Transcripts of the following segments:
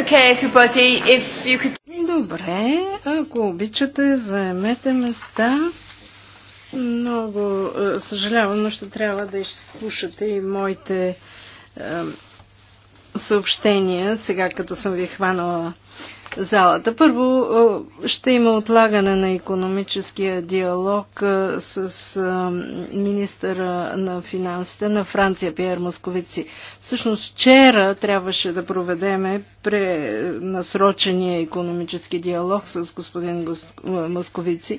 Okay, everybody, if you could... Добре, ако обичате, заемете места. Много е, съжалявам, но ще трябва да изслушате и моите е, съобщения, сега като съм ви хванала залата. Първо ще има отлагане на економическия диалог с министъра на финансите на Франция Пьер Московици. Всъщност вчера трябваше да проведеме пренасрочения економически диалог с господин Московици,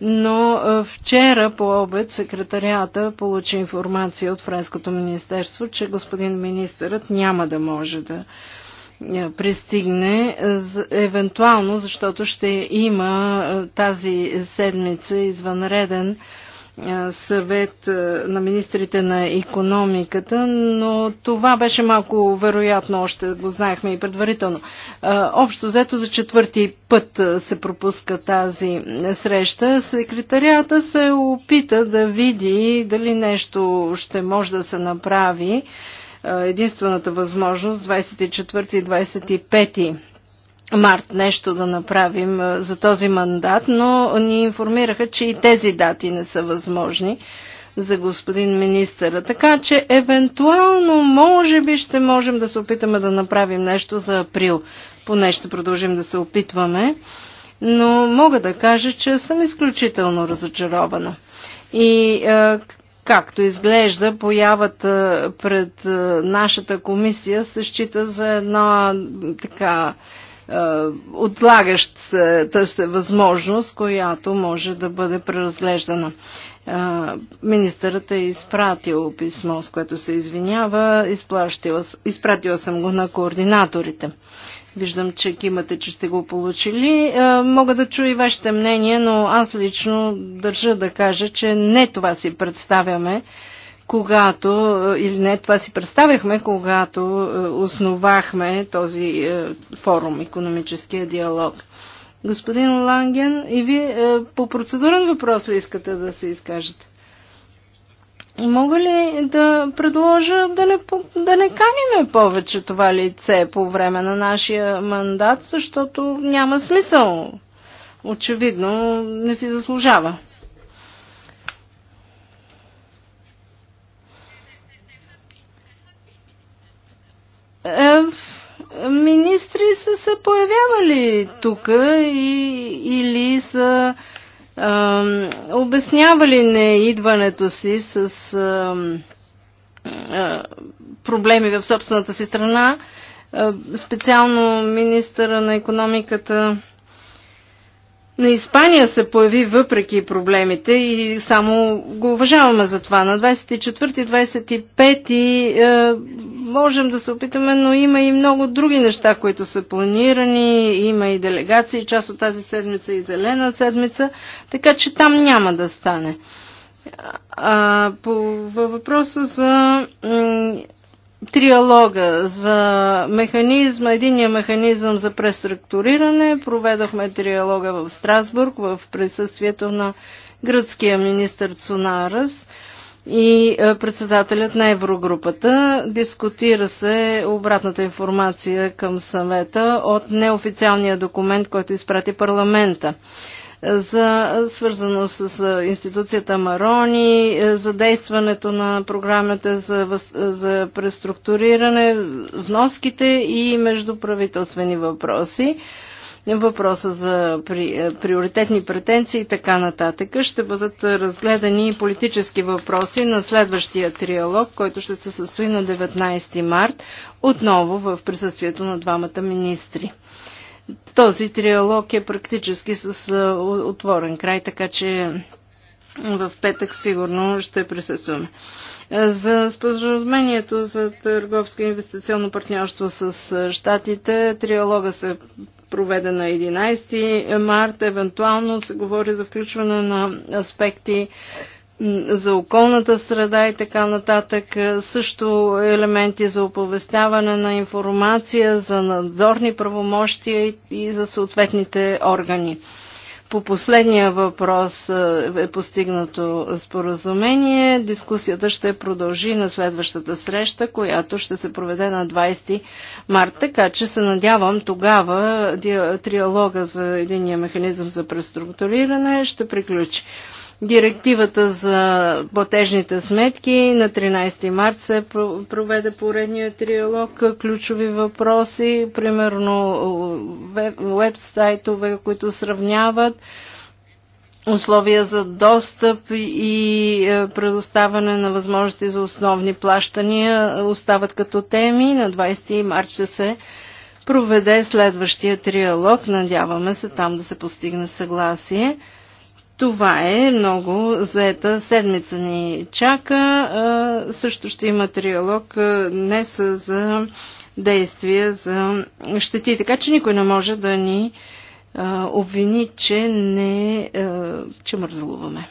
но вчера по обед секретарията получи информация от Френското министерство, че господин министърът няма да може да пристигне, евентуално защото ще има тази седмица извънреден съвет на министрите на економиката, но това беше малко вероятно, още го знаехме и предварително. Общо взето за четвърти път се пропуска тази среща. Секретарията се опита да види дали нещо ще може да се направи. Единствената възможност 24 и 25 март нещо да направим за този мандат, но ни информираха, че и тези дати не са възможни за господин министъра. Така че, евентуално, може би ще можем да се опитаме да направим нещо за април. Поне ще продължим да се опитваме. Но мога да кажа, че съм изключително разочарована. И е, както изглежда, появата пред нашата комисия се счита за една така е, отлагащата се възможност, която може да бъде преразглеждана. Е, министърът е изпратил писмо, с което се извинява. Изпратила съм го на координаторите. Виждам, че кимате, че сте го получили. Е, мога да чуя и вашите мнения, но аз лично държа да кажа, че не това си представяме когато, е, или не, това си представяхме, когато е, основахме този е, форум, економическия диалог. Господин Ланген, и вие по процедурен въпрос ли искате да се изкажете? Мога ли да предложа да не, да не каниме повече това лице по време на нашия мандат, защото няма смисъл. Очевидно не си заслужава. Е, министри са се появявали тук и, или са а, обяснявали неидването си с а, а, проблеми в собствената си страна. А, е, специално министъра на економиката на Испания се появи въпреки проблемите и само го уважаваме за това. На 24-25 е, можем да се опитаме, но има и много други неща, които са планирани. Има и делегации, част от тази седмица и зелена седмица, така че там няма да стане. А, по във въпроса за триалога за механизма, единия механизъм за преструктуриране. Проведохме триалога в Страсбург в присъствието на гръцкия министр Цунарас и е, председателят на Еврогрупата. Дискутира се обратната информация към съвета от неофициалния документ, който изпрати парламента за свързано с институцията Марони, е, за действането на програмата за, за преструктуриране, вноските и междуправителствени въпроси въпроса за при, е, приоритетни претенции и така нататък. Ще бъдат разгледани политически въпроси на следващия триалог, който ще се състои на 19 март, отново в присъствието на двамата министри. Този триалог е практически с отворен край, така че в петък сигурно ще присъстваме. За споразумението за търговско инвестиционно партньорство с щатите, триалога се проведе на 11 март. Евентуално се говори за включване на аспекти за околната среда и така нататък, също елементи за оповестяване на информация, за надзорни правомощия и за съответните органи. По последния въпрос е постигнато споразумение. Дискусията ще продължи на следващата среща, която ще се проведе на 20 март, така че се надявам тогава триалога за единия механизъм за преструктуриране ще приключи директивата за платежните сметки. На 13 март се проведе поредния триалог, ключови въпроси, примерно вебсайтове, които сравняват условия за достъп и е, предоставяне на възможности за основни плащания е, остават като теми. На 20 март ще се проведе следващия триалог. Надяваме се там да се постигне съгласие. Това е много заета седмица ни чака. Също ще има триалог днес за действия за щети. Така че никой не може да ни обвини, че не че мързалуваме.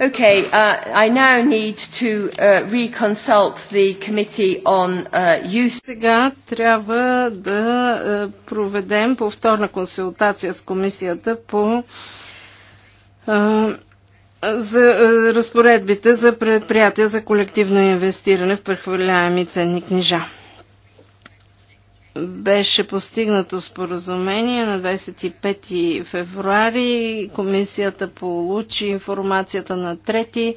Okay, uh, I now need to uh, reconsult the committee on uh, youth. Сега трябва да uh, проведем повторна консултация с комисията по uh, за uh, разпоредбите за предприятия за колективно инвестиране в прехвърляеми ценни книжа беше постигнато споразумение на 25 февруари. Комисията получи информацията на 3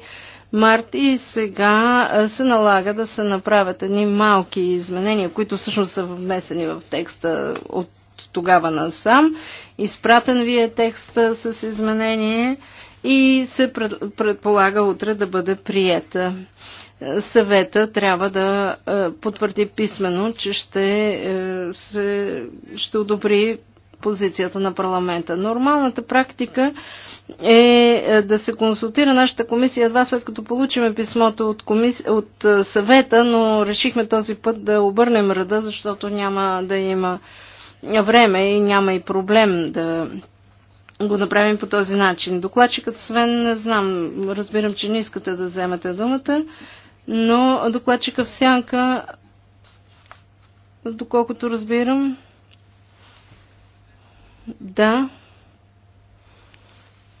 март и сега се налага да се направят едни малки изменения, които всъщност са внесени в текста от тогава насам. Изпратен ви е текста с изменение и се предполага утре да бъде приета. Съвета трябва да е, потвърди писменно, че ще, е, се, ще одобри позицията на парламента. Нормалната практика е, е да се консултира нашата комисия едва след като получиме писмото от, комис... от съвета, но решихме този път да обърнем ръда, защото няма да има време и няма и проблем да го направим по този начин. Докладчикът, освен, не знам, разбирам, че не искате да вземете думата, но докладчика в сянка, доколкото разбирам, да.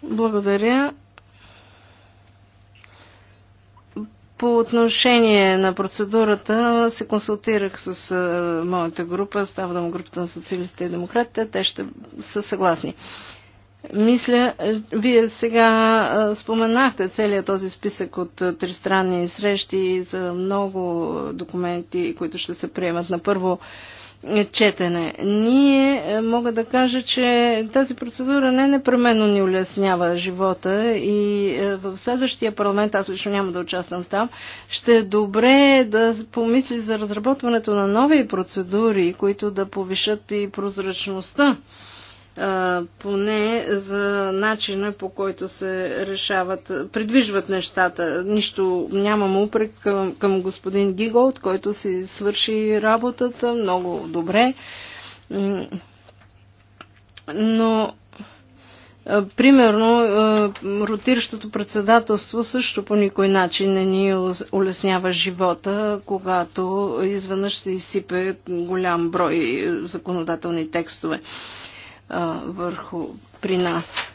Благодаря. По отношение на процедурата се консултирах с моята група, ставам групата на социалистите и демократите, те ще са съгласни. Мисля, е, вие сега е, споменахте целият този списък от е, тристранни срещи за много документи, които ще се приемат на първо четене. Ние мога да кажа, че тази процедура не непременно ни улеснява живота и в следващия парламент, аз лично няма да участвам там, ще е добре да помисли за разработването на нови процедури, които да повишат и прозрачността поне за начина по който се решават, предвижват нещата. Нищо нямам упрек към, към господин Гиголд, който си свърши работата много добре. Но Примерно, ротиращото председателство също по никой начин не ни улеснява живота, когато изведнъж се изсипе голям брой законодателни текстове а, върху при нас.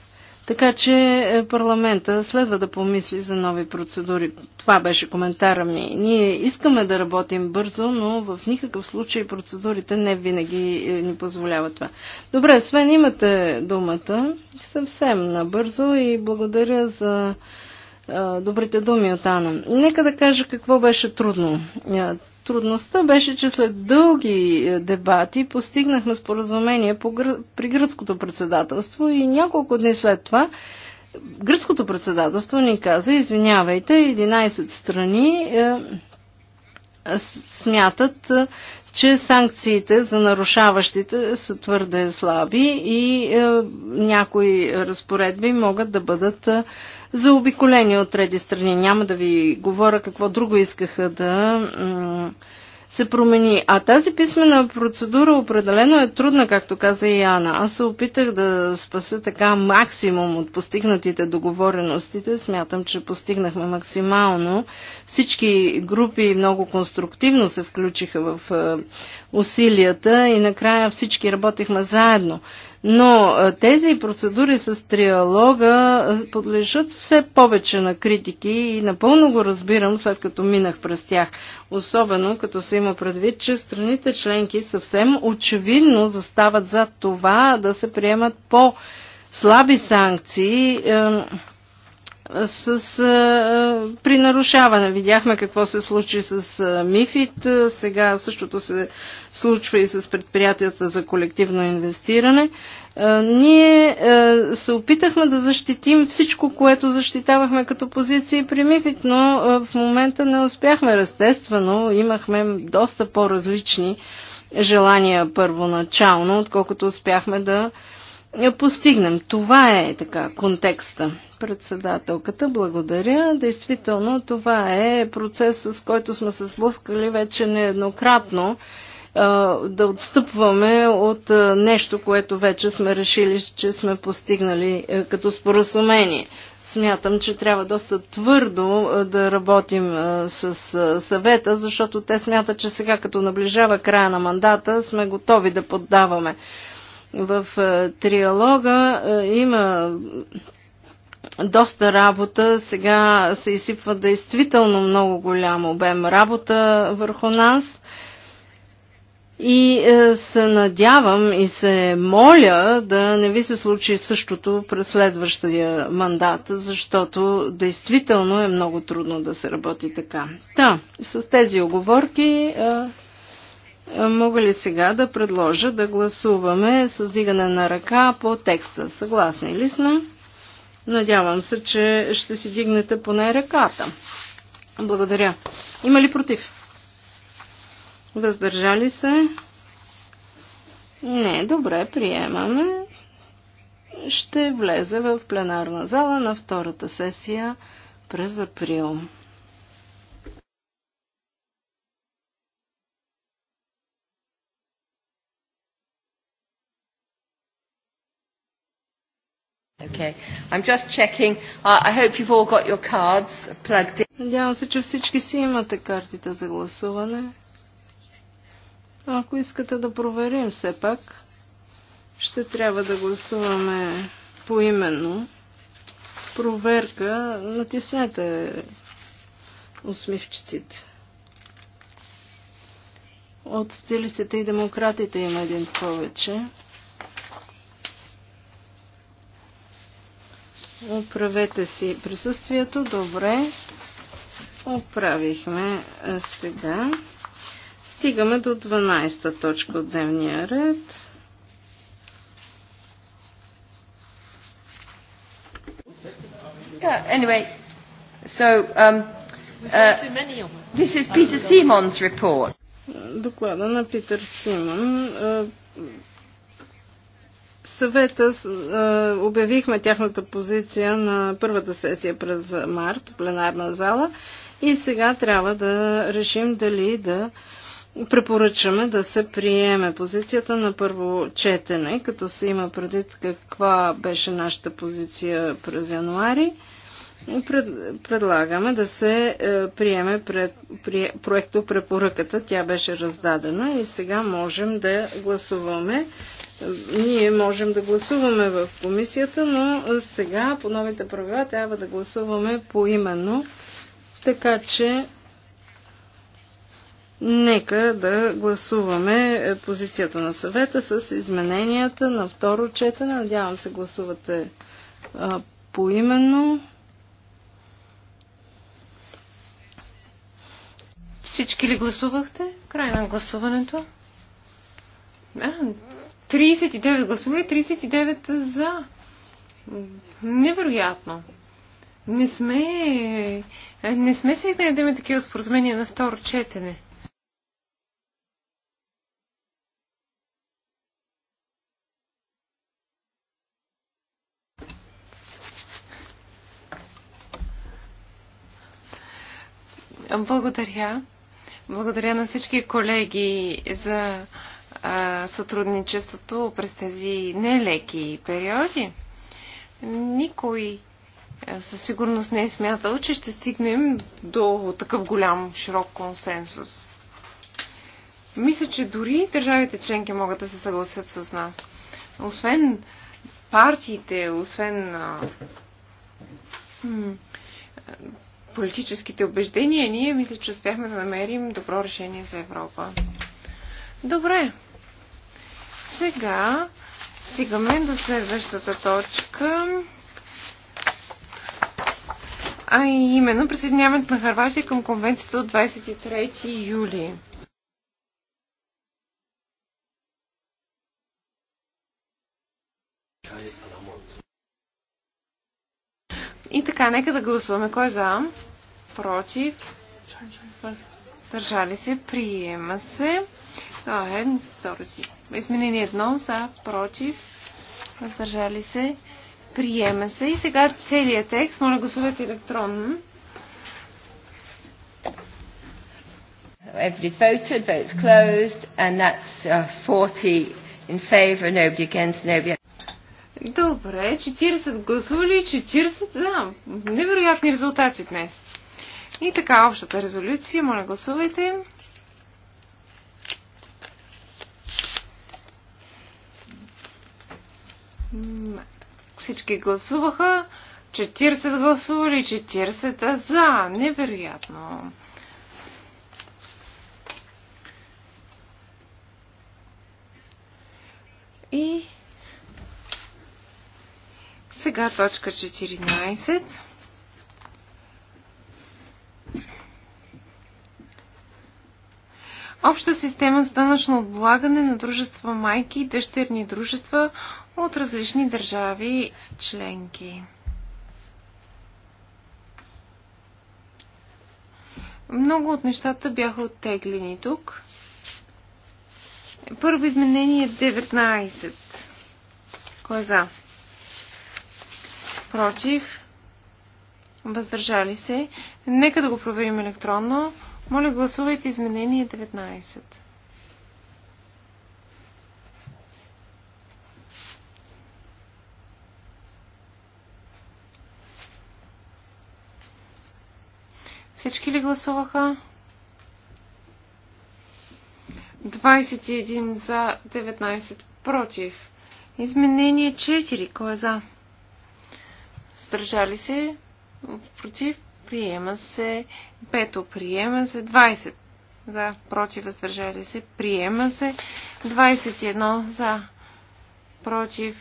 Така че е, парламента следва да помисли за нови процедури. Това беше коментара ми. Ние искаме да работим бързо, но в никакъв случай процедурите не винаги е, ни позволяват това. Добре, Свен, имате думата съвсем набързо и благодаря за е, добрите думи от Ана. Нека да кажа какво беше трудно. Трудността беше, че след дълги е, дебати постигнахме споразумение по гр... при гръцкото председателство и няколко дни след това гръцкото председателство ни каза, извинявайте, 11 страни е, смятат, е, че санкциите за нарушаващите са твърде слаби и е, някои разпоредби могат да бъдат е, за обиколение от трети страни. Няма да ви говоря какво друго искаха да се промени. А тази писмена процедура определено е трудна, както каза и Ана. Аз се опитах да спася така максимум от постигнатите договореностите. Смятам, че постигнахме максимално. Всички групи много конструктивно се включиха в е, усилията и накрая всички работихме заедно. Но тези процедури с триалога подлежат все повече на критики и напълно го разбирам, след като минах през тях. Особено като се има предвид, че страните членки съвсем очевидно застават за това да се приемат по слаби санкции с, а, при нарушаване. Видяхме какво се случи с а, МИФИТ, сега същото се случва и с предприятията за колективно инвестиране. А, ние а, се опитахме да защитим всичко, което защитавахме като позиции при МИФИТ, но а, в момента не успяхме. разтествено, имахме доста по-различни желания първоначално, отколкото успяхме да а, постигнем. Това е така контекста. Председателката, благодаря. Действително, това е процес, с който сме се сблъскали вече нееднократно да отстъпваме от нещо, което вече сме решили, че сме постигнали е, като споразумение. Смятам, че трябва доста твърдо да работим с съвета, защото те смятат, че сега като наближава края на мандата сме готови да поддаваме в е, триалога е, има доста работа. Сега се изсипва действително много голям обем работа върху нас. И е, се надявам и се моля да не ви се случи същото през следващия мандат, защото действително е много трудно да се работи така. Та, с тези оговорки е, мога ли сега да предложа да гласуваме с дигане на ръка по текста? Съгласни ли сме? Надявам се, че ще си дигнете поне ръката. Благодаря. Има ли против? Въздържали се? Не, добре, приемаме. Ще влезе в пленарна зала на втората сесия през април. Okay. I'm just checking. Uh, I hope you've all got your cards plugged in. Надявам се, че всички си имате картите за гласуване. Ако искате да проверим все пак, ще трябва да гласуваме поименно. Проверка. Натиснете усмивчиците. От стилистите и демократите има един повече. Оправете си присъствието. Добре. Оправихме сега. Стигаме до 12-та точка от дневния ред. Yeah, anyway, so um, uh, this is Peter Simon's report. Доклада на Питър Симон съвета обявихме тяхната позиция на първата сесия през март, пленарна зала, и сега трябва да решим дали да препоръчаме да се приеме позицията на първо четене, като се има предвид каква беше нашата позиция през януари. Пред, предлагаме да се е, приеме пред, при, проекто препоръката. Тя беше раздадена и сега можем да гласуваме. Ние можем да гласуваме в комисията, но сега по новите правила трябва да гласуваме поименно. Така че нека да гласуваме позицията на съвета с измененията на второ четене. Надявам се гласувате а, поименно. Всички ли гласувахте? Край на гласуването. А, 39 гласували, 39 за. Невероятно. Не сме, не сме се да имаме такива споразумения на второ четене. Благодаря. Благодаря на всички колеги за а, сътрудничеството през тези нелеки периоди. Никой със сигурност не е смятал, че ще стигнем до такъв голям, широк консенсус. Мисля, че дори държавите членки могат да се съгласят с нас. Освен партиите, освен политическите убеждения, ние мисля, че успяхме да намерим добро решение за Европа. Добре. Сега стигаме до следващата точка. А именно присъединяването на Харватия към конвенцията от 23 юли. И така, нека да гласуваме. Кой е за? Против? Държали се? Приема се. А, е, второ Изменение едно. За? Против? Въздържали се? Приема се. И сега целият текст. Моля, гласувайте електронно. Everybody's voted, votes closed, and that's uh, 40 in favor, nobody against, nobody. against. Добре, 40 гласували, 40 да. Невероятни резултати днес. И така, общата резолюция, моля гласувайте. Всички гласуваха. 40 гласували, 40 за. Невероятно. И сега точка 14. Обща система за данъчно облагане на дружества майки и дъщерни дружества от различни държави членки. Много от нещата бяха оттеглени тук. Първо изменение 19. Кой е за? против, въздържали се. Нека да го проверим електронно. Моля, гласувайте изменение 19. Всички ли гласуваха? 21 за, 19 против. Изменение 4. Кой е за? Сдържали се? Против? Приема се. Пето. Приема се. 20. За. Против. Въздържали се. Приема се. 21. За. Против.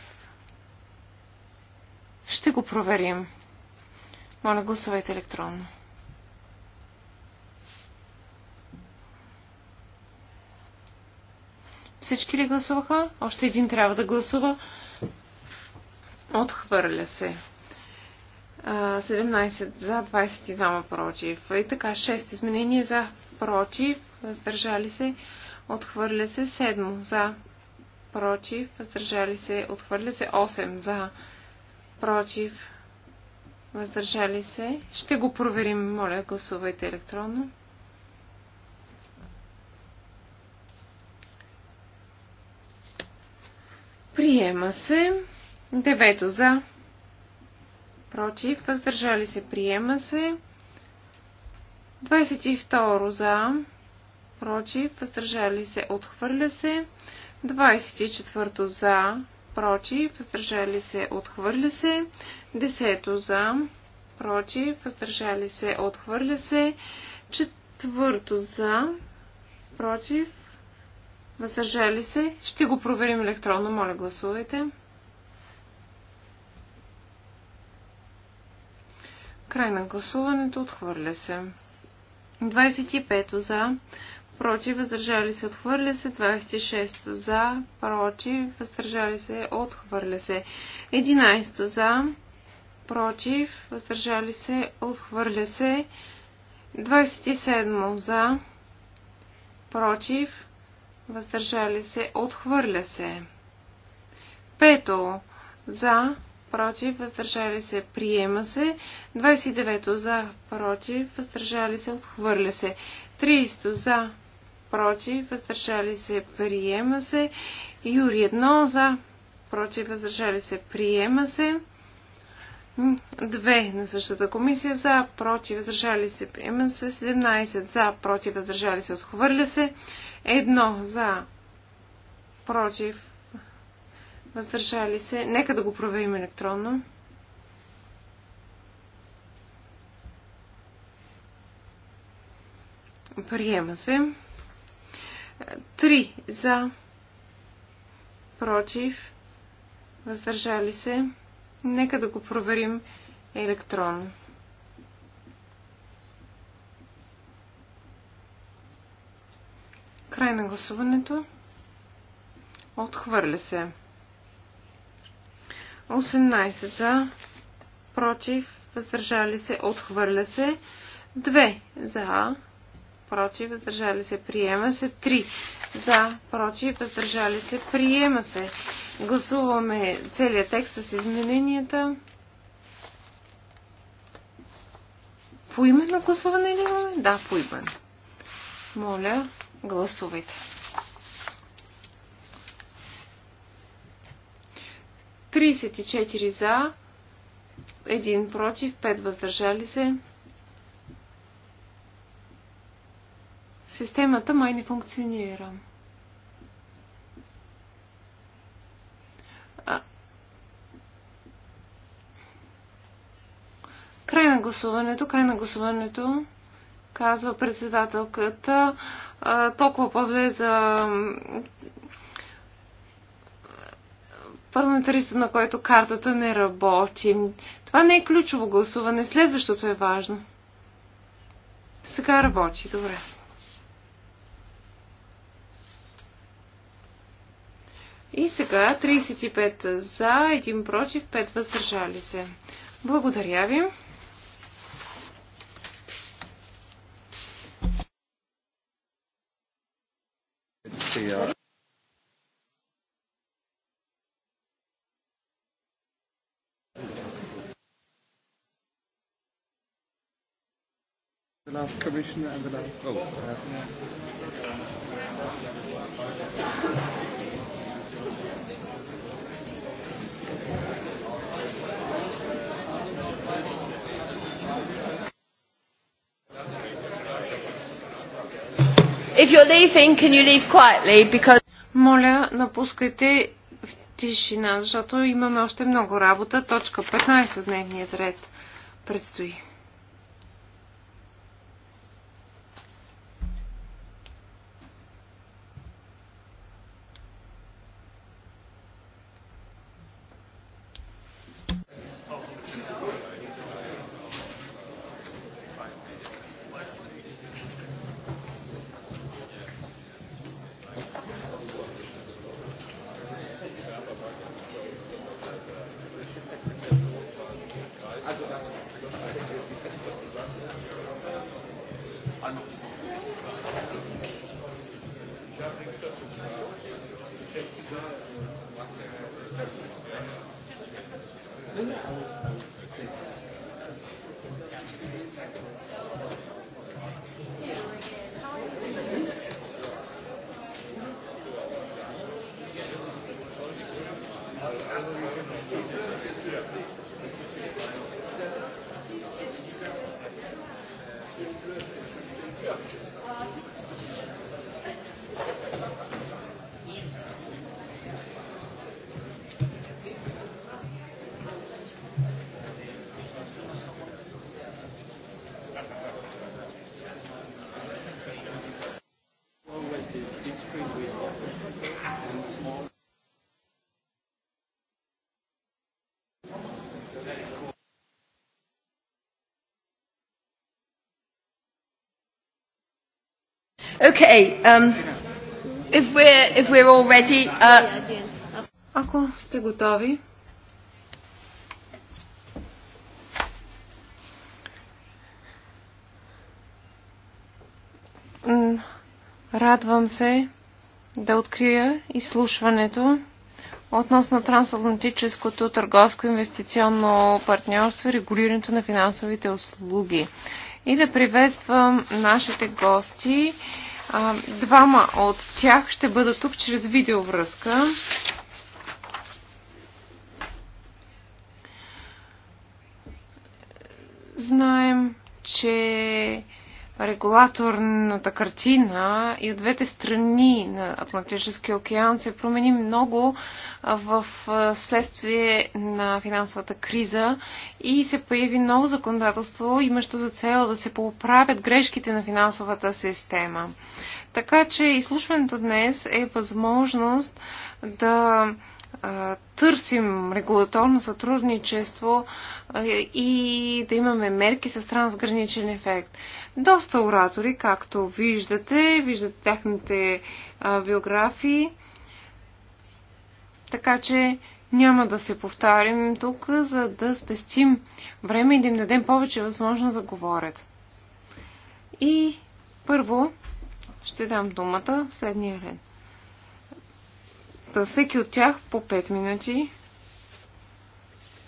Ще го проверим. Моля, гласувайте електронно. Всички ли гласуваха? Още един трябва да гласува. Отхвърля се. 17 за, 22 против. И така, 6 изменения за, против, въздържали се, отхвърля се. 7 за, против, въздържали се, отхвърля се. 8 за, против, въздържали се. Ще го проверим, моля, гласувайте електронно. Приема се. Девето за против, въздържали се, приема се. 22 за, против, въздържали се, отхвърля се. 24 за, против, въздържали се, отхвърля се. 10 за, против, въздържали се, отхвърля се. 4 за, против, въздържали се. Ще го проверим електронно, моля гласувайте. Край на гласуването. Отхвърля се. 25 за. Против. Въздържали се. Отхвърля се. 26 за. Против. Въздържали се. Отхвърля се. 11 за. Против. Въздържали се. Отхвърля се. 27 за. Против. Въздържали се. Отхвърля се. Пето. За против, въздържали се, приема се. 29 за, против, въздържали се, отхвърля се. 30 за, против, въздържали се, приема се. Юри 1 за, против, въздържали се, приема се. 2 на същата комисия за, против, въздържали се, приема се. 17 за, против, въздържали се, отхвърля се. 1 за, против, Въздържали се. Нека да го проверим електронно. Приема се. Три за. Против. Въздържали се. Нека да го проверим електронно. Край на гласуването. Отхвърля се. 18 за, против, въздържали се, отхвърля се. 2 за, против, въздържали се, приема се. 3 за, против, въздържали се, приема се. Гласуваме целият текст с измененията. Поименно гласуване ли имаме? Да, поименно. Моля, гласувайте. 34 за, 1 против, 5 въздържали се. Системата май не функционира. Край на гласуването, край на гласуването, казва председателката. А, толкова по-зле за парламентариста, на който картата не работи. Това не е ключово гласуване. Следващото е важно. Сега работи. Добре. И сега 35 за, 1 против, 5 въздържали се. Благодаря ви. last commissioner and the last vote. Oh, yeah. If you're leaving, can you leave quietly? Because... Моля, напускайте в тишина, защото имаме още много работа. Точка 15 от дневният ред предстои. Okay, um, if we're, if we're all ready, uh... Ако сте готови, радвам се да открия изслушването относно трансатлантическото търговско инвестиционно партньорство и регулирането на финансовите услуги. И да приветствам нашите гости Двама от тях ще бъдат тук чрез видеовръзка. регулаторната картина и от двете страни на Атлантическия океан се промени много в следствие на финансовата криза и се появи ново законодателство, имащо за цел да се поправят грешките на финансовата система. Така че изслушването днес е възможност да търсим регулаторно сътрудничество и да имаме мерки с трансграничен ефект. Доста оратори, както виждате, виждате тяхните биографии, така че няма да се повтарим тук, за да спестим време и да им дадем повече възможност да говорят. И първо ще дам думата в следния ред всеки от тях по 5 минути.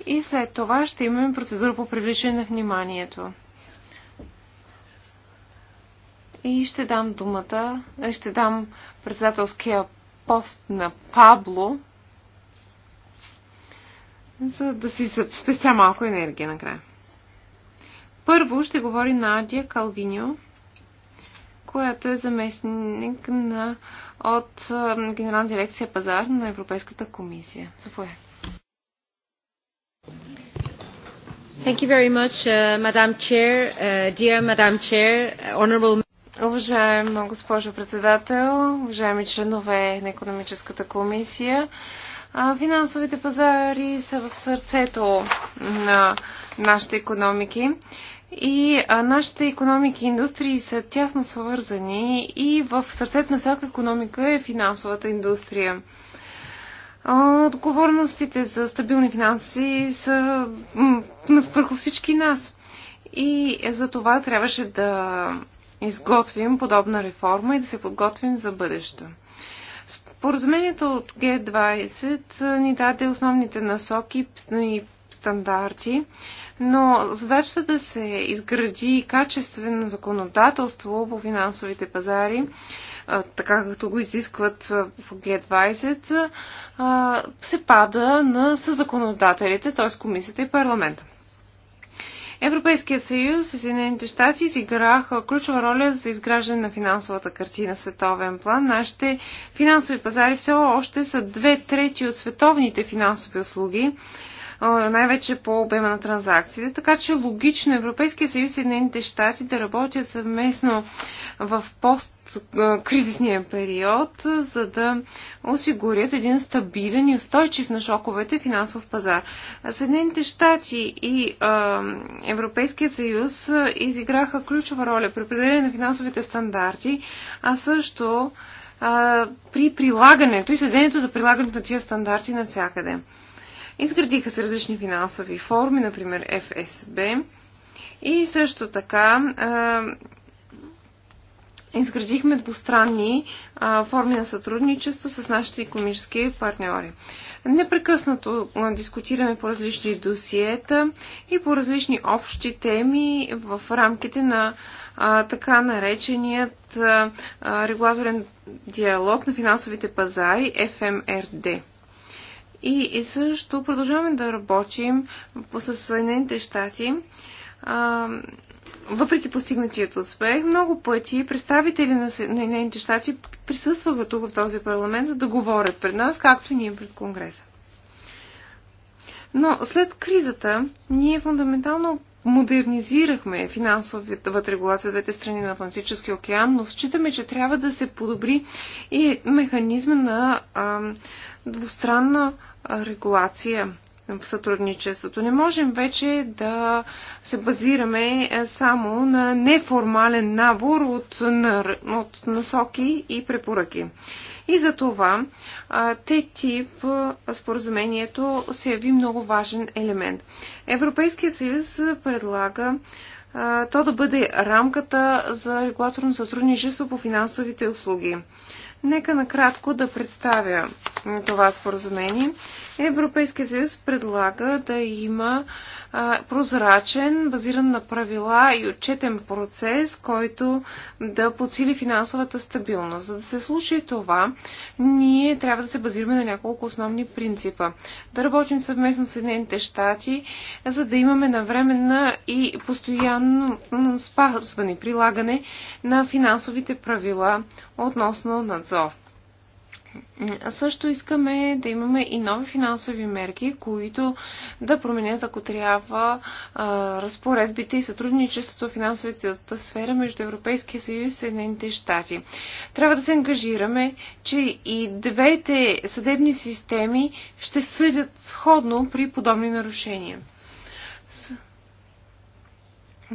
И след това ще имаме процедура по привличане на вниманието. И ще дам думата, е, ще дам председателския пост на Пабло, за да си спестя малко енергия накрая. Първо ще говори Надя Калвиньо, която е заместник на, от Генерална дирекция пазар на Европейската комисия. Заповядайте. Thank you very much, uh, Madam Chair, uh, dear Madam Chair, uh, honorable... Уважаема госпожо председател, уважаеми членове на економическата комисия, финансовите пазари са в сърцето на нашите економики. И а, нашите економики и индустрии са тясно свързани и в сърцето на всяка економика е финансовата индустрия. Отговорностите за стабилни финанси са върху всички нас. И за това трябваше да изготвим подобна реформа и да се подготвим за бъдещето. Споразумението от Г20 ни даде основните насоки и стандарти, но задачата да се изгради качествено законодателство по финансовите пазари, така както го изискват в G20, се пада на съзаконодателите, т.е. комисията и парламента. Европейският съюз и Съединените щати изиграха ключова роля за изграждане на финансовата картина в световен план. Нашите финансови пазари все още са две трети от световните финансови услуги най-вече по обема на транзакциите. Така че логично Европейския съюз и Съединените щати да работят съвместно в посткризисния период, за да осигурят един стабилен и устойчив на шоковете финансов пазар. Съединените щати и Европейския съюз изиграха ключова роля при определение на финансовите стандарти, а също при прилагането и следението за прилагането на тия стандарти навсякъде. Изградиха се различни финансови форми, например ФСБ. И също така изградихме двустранни форми на сътрудничество с нашите економически партньори. Непрекъснато дискутираме по различни досиета и по различни общи теми в рамките на а, така нареченият а, регулаторен диалог на финансовите пазари ФМРД. И, и също продължаваме да работим с Съединените щати. Въпреки постигнатият успех, много пъти представители на Съединените щати присъстваха тук в този парламент, за да говорят пред нас, както и ние пред Конгреса. Но след кризата, ние фундаментално модернизирахме финансовата регулация в двете страни на Атлантическия океан, но считаме, че трябва да се подобри и механизма на ам, двустранна регулация в сътрудничеството. Не можем вече да се базираме е, само на неформален набор от, на, от насоки и препоръки. И за това те тип споразумението се яви много важен елемент. Европейският съюз предлага то да бъде рамката за регулаторно сътрудничество по финансовите услуги. Нека накратко да представя това споразумение. Европейския съюз предлага да има прозрачен, базиран на правила и отчетен процес, който да подсили финансовата стабилност. За да се случи това, ние трябва да се базираме на няколко основни принципа. Да работим съвместно с Съединените щати, за да имаме навременна и постоянно спазване, прилагане на финансовите правила относно надзор. Също искаме да имаме и нови финансови мерки, които да променят, ако трябва, разпоредбите и сътрудничеството в финансовата сфера между Европейския съюз и Съединените щати. Трябва да се ангажираме, че и двете съдебни системи ще съдят сходно при подобни нарушения.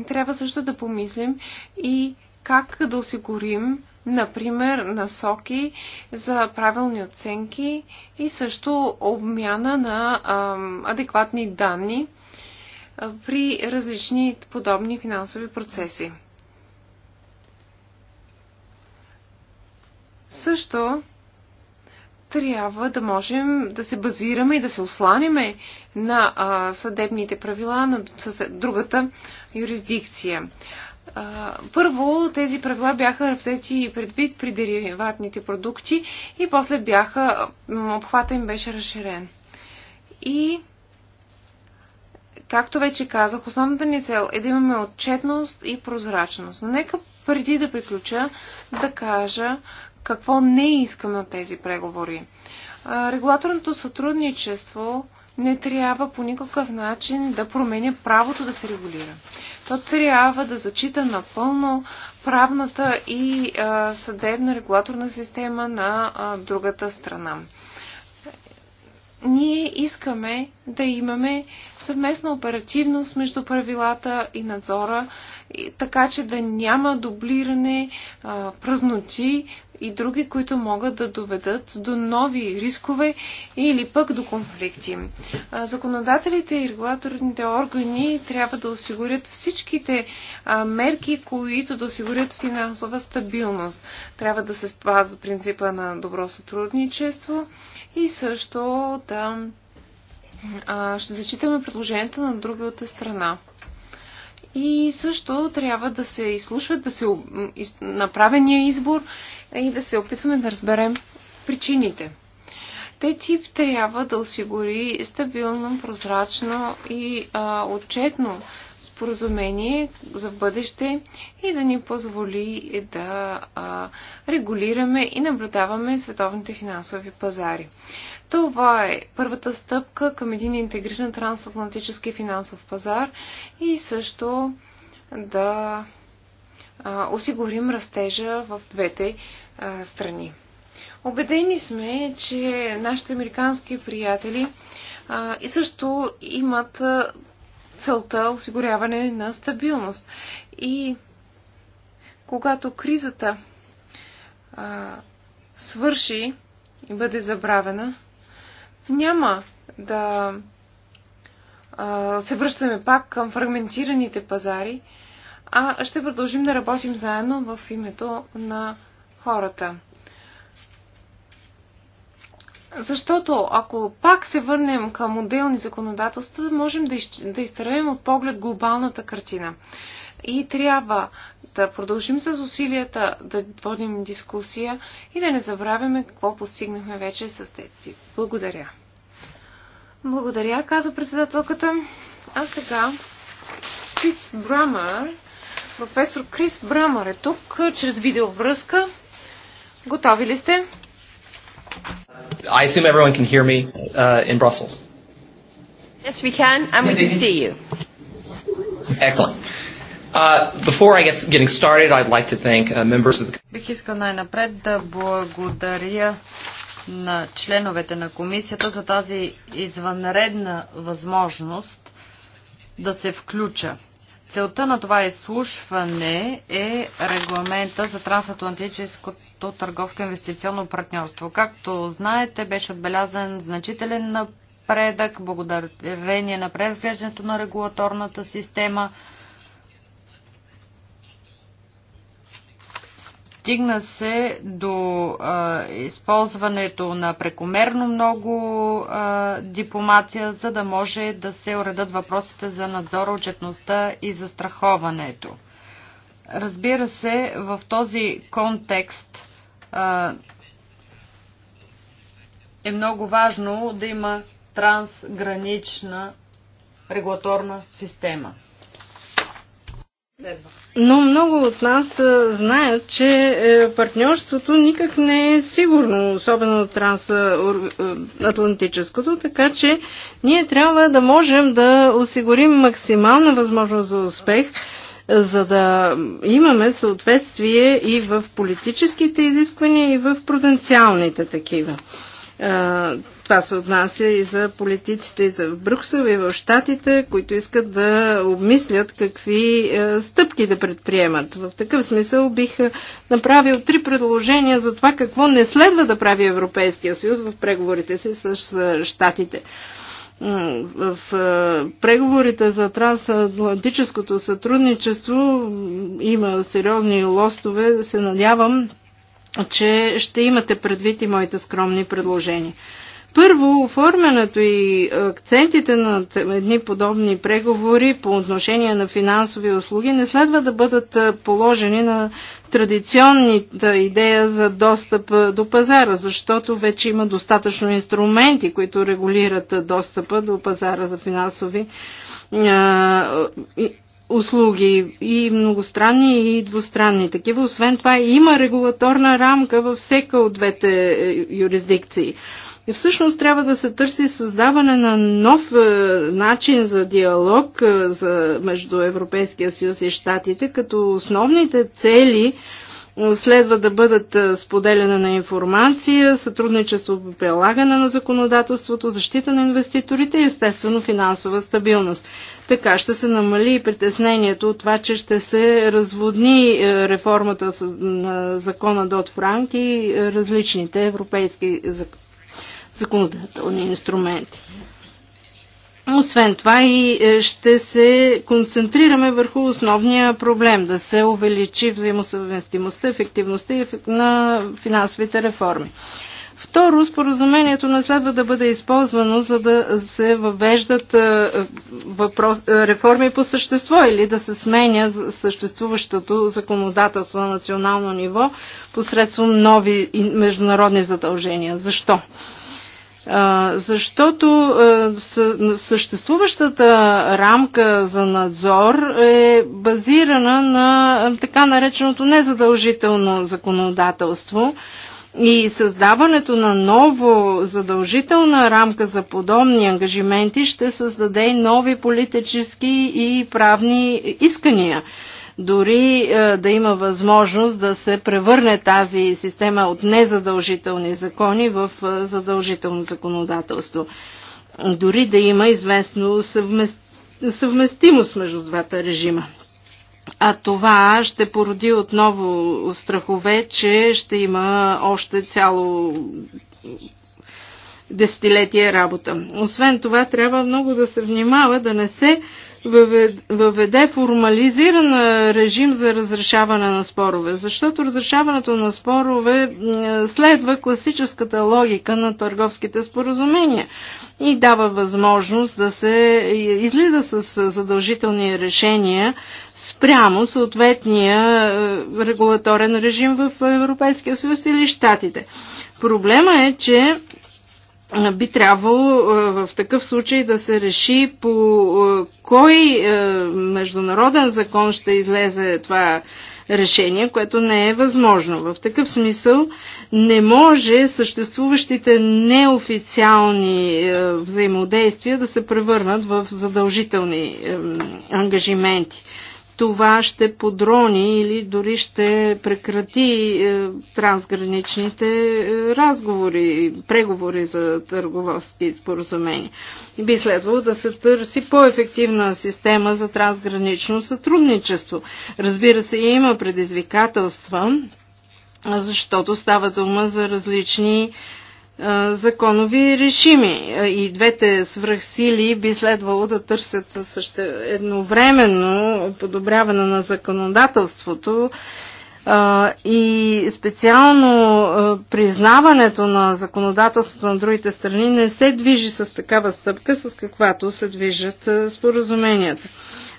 Трябва също да помислим и как да осигурим например насоки за правилни оценки и също обмяна на адекватни данни при различни подобни финансови процеси. Също трябва да можем да се базираме и да се осланяме на а, съдебните правила на другата юрисдикция първо тези правила бяха взети предвид при дериватните продукти и после бяха, обхвата им беше разширен. И, както вече казах, основната ни цел е да имаме отчетност и прозрачност. Но нека преди да приключа да кажа какво не искаме от тези преговори. Регулаторното сътрудничество не трябва по никакъв начин да променя правото да се регулира. То трябва да зачита напълно правната и а, съдебна регулаторна система на а, другата страна. Ние искаме да имаме съвместна оперативност между правилата и надзора, така че да няма дублиране, празноти, и други, които могат да доведат до нови рискове или пък до конфликти. Законодателите и регулаторните органи трябва да осигурят всичките мерки, които да осигурят финансова стабилност. Трябва да се спазват принципа на добро сътрудничество и също да ще зачитаме предложението на другата страна. И също трябва да се изслушват, да се направения избор и да се опитваме да разберем причините. Те тип трябва да осигури стабилно, прозрачно и а, отчетно споразумение за бъдеще и да ни позволи да а, регулираме и наблюдаваме световните финансови пазари. Това е първата стъпка към един интегриран трансатлантически финансов пазар и също да осигурим растежа в двете страни. Обедени сме, че нашите американски приятели а, и също имат а, целта осигуряване на стабилност. И когато кризата а, свърши и бъде забравена, няма да а, се връщаме пак към фрагментираните пазари, а ще продължим да работим заедно в името на хората. Защото ако пак се върнем към отделни законодателства, можем да, из... да изтървем от поглед глобалната картина. И трябва да продължим с усилията да водим дискусия и да не забравяме какво постигнахме вече с тези. Благодаря. Благодаря, каза председателката. А сега Крис Брамър, професор Крис Брамър е тук, чрез видеовръзка. Готови ли сте? I assume everyone can hear me uh, in Brussels. Yes, we can, and we can see you. Excellent. Uh, before I guess getting started, I'd like to thank uh, members of the. Бих искал най-напред да благодаря на членовете на комисията за тази извънредна възможност да се включа. Целта на това изслушване е регламента за трансатлантическото търговско инвестиционно партньорство. Както знаете, беше отбелязан значителен напредък благодарение на преразглеждането на регулаторната система – Стигна се до а, използването на прекомерно много а, дипломация, за да може да се уредат въпросите за надзора, отчетността и застраховането. Разбира се, в този контекст а, е много важно да има трансгранична регулаторна система. Но много от нас знаят, че е, партньорството никак не е сигурно, особено трансатлантическото, така че ние трябва да можем да осигурим максимална възможност за успех, за да имаме съответствие и в политическите изисквания, и в потенциалните такива. Това се отнася и за политиците и за Брюксел и в Штатите, които искат да обмислят какви стъпки да предприемат. В такъв смисъл бих направил три предложения за това какво не следва да прави Европейския съюз в преговорите си с Штатите в преговорите за трансатлантическото сътрудничество има сериозни лостове. Се надявам че ще имате предвид и моите скромни предложения. Първо, оформянето и акцентите на едни подобни преговори по отношение на финансови услуги не следва да бъдат положени на традиционната идея за достъп до пазара, защото вече има достатъчно инструменти, които регулират достъпа до пазара за финансови услуги и многостранни и двустранни такива. Освен това има регулаторна рамка във всека от двете е, юрисдикции. И всъщност трябва да се търси създаване на нов е, начин за диалог е, за, между Европейския съюз и Штатите, като основните цели е, следва да бъдат е, споделяне на информация, сътрудничество по прилагане на законодателството, защита на инвеститорите и естествено финансова стабилност. Така ще се намали и притеснението от това, че ще се разводни е, реформата на закона Дот Франк и различните европейски законодателни инструменти. Освен това и е, ще се концентрираме върху основния проблем да се увеличи взаимосъвместимостта, ефективността на финансовите реформи. Второ, споразумението не следва да бъде използвано, за да се въвеждат е, въпрос, е, реформи по същество или да се сменя съществуващото законодателство на национално ниво посредством нови международни задължения. Защо? защото съществуващата рамка за надзор е базирана на така нареченото незадължително законодателство и създаването на ново задължителна рамка за подобни ангажименти ще създаде нови политически и правни искания дори е, да има възможност да се превърне тази система от незадължителни закони в е, задължително законодателство. Дори да има известно съвмест... съвместимост между двата режима. А това ще породи отново страхове, че ще има още цяло десетилетие работа. Освен това, трябва много да се внимава да не се въведе формализиран режим за разрешаване на спорове, защото разрешаването на спорове следва класическата логика на търговските споразумения и дава възможност да се излиза с задължителни решения спрямо съответния регулаторен режим в Европейския съюз или Штатите. Проблема е, че би трябвало е, в такъв случай да се реши по е, кой е, международен закон ще излезе това решение, което не е възможно. В такъв смисъл не може съществуващите неофициални взаимодействия да се превърнат в задължителни ангажименти това ще подрони или дори ще прекрати е, трансграничните е, разговори, преговори за търговски споразумения. Би следвало да се търси по-ефективна система за трансгранично сътрудничество. Разбира се, има предизвикателства, защото става дума за различни законови решими. И двете свръхсили би следвало да търсят също едновременно подобряване на законодателството и специално признаването на законодателството на другите страни не се движи с такава стъпка, с каквато се движат споразуменията.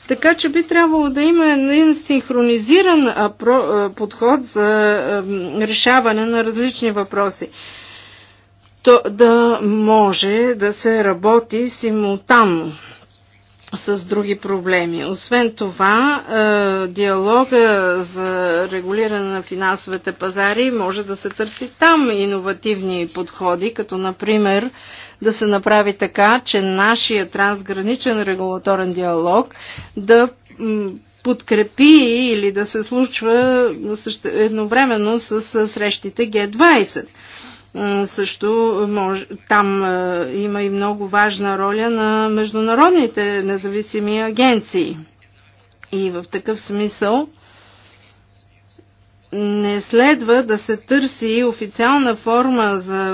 Така че би трябвало да има един синхронизиран подход за решаване на различни въпроси то да може да се работи симултанно с други проблеми. Освен това, е, диалога за регулиране на финансовите пазари може да се търси там иновативни подходи, като например да се направи така, че нашия трансграничен регулаторен диалог да подкрепи или да се случва едновременно с срещите Г20 също може, там е, има и много важна роля на международните независими агенции. И в такъв смисъл не следва да се търси официална форма за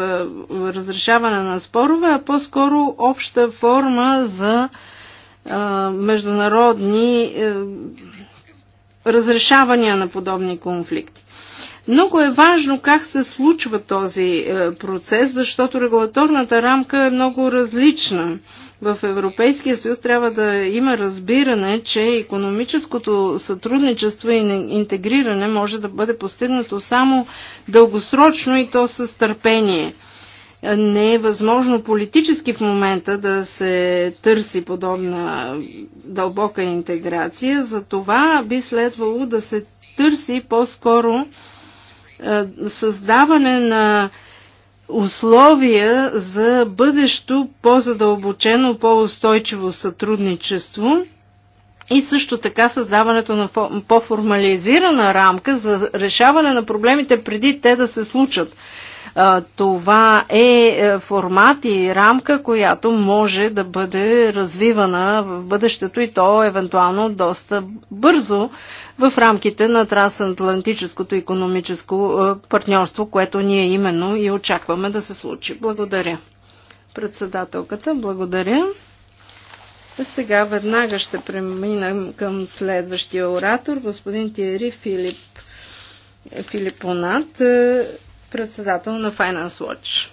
разрешаване на спорове, а по-скоро обща форма за а, е, международни а, е, разрешавания на подобни конфликти. Много е важно как се случва този е, процес, защото регулаторната рамка е много различна. В Европейския съюз трябва да има разбиране, че економическото сътрудничество и интегриране може да бъде постигнато само дългосрочно и то с търпение. Не е възможно политически в момента да се търси подобна дълбока интеграция, за това би следвало да се търси по-скоро е, създаване на условия за бъдещо по-задълбочено, по-устойчиво сътрудничество и също така създаването на по-формализирана рамка за решаване на проблемите преди те да се случат. Е, това е, е формат и рамка, която може да бъде развивана в бъдещето и то евентуално доста бързо, в рамките на трансатлантическото економическо е, партньорство, което ние именно и очакваме да се случи. Благодаря. Председателката, благодаря. Сега веднага ще преминем към следващия оратор, господин Тиери Филип, Филипонат, е, председател на Finance Watch.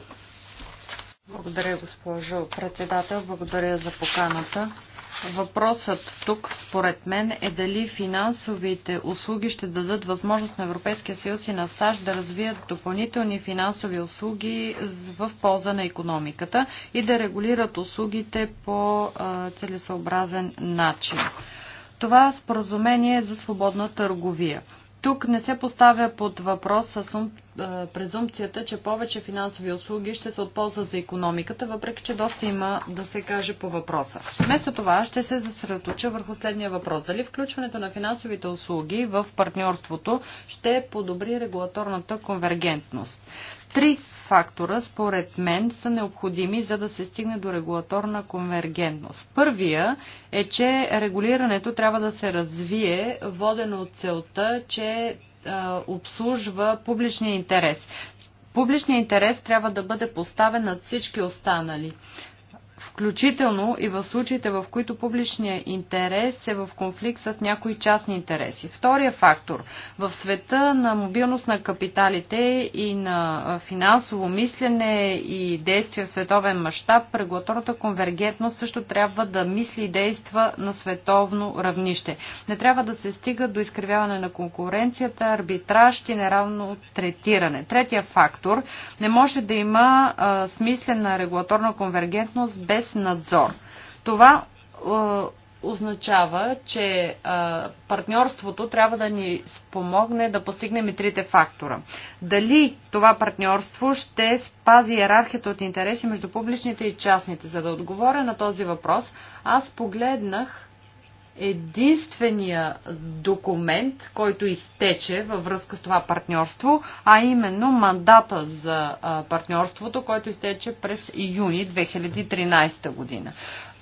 Благодаря, госпожо председател. Благодаря за поканата. Въпросът тук, според мен, е дали финансовите услуги ще дадат възможност на Европейския съюз и на САЩ да развият допълнителни финансови услуги в полза на економиката и да регулират услугите по целесообразен начин. Това споразумение е за свободна търговия. Тук не се поставя под въпрос с презумпцията, че повече финансови услуги ще се отползва за економиката, въпреки че доста има да се каже по въпроса. Вместо това ще се засредоточа върху следния въпрос. Дали включването на финансовите услуги в партньорството ще подобри регулаторната конвергентност? Три фактора, според мен, са необходими, за да се стигне до регулаторна конвергентност. Първия е, че регулирането трябва да се развие, водено от целта, че а, обслужва публичния интерес. Публичният интерес трябва да бъде поставен над всички останали включително и в случаите, в които публичният интерес е в конфликт с някои частни интереси. Втория фактор. В света на мобилност на капиталите и на финансово мислене и действия в световен мащаб, регулаторната конвергентност също трябва да мисли и действа на световно равнище. Не трябва да се стига до изкривяване на конкуренцията, арбитраж и неравно третиране. Третия фактор. Не може да има а, смислена регулаторна конвергентност без без надзор. Това е, означава, че а, е, партньорството трябва да ни спомогне да постигнем и трите фактора. Дали това партньорство ще спази иерархията от интереси между публичните и частните? За да отговоря на този въпрос, аз погледнах единствения документ, който изтече във връзка с това партньорство, а именно мандата за партньорството, който изтече през юни 2013 година.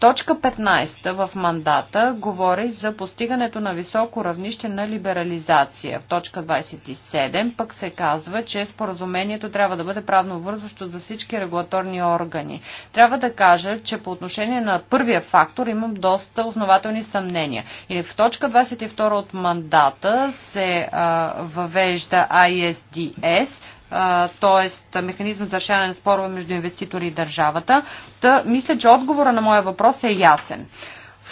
Точка 15 в мандата говори за постигането на високо равнище на либерализация. В точка 27 пък се казва, че споразумението трябва да бъде правно вързващо за всички регулаторни органи. Трябва да кажа, че по отношение на първия фактор имам доста основателни съмнения. Или в точка 22 от мандата се а, въвежда ISDS, т.е. механизъм за решаване на спорове между инвеститори и държавата. Та, мисля, че отговора на моя въпрос е ясен.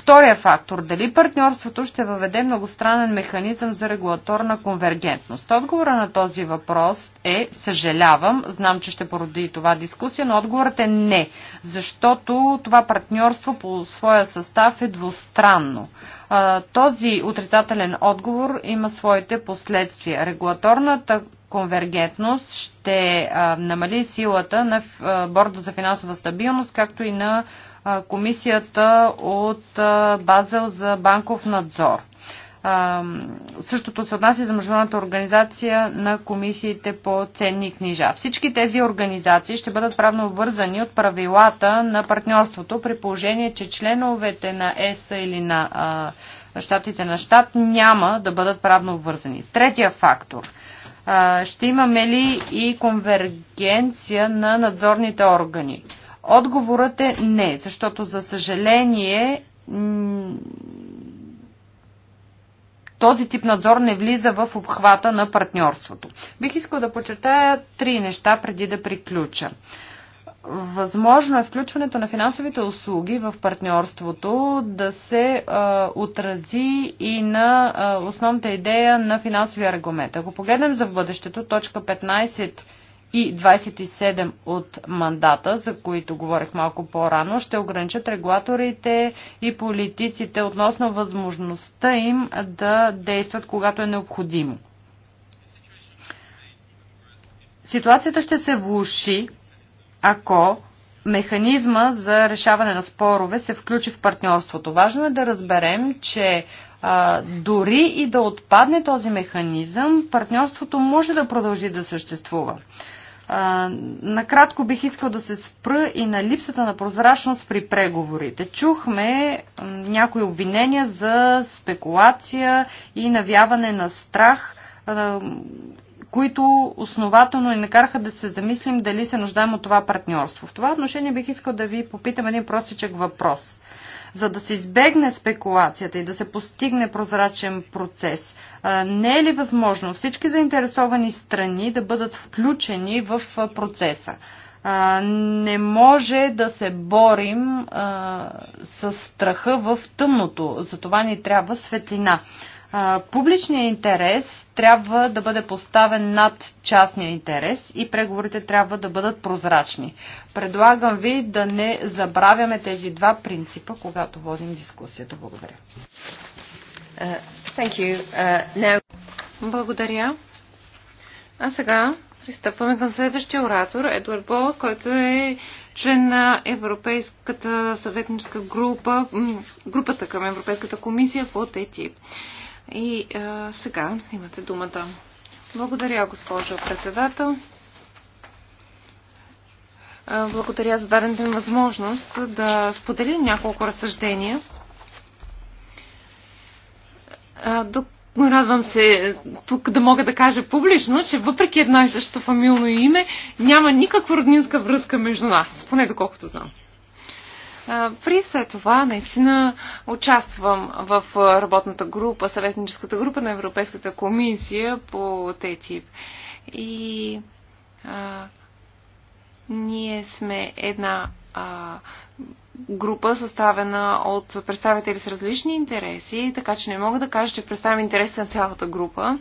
Втория фактор – дали партньорството ще въведе многостранен механизъм за регулаторна конвергентност? Отговора на този въпрос е съжалявам, знам, че ще породи това дискусия, но отговорът е не, защото това партньорство по своя състав е двустранно. Този отрицателен отговор има своите последствия. Регулаторната конвергентност ще намали силата на Борда за финансова стабилност, както и на комисията от Базел за банков надзор. Същото се отнася за Международната организация на комисиите по ценни книжа. Всички тези организации ще бъдат правно вързани от правилата на партньорството при положение, че членовете на ЕС или на а, щатите на щат няма да бъдат правно вързани. Третия фактор. А, ще имаме ли и конвергенция на надзорните органи? Отговорът е не, защото за съжаление този тип надзор не влиза в обхвата на партньорството. Бих искал да почетая три неща преди да приключа. Възможно е включването на финансовите услуги в партньорството да се а, отрази и на а, основната идея на финансовия регламент. Ако погледнем за в бъдещето, точка 15 и 27 от мандата, за които говорих малко по-рано, ще ограничат регулаторите и политиците относно възможността им да действат, когато е необходимо. Ситуацията ще се влуши, ако механизма за решаване на спорове се включи в партньорството. Важно е да разберем, че а, дори и да отпадне този механизъм, партньорството може да продължи да съществува накратко бих искал да се спра и на липсата на прозрачност при преговорите. Чухме някои обвинения за спекулация и навяване на страх, които основателно ни накараха да се замислим дали се нуждаем от това партньорство. В това отношение бих искал да ви попитам един простичък въпрос за да се избегне спекулацията и да се постигне прозрачен процес, не е ли възможно всички заинтересовани страни да бъдат включени в процеса? Не може да се борим с страха в тъмното, затова ни трябва светлина публичният интерес трябва да бъде поставен над частния интерес и преговорите трябва да бъдат прозрачни. Предлагам ви да не забравяме тези два принципа, когато водим дискусията. Благодаря. Uh, uh, now... Благодаря. А сега пристъпваме към следващия оратор, Едуард Болс, който е член на Европейската съветническа група, групата към Европейската комисия по ТТИП. И а, сега имате думата. Благодаря, госпожо председател. Благодаря за дадената ми възможност да споделя няколко разсъждения. Радвам се е, тук да мога да кажа публично, че въпреки едно и също фамилно име, няма никаква роднинска връзка между нас, поне доколкото знам. При след това наистина участвам в работната група, съветническата група на Европейската комисия по ТТИП. И а, ние сме една а, група, съставена от представители с различни интереси, така че не мога да кажа, че представям интереси на цялата група.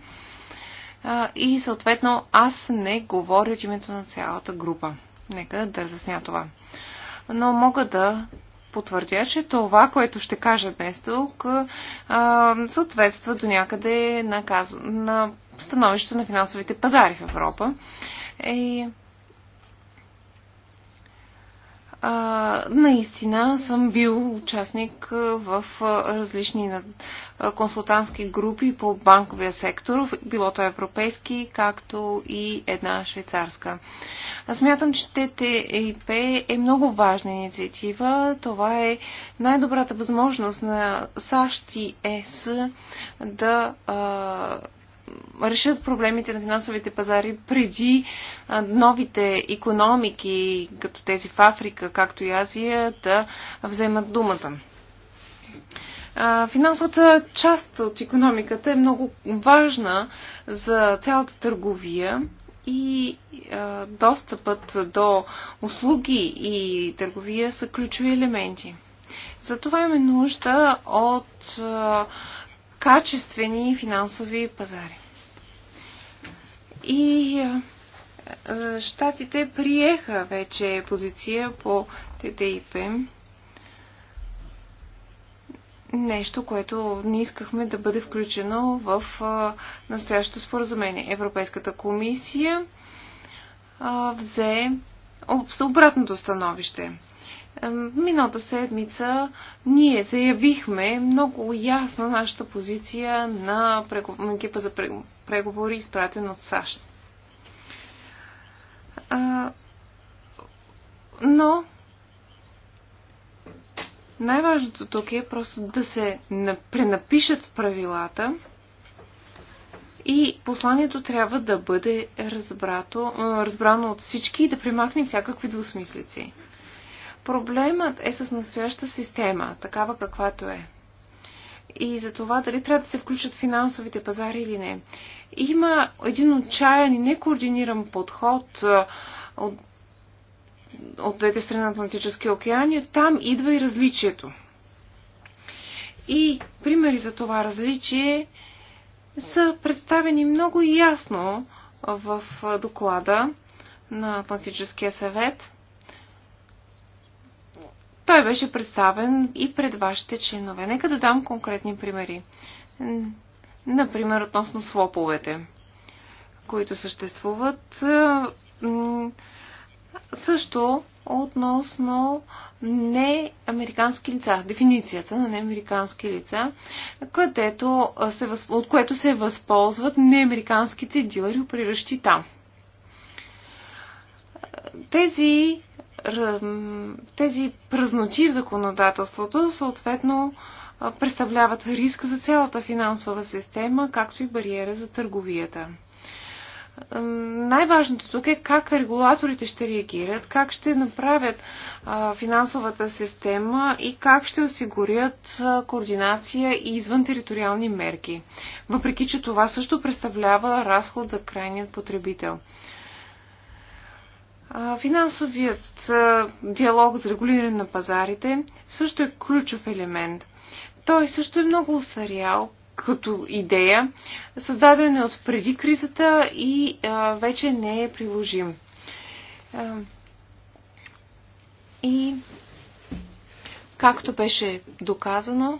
А, и съответно аз не говоря от името на цялата група. Нека да разясня това но мога да потвърдя, че това, което ще кажа днес тук, съответства до някъде на, каз... на становището на финансовите пазари в Европа. И а, наистина съм бил участник в различни консултантски групи по банковия сектор, било то европейски, както и една швейцарска. Смятам, че ТТИП е много важна инициатива. Това е най-добрата възможност на САЩ и ЕС да а, решат проблемите на финансовите пазари преди новите економики, като тези в Африка, както и Азия, да вземат думата. Финансовата част от економиката е много важна за цялата търговия и достъпът до услуги и търговия са ключови елементи. Затова имаме нужда от качествени финансови пазари. И щатите приеха вече позиция по ТТИП. Нещо, което не искахме да бъде включено в настоящото споразумение. Европейската комисия взе обратното становище. Миналата седмица ние заявихме много ясно нашата позиция на екипа за преговори, изпратен от САЩ. Но най-важното тук е просто да се пренапишат правилата и посланието трябва да бъде разбрато, разбрано от всички и да премахне всякакви двусмислици. Проблемът е с настояща система, такава каквато е. И за това дали трябва да се включат финансовите пазари или не. Има един отчаян и некоординиран подход от, от двете страни на Атлантическия океан и там идва и различието. И примери за това различие са представени много ясно в доклада на Атлантическия съвет – той беше представен и пред вашите членове. Нека да дам конкретни примери. Например, относно слоповете, които съществуват. Също относно неамерикански лица, дефиницията на неамерикански лица, където се, от което се възползват неамериканските дилери, оприращи там. Тези тези празноти в законодателството съответно представляват риск за цялата финансова система, както и бариера за търговията. Най-важното тук е как регулаторите ще реагират, как ще направят финансовата система и как ще осигурят координация и извън териториални мерки, въпреки че това също представлява разход за крайният потребител. Финансовият диалог за регулиране на пазарите също е ключов елемент. Той също е много устарял като идея, създаден е от преди кризата и вече не е приложим. И както беше доказано,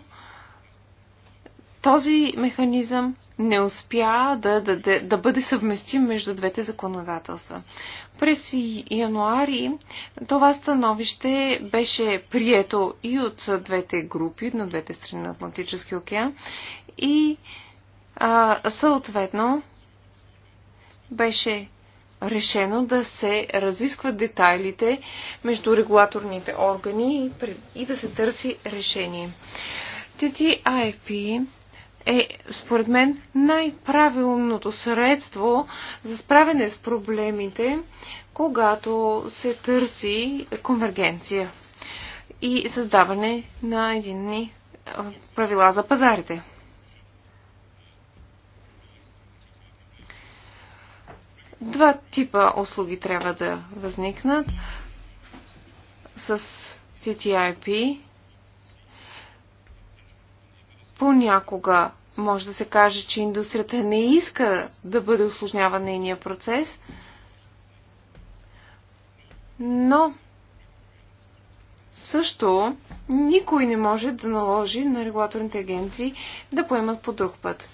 този механизъм не успя да, да, да, да бъде съвместим между двете законодателства. През януари това становище беше прието и от двете групи, на двете страни на Атлантически океан и а, съответно беше решено да се разискват детайлите между регулаторните органи и да се търси решение. TTIP е, според мен, най-правилното средство за справяне с проблемите, когато се търси конвергенция и създаване на единни е, правила за пазарите. Два типа услуги трябва да възникнат с TTIP Понякога може да се каже, че индустрията не иска да бъде осложнява нейния процес, но също никой не може да наложи на регулаторните агенции да поемат по друг път.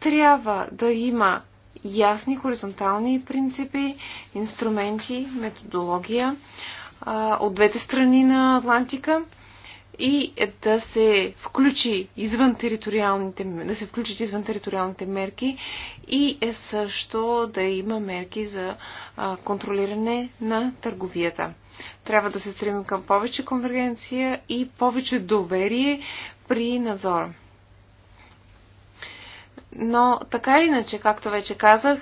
Трябва да има ясни хоризонтални принципи, инструменти, методология от двете страни на Атлантика – и да се включи извън териториалните, да се включат извън териториалните мерки и е също да има мерки за контролиране на търговията. Трябва да се стремим към повече конвергенция и повече доверие при надзора. Но така иначе, както вече казах,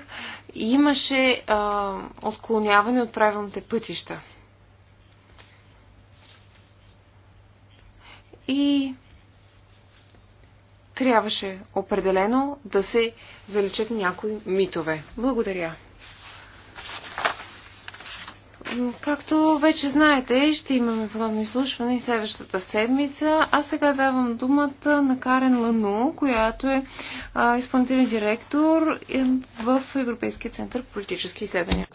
имаше а, отклоняване от правилните пътища. И трябваше определено да се залечат някои митове. Благодаря. Както вече знаете, ще имаме подобно изслушване и следващата седмица. А сега давам думата на Карен Лану, която е изпълнителен директор в Европейския център по политически изследвания.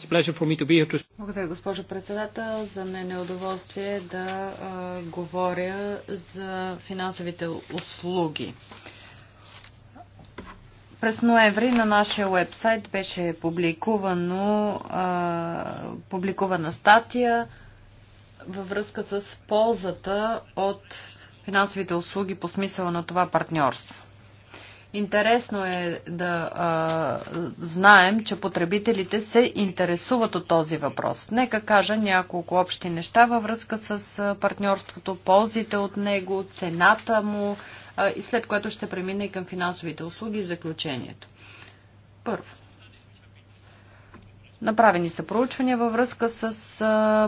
Благодаря, госпожо председател. За мен е удоволствие да а, говоря за финансовите услуги. През ноември на нашия вебсайт беше публикувано, а, публикувана статия във връзка с ползата от финансовите услуги по смисъла на това партньорство. Интересно е да а, знаем, че потребителите се интересуват от този въпрос. Нека кажа няколко общи неща във връзка с партньорството, ползите от него, цената му, и след което ще премина и към финансовите услуги и заключението. Първо. Направени са проучвания във връзка с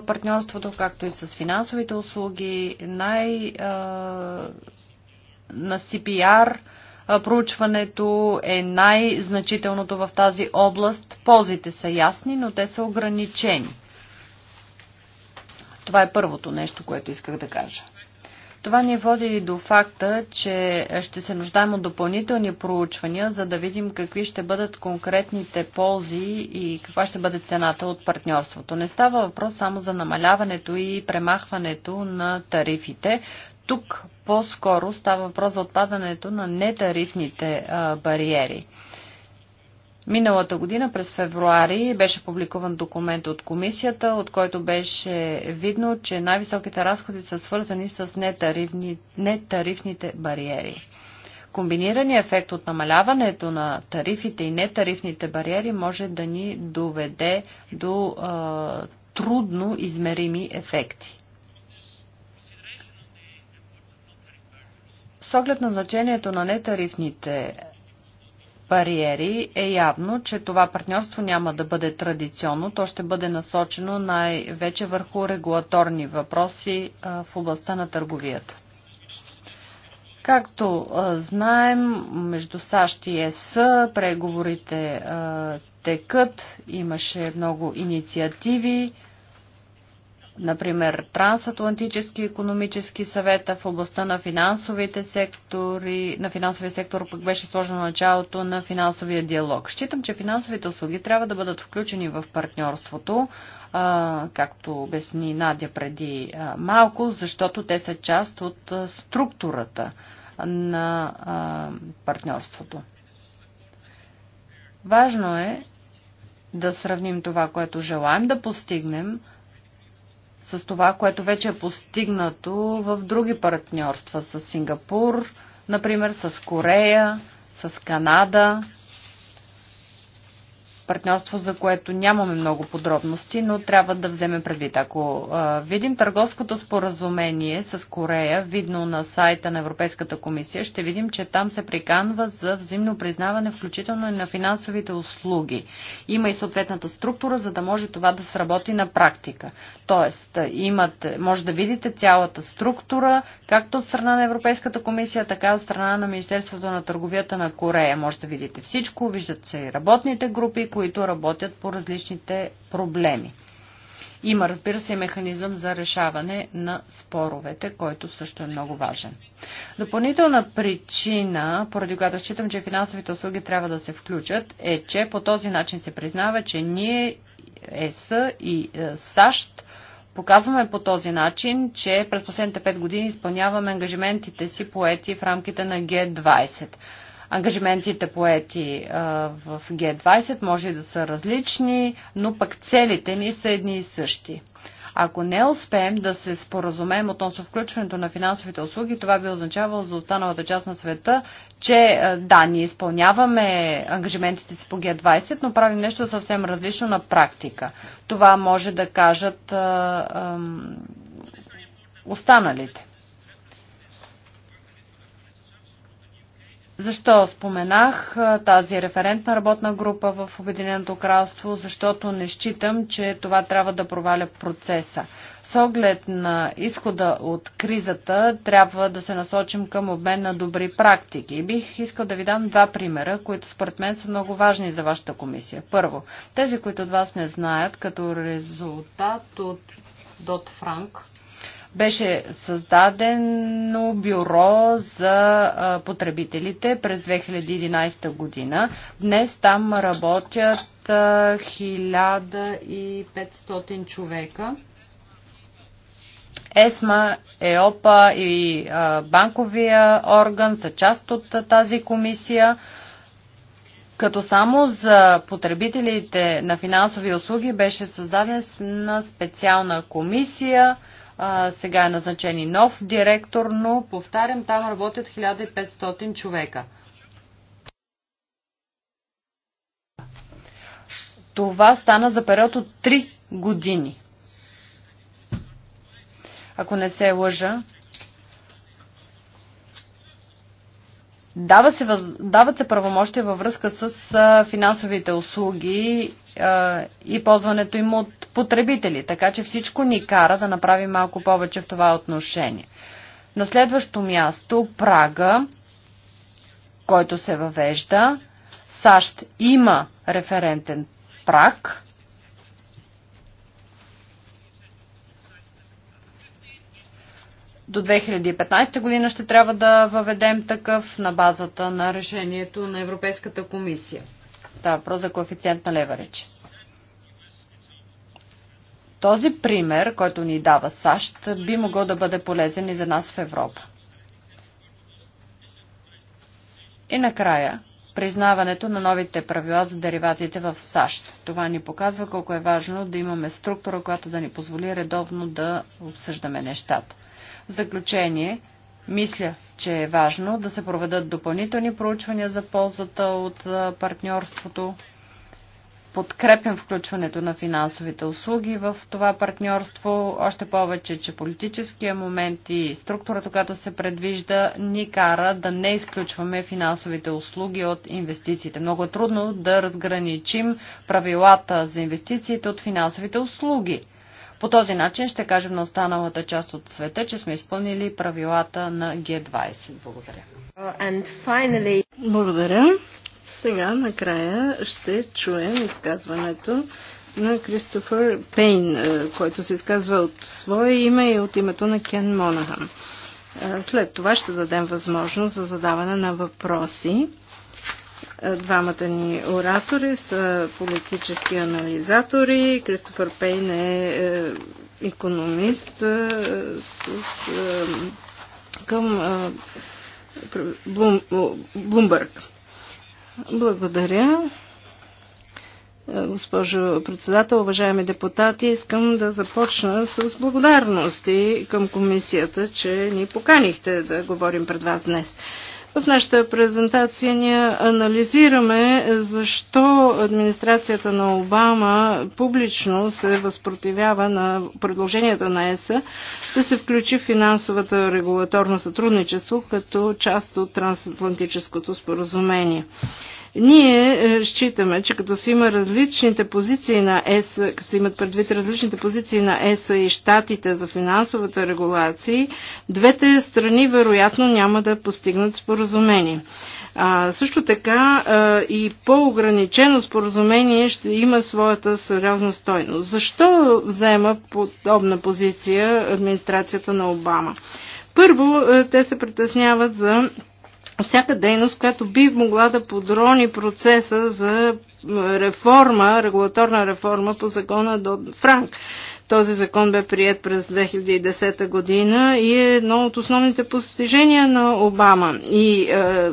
партньорството, както и с финансовите услуги. Най на CPR проучването е най-значителното в тази област. Ползите са ясни, но те са ограничени. Това е първото нещо, което исках да кажа. Това ни води и до факта, че ще се нуждаем от допълнителни проучвания, за да видим какви ще бъдат конкретните ползи и каква ще бъде цената от партньорството. Не става въпрос само за намаляването и премахването на тарифите. Тук по-скоро става въпрос за отпадането на нетарифните бариери. Миналата година през февруари беше публикуван документ от комисията, от който беше видно, че най-високите разходи са свързани с нетарифни, нетарифните бариери. Комбинираният ефект от намаляването на тарифите и нетарифните бариери може да ни доведе до а, трудно измерими ефекти. С оглед на значението на нетарифните бариери, е явно, че това партньорство няма да бъде традиционно. То ще бъде насочено най-вече върху регулаторни въпроси в областта на търговията. Както знаем, между САЩ и ЕС преговорите текът, имаше много инициативи например Трансатлантически економически съвета в областта на финансовите сектори, на финансовия сектор пък беше сложено началото на финансовия диалог. Считам, че финансовите услуги трябва да бъдат включени в партньорството, както обясни Надя преди малко, защото те са част от структурата на партньорството. Важно е да сравним това, което желаем да постигнем – с това, което вече е постигнато в други партньорства с Сингапур, например с Корея, с Канада партньорство, за което нямаме много подробности, но трябва да вземем предвид. Ако а, видим търговското споразумение с Корея, видно на сайта на Европейската комисия, ще видим, че там се приканва за взаимно признаване, включително и на финансовите услуги. Има и съответната структура, за да може това да сработи на практика. Тоест, имате, може да видите цялата структура, както от страна на Европейската комисия, така и от страна на Министерството на търговията на Корея. Може да видите всичко, виждат се и работните групи, които работят по различните проблеми. Има, разбира се, механизъм за решаване на споровете, който също е много важен. Допълнителна причина, поради която считам, че финансовите услуги трябва да се включат, е, че по този начин се признава, че ние, ЕС и е, САЩ, Показваме по този начин, че през последните 5 години изпълняваме ангажиментите си поети в рамките на Г20. Ангажиментите поети в Г20 може да са различни, но пък целите ни са едни и същи. Ако не успеем да се споразумеем относно включването на финансовите услуги, това би означавало за останалата част на света, че да, ние изпълняваме ангажиментите си по Г20, но правим нещо съвсем различно на практика. Това може да кажат а, а, останалите. Защо споменах тази референтна работна група в Обединеното кралство? Защото не считам, че това трябва да проваля процеса. С оглед на изхода от кризата, трябва да се насочим към обмен на добри практики. Бих искал да ви дам два примера, които според мен са много важни за вашата комисия. Първо, тези, които от вас не знаят, като резултат от Дот Франк, беше създадено бюро за потребителите през 2011 година. Днес там работят 1500 човека. ЕСМА, ЕОПА и банковия орган са част от тази комисия. Като само за потребителите на финансови услуги беше създадена специална комисия а, сега е назначен и нов директор, но повтарям, там работят 1500 човека. Това стана за период от 3 години. Ако не се лъжа, Дава се, дават се правомощия във връзка с финансовите услуги и ползването им от потребители, така че всичко ни кара да направим малко повече в това отношение. На следващо място прага, който се въвежда. САЩ има референтен праг, До 2015 година ще трябва да въведем такъв на базата на решението на Европейската комисия. Става въпрос за коефициент на леверидж. Този пример, който ни дава САЩ, би могъл да бъде полезен и за нас в Европа. И накрая, признаването на новите правила за деривациите в САЩ. Това ни показва колко е важно да имаме структура, която да ни позволи редовно да обсъждаме нещата. В заключение, мисля, че е важно да се проведат допълнителни проучвания за ползата от партньорството. Подкрепям включването на финансовите услуги в това партньорство, още повече, че политическия момент и структурата, която се предвижда, ни кара да не изключваме финансовите услуги от инвестициите. Много е трудно да разграничим правилата за инвестициите от финансовите услуги. По този начин ще кажем на останалата част от света, че сме изпълнили правилата на Г20. Благодаря. Finally... Благодаря. Сега накрая ще чуем изказването на Кристофър Пейн, е, който се изказва от свое име и от името на Кен Монахан. Е, след това ще дадем възможност за задаване на въпроси. Е, двамата ни оратори са политически анализатори. Кристофър Пейн е економист е, с, е, към Блумбърг. Благодаря. Госпожо председател, уважаеми депутати, искам да започна с благодарности към комисията, че ни поканихте да говорим пред вас днес. В нашата презентация ние анализираме защо администрацията на Обама публично се възпротивява на предложенията на ЕСА да се включи финансовата регулаторно сътрудничество като част от трансатлантическото споразумение. Ние е, считаме, че като се има различните позиции на ЕС, като се имат предвид различните позиции на ЕС и щатите за финансовата регулация, двете страни вероятно няма да постигнат споразумение. А, също така а, и по-ограничено споразумение ще има своята сериозна стойност. Защо взема подобна позиция администрацията на Обама? Първо, е, те се притесняват за всяка дейност, която би могла да подрони процеса за реформа, регулаторна реформа по закона до Франк. Този закон бе прият през 2010 година и е едно от основните постижения на Обама. И е,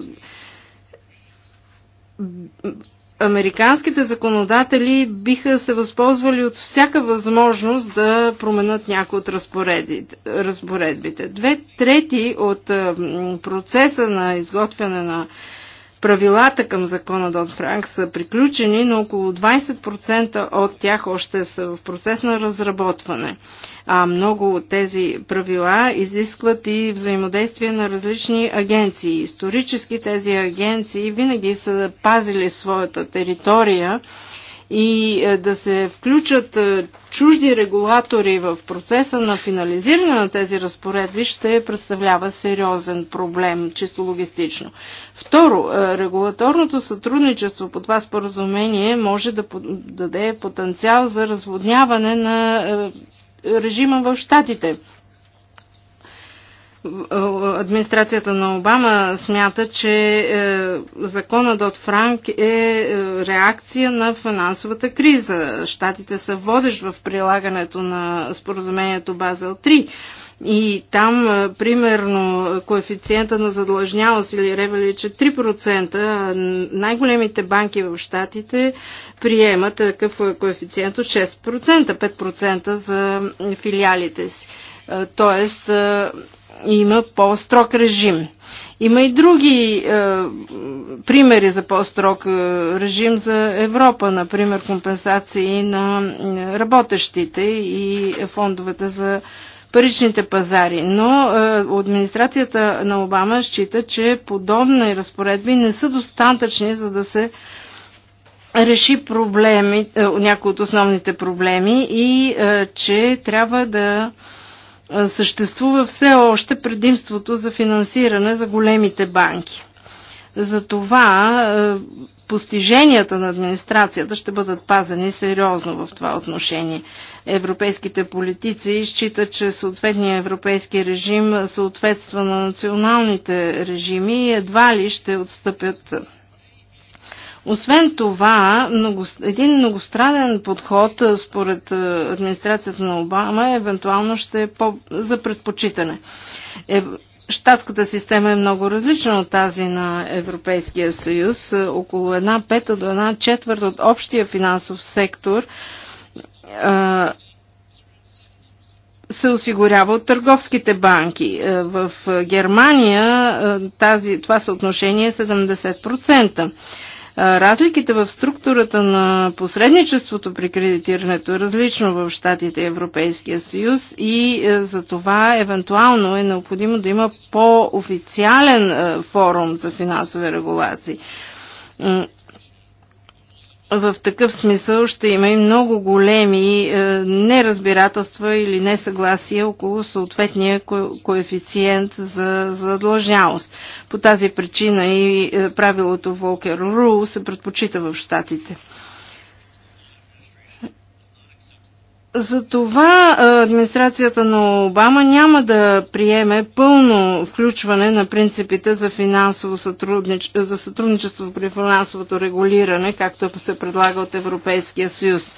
американските законодатели биха се възползвали от всяка възможност да променят някои от разпоредбите. Две трети от процеса на изготвяне на правилата към закона Дот Франк са приключени, но около 20% от тях още са в процес на разработване. А много от тези правила изискват и взаимодействие на различни агенции. Исторически тези агенции винаги са пазили своята територия, и е, да се включат е, чужди регулатори в процеса на финализиране на тези разпоредби ще представлява сериозен проблем, чисто логистично. Второ, е, регулаторното сътрудничество по това споразумение може да даде потенциал за разводняване на режима в щатите администрацията на Обама смята, че е, законът от Франк е, е реакция на финансовата криза. Штатите са водещ в прилагането на споразумението Базел 3. И там, е, примерно, коефициента на задлъжнялост или ревелич е 3%, най-големите банки в Штатите приемат такъв коефициент от 6%, 5% за филиалите си. Е, тоест, има по-строг режим. Има и други е, примери за по-строг е, режим за Европа, например компенсации на е, работещите и фондовете за паричните пазари. Но е, администрацията на Обама счита, че подобни разпоредби не са достатъчни, за да се реши проблеми, е, някои от основните проблеми и е, че трябва да е, съществува все още предимството за финансиране за големите банки. Затова постиженията на администрацията ще бъдат пазени сериозно в това отношение. Европейските политици считат, че съответния европейски режим съответства на националните режими и едва ли ще отстъпят освен това, един многостранен подход според администрацията на Обама евентуално ще е по, за предпочитане. Штатската е, система е много различна от тази на Европейския съюз. Около една пета до една четвърт от общия финансов сектор се осигурява от търговските банки. В Германия тази, това съотношение е 70%. Разликите в структурата на посредничеството при кредитирането е различно в Штатите и Европейския съюз и е, за това евентуално е необходимо да има по-официален е, форум за финансови регулации в такъв смисъл ще има и много големи е, неразбирателства или несъгласия около съответния ко- коефициент за задлъжнялост. По тази причина и е, правилото Волкер Рул се предпочита в щатите. За това администрацията на Обама няма да приеме пълно включване на принципите за, финансово сътруднич... за сътрудничество при финансовото регулиране, както се предлага от Европейския съюз.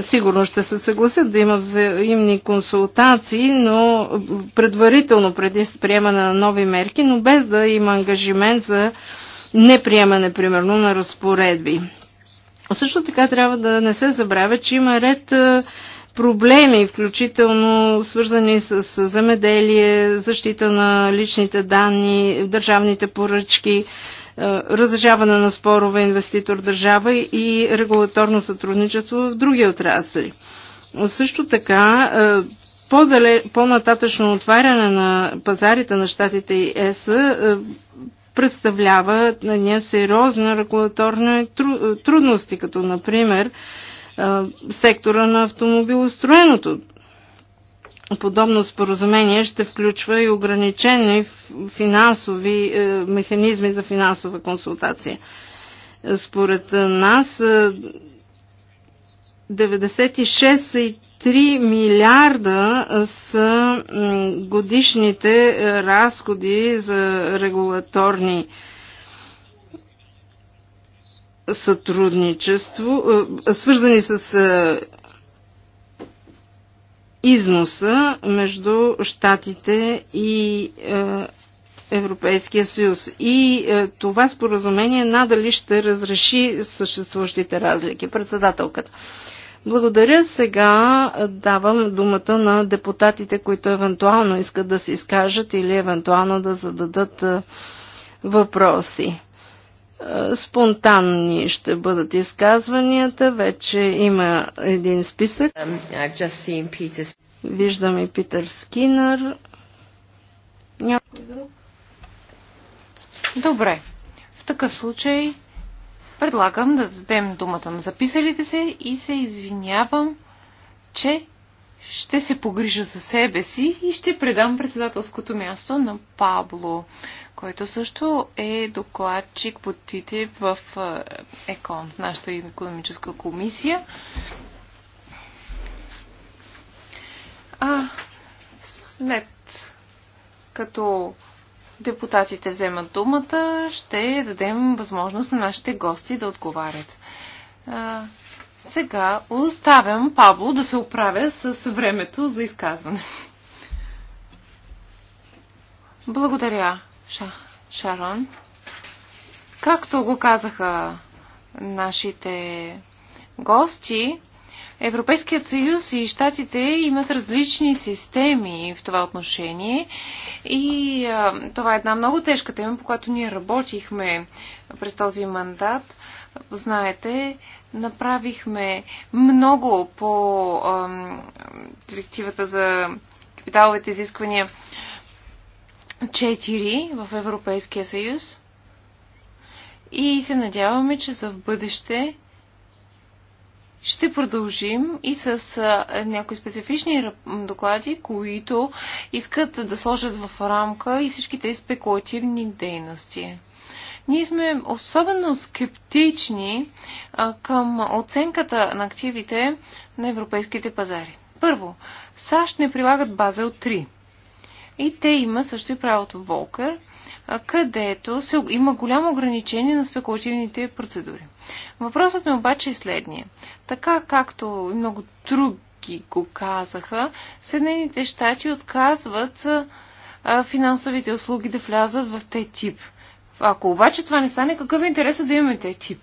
Сигурно ще се съгласят да има взаимни консултации, но предварително преди приемане на нови мерки, но без да има ангажимент за неприемане, примерно, на разпоредби. Също така трябва да не се забравя, че има ред проблеми, включително свързани с замеделие, защита на личните данни, държавните поръчки, е, разрешаване на спорове инвеститор-държава и регулаторно сътрудничество в други отрасли. Също така, е, по-нататъчно отваряне на пазарите на щатите и ЕС е, представлява на ние сериозни регулаторни трудности, като например сектора на автомобилостроеното. Подобно споразумение ще включва и ограничени финансови е, механизми за финансова консултация. Според нас 96,3 е, милиарда са годишните е, разходи за регулаторни сътрудничество, е, свързани с е, износа между Штатите и е, Европейския съюз. И това споразумение надали ще разреши съществуващите разлики. Председателката. Благодаря. Сега давам думата на депутатите, които евентуално искат да се изкажат или евентуално да зададат въпроси. Е, спонтанни ще бъдат изказванията. Вече има един списък. Um, Виждам и Питър Скинър. Някой друг? Добре. В такъв случай предлагам да дадем думата на записалите се и се извинявам, че ще се погрижа за себе си и ще предам председателското място на Пабло който също е докладчик по ТТИП в ЕКОН, нашата економическа комисия. А след като депутатите вземат думата, ще дадем възможност на нашите гости да отговарят. А, сега оставям Пабло да се оправя с времето за изказване. Благодаря. Ша, Шарон. Както го казаха нашите гости, Европейският съюз и щатите имат различни системи в това отношение и а, това е една много тежка тема, по която ние работихме през този мандат. Знаете, направихме много по а, директивата за капиталовите изисквания 4 в Европейския съюз и се надяваме, че за в бъдеще ще продължим и с някои специфични доклади, които искат да сложат в рамка и всички тези спекулативни дейности. Ние сме особено скептични а, към оценката на активите на европейските пазари. Първо, САЩ не прилагат база от 3. И те има също и правото Волкър, където се, има голямо ограничение на спекулативните процедури. Въпросът ми обаче е следния. Така както и много други го казаха, Съединените щати отказват финансовите услуги да влязат в те тип. Ако обаче това не стане, какъв е интересът да имаме те тип?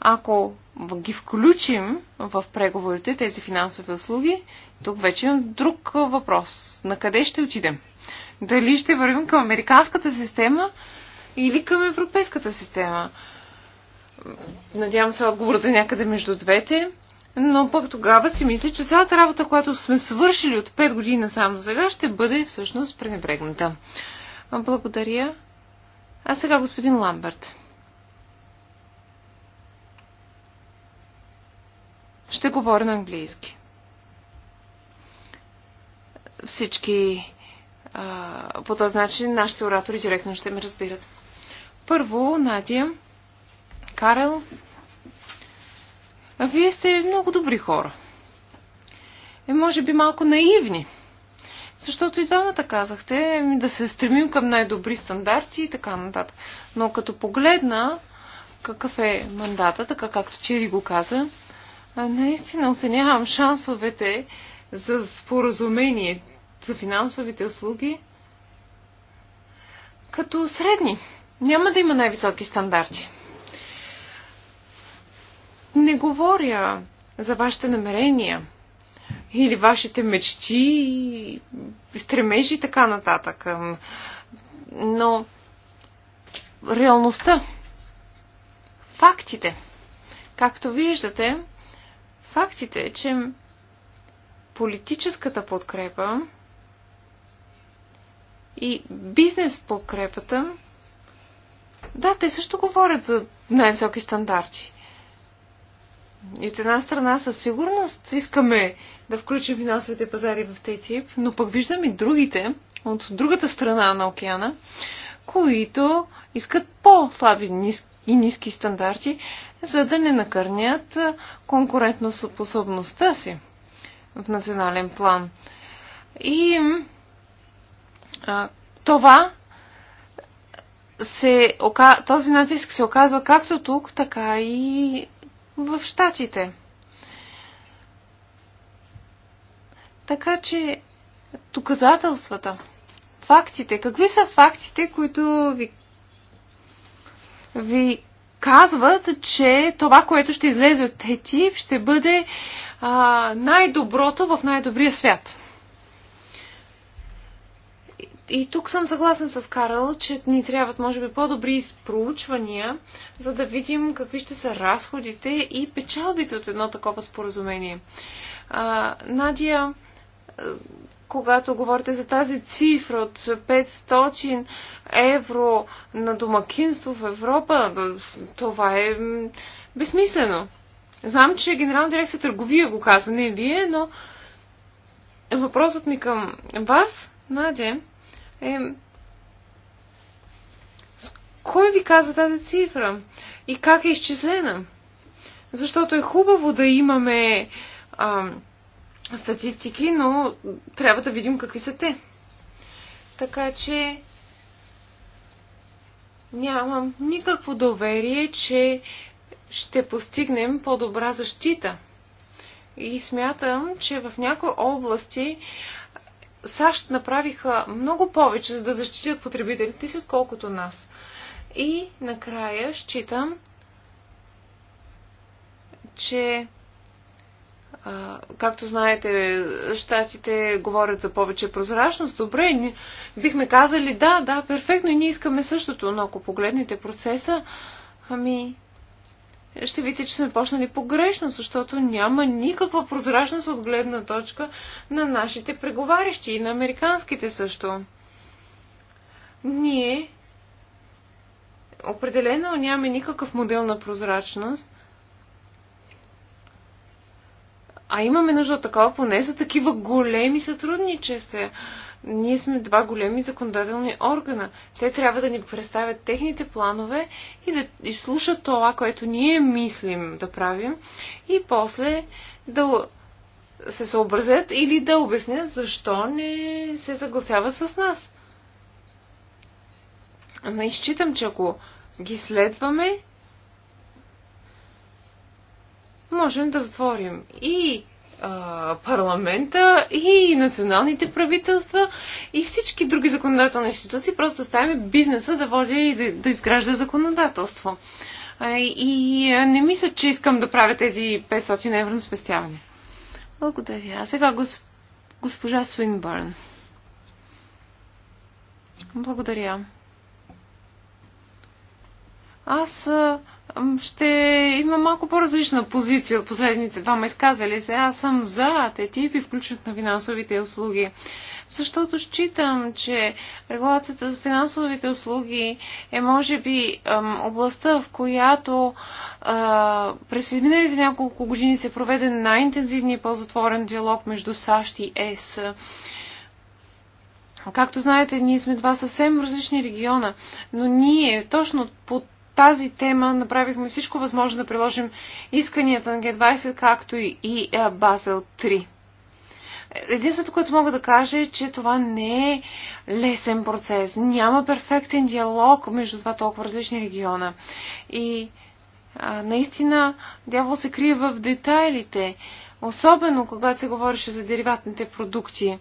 Ако ги включим в преговорите, тези финансови услуги, тук вече има друг въпрос. На къде ще отидем? Дали ще вървим към американската система или към европейската система? Надявам се отговорът е някъде между двете, но пък тогава си мисля, че цялата работа, която сме свършили от 5 години само сега, ще бъде всъщност пренебрегната. Благодаря. А сега господин Ламберт. Ще говоря на английски. Всички а, по този начин нашите оратори директно ще ме разбират. Първо, Надя, Карел, вие сте много добри хора. И е, може би малко наивни. Защото и двамата казахте ами, да се стремим към най-добри стандарти и така нататък. Но като погледна какъв е мандата, така както Чири го каза, наистина оценявам шансовете за споразумение за финансовите услуги като средни. Няма да има най-високи стандарти. Не говоря за вашите намерения или вашите мечти, стремежи и така нататък. Но реалността, фактите, както виждате, Фактите е, че политическата подкрепа и бизнес подкрепата, да, те също говорят за най-високи стандарти. И от една страна със сигурност искаме да включим финансовите пазари в тези, но пък виждам и другите от другата страна на океана, които искат по-слаби, и ниски стандарти, за да не накърнят конкурентноспособността си в национален план. И а, това се, този натиск се оказва както тук, така и в Штатите. Така че доказателствата, фактите, какви са фактите, които ви ви казват, че това, което ще излезе от тети, ще бъде най-доброто в най-добрия свят. И тук съм съгласен с Карл, че ни трябват, може би, по-добри проучвания, за да видим какви ще са разходите и печалбите от едно такова споразумение. А, Надя когато говорите за тази цифра от 500 евро на домакинство в Европа, това е безсмислено. Знам, че Генерална дирекция търговия го казва, не вие, но въпросът ми към вас, Надя, е с кой ви каза тази цифра и как е изчислена? Защото е хубаво да имаме а, статистики, но трябва да видим какви са те. Така че нямам никакво доверие, че ще постигнем по-добра защита. И смятам, че в някои области САЩ направиха много повече, за да защитят потребителите си, отколкото нас. И накрая считам, че Както знаете, щатите говорят за повече прозрачност. Добре, бихме казали да, да, перфектно и ние искаме същото, но ако погледнете процеса, ами ще видите, че сме почнали погрешно, защото няма никаква прозрачност от гледна точка на нашите преговарящи и на американските също. Ние определено нямаме никакъв модел на прозрачност А имаме нужда от такова поне за такива големи сътрудничества. Ние сме два големи законодателни органа. Те трябва да ни представят техните планове и да изслушат това, което ние мислим да правим и после да се съобразят или да обяснят защо не се съгласяват с нас. Не значи, изчитам, че ако ги следваме, можем да затворим и а, парламента, и националните правителства, и всички други законодателни институции. Просто оставяме бизнеса да води и да, да изгражда законодателство. А, и а не мисля, че искам да правя тези 500 евро на спестяване. Благодаря. А сега госп... госпожа Свинбърн. Благодаря. Аз ще има малко по-различна позиция от последните двама изказали се. Аз съм за ТТИП и включват на финансовите услуги. Защото считам, че регулацията за финансовите услуги е, може би, областта, в която през изминалите няколко години се проведе най интензивни и по-затворен диалог между САЩ и ЕС. Както знаете, ние сме два съвсем различни региона, но ние точно под тази тема направихме всичко възможно да приложим исканията на G20, както и Базел 3. Единственото, което мога да кажа е, че това не е лесен процес. Няма перфектен диалог между два толкова различни региона. И а, наистина дявол се крие в детайлите, особено когато се говореше за дериватните продукти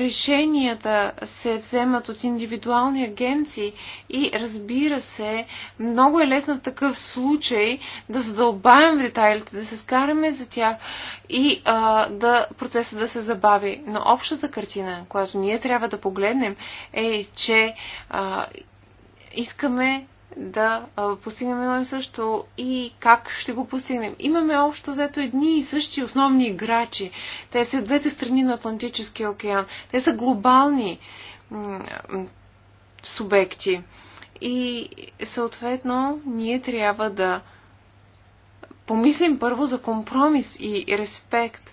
решенията се вземат от индивидуални агенции и разбира се, много е лесно в такъв случай да задълбаем в детайлите, да се скараме за тях и а, да процесът да се забави. Но общата картина, която ние трябва да погледнем е, че а, искаме да постигнем едно и също и как ще го постигнем. Имаме общо взето едни и същи основни играчи. Те са от двете страни на Атлантическия океан. Те са глобални субекти. И съответно ние трябва да помислим първо за компромис и респект.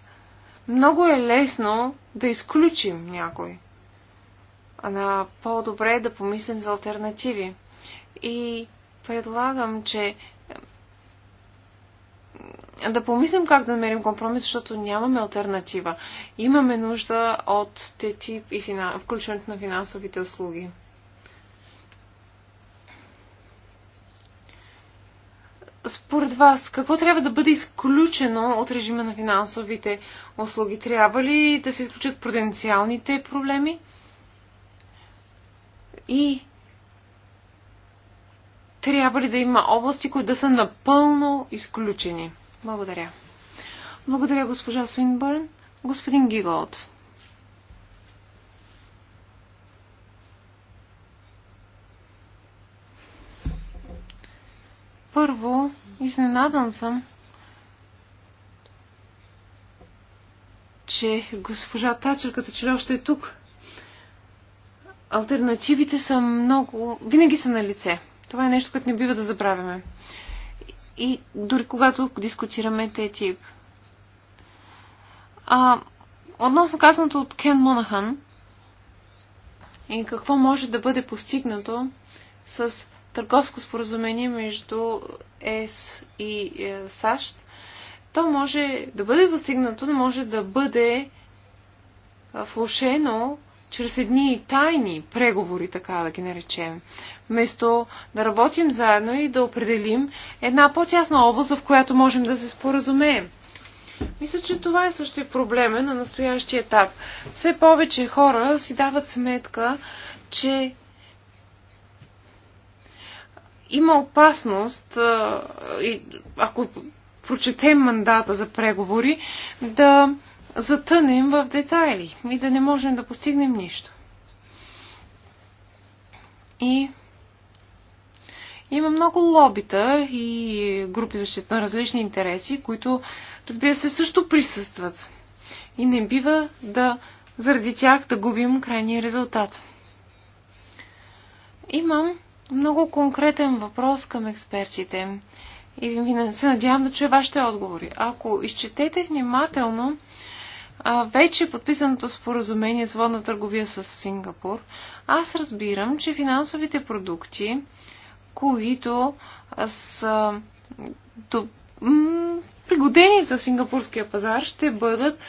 Много е лесно да изключим някой. А на по-добре е да помислим за альтернативи и предлагам, че да помислим как да намерим компромис, защото нямаме альтернатива. Имаме нужда от ТТИП и финан... включването на финансовите услуги. Според вас, какво трябва да бъде изключено от режима на финансовите услуги? Трябва ли да се изключат проденциалните проблеми? И трябва ли да има области, които да са напълно изключени? Благодаря. Благодаря, госпожа Свинбърн. Господин Гиголд. Първо, изненадан съм, че госпожа Тачер като че още е тук. Альтернативите са много... Винаги са на лице. Това е нещо, което не бива да забравяме. И дори когато дискутираме те тип. А, относно казаното от Кен Монахан и какво може да бъде постигнато с търговско споразумение между ЕС и е, САЩ, то може да бъде постигнато, но може да бъде влушено чрез едни тайни преговори, така да ги наречем вместо да работим заедно и да определим една по-тясна област, в която можем да се споразумеем. Мисля, че това е също и проблема на настоящия етап. Все повече хора си дават сметка, че има опасност, ако прочетем мандата за преговори, да затънем в детайли и да не можем да постигнем нищо. И има много лобита и групи защита на различни интереси, които, разбира се, също присъстват. И не бива да заради тях да губим крайния резултат. Имам много конкретен въпрос към експертите и се надявам да чуя вашите отговори. Ако изчетете внимателно а, вече подписаното споразумение с водна търговия с Сингапур, аз разбирам, че финансовите продукти, които са пригодени за сингапурския пазар, ще бъдат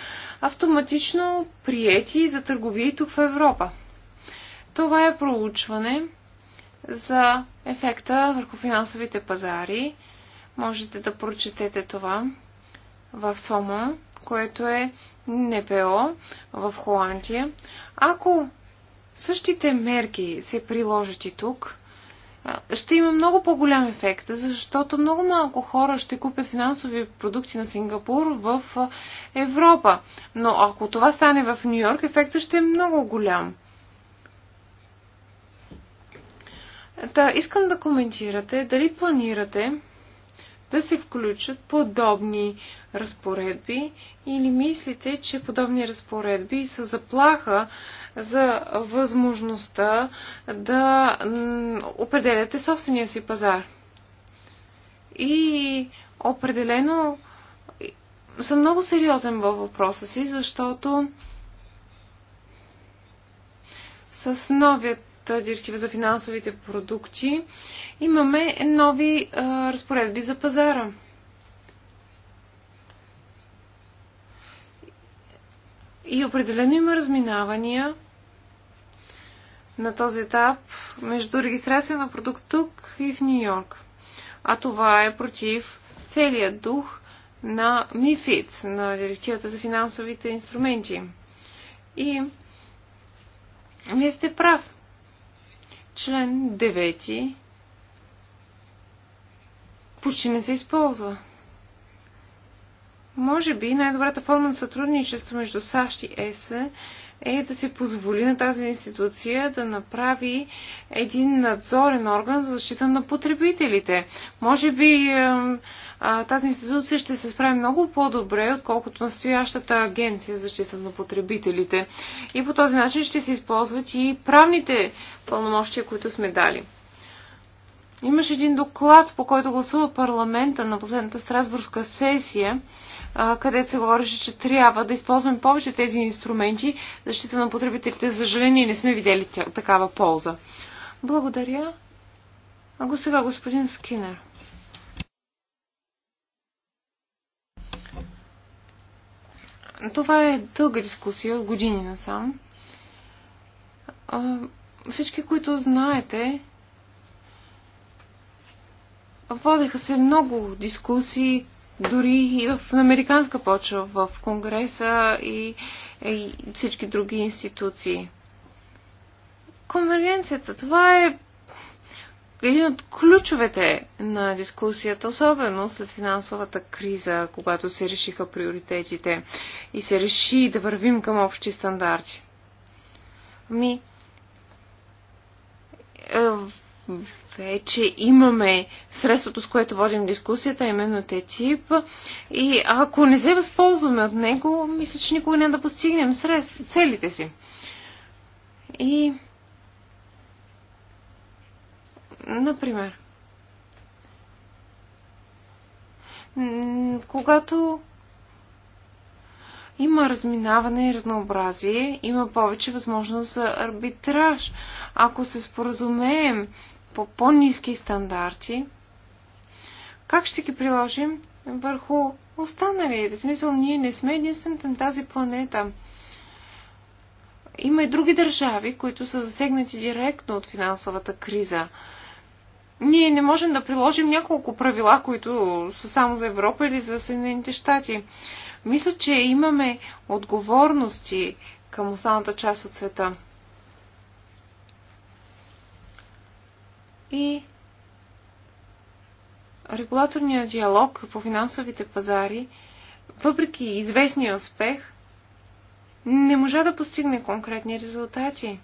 автоматично приети за търговия и тук в Европа. Това е проучване за ефекта върху финансовите пазари. Можете да прочетете това в СОМО, което е НПО в Холандия. Ако същите мерки се приложат и тук, ще има много по-голям ефект, защото много малко хора ще купят финансови продукти на Сингапур в Европа. Но ако това стане в Нью Йорк, ефектът ще е много голям. Та, искам да коментирате дали планирате да се включат подобни разпоредби или мислите, че подобни разпоредби са заплаха за възможността да определяте собствения си пазар? И определено съм много сериозен във въпроса си, защото с новият директива за финансовите продукти, имаме нови разпоредби за пазара. И определено има разминавания на този етап между регистрация на продукт тук и в Нью Йорк. А това е против целият дух на МИФИД, на директивата за финансовите инструменти. И вие сте прав. Член 9 почти не се използва. Може би най-добрата форма на сътрудничество между САЩ и ЕС е е да се позволи на тази институция да направи един надзорен орган за защита на потребителите. Може би тази институция ще се справи много по-добре, отколкото настоящата агенция за защита на потребителите. И по този начин ще се използват и правните пълномощия, които сме дали. Имаше един доклад, по който гласува парламента на последната Страсбургска сесия, където се говореше, че трябва да използваме повече тези инструменти защита на потребителите. За съжаление не сме видели такава полза. Благодаря. А го сега господин Скинер. Това е дълга дискусия от години насам. Всички, които знаете, водеха се много дискусии, дори и в американска почва, в Конгреса и, и всички други институции. Конвергенцията, това е един от ключовете на дискусията, особено след финансовата криза, когато се решиха приоритетите и се реши да вървим към общи стандарти. Ми, е, е, че имаме средството, с което водим дискусията, именно те тип. И ако не се възползваме от него, мисля, че никога не да постигнем средств, целите си. И, например, когато има разминаване и разнообразие, има повече възможност за арбитраж. Ако се споразумеем по по-низки стандарти, как ще ги приложим върху останалите? В смисъл, ние не сме единствените на тази планета. Има и други държави, които са засегнати директно от финансовата криза. Ние не можем да приложим няколко правила, които са само за Европа или за Съединените щати. Мисля, че имаме отговорности към останата част от света. И регулаторният диалог по финансовите пазари, въпреки известния успех, не можа да постигне конкретни резултати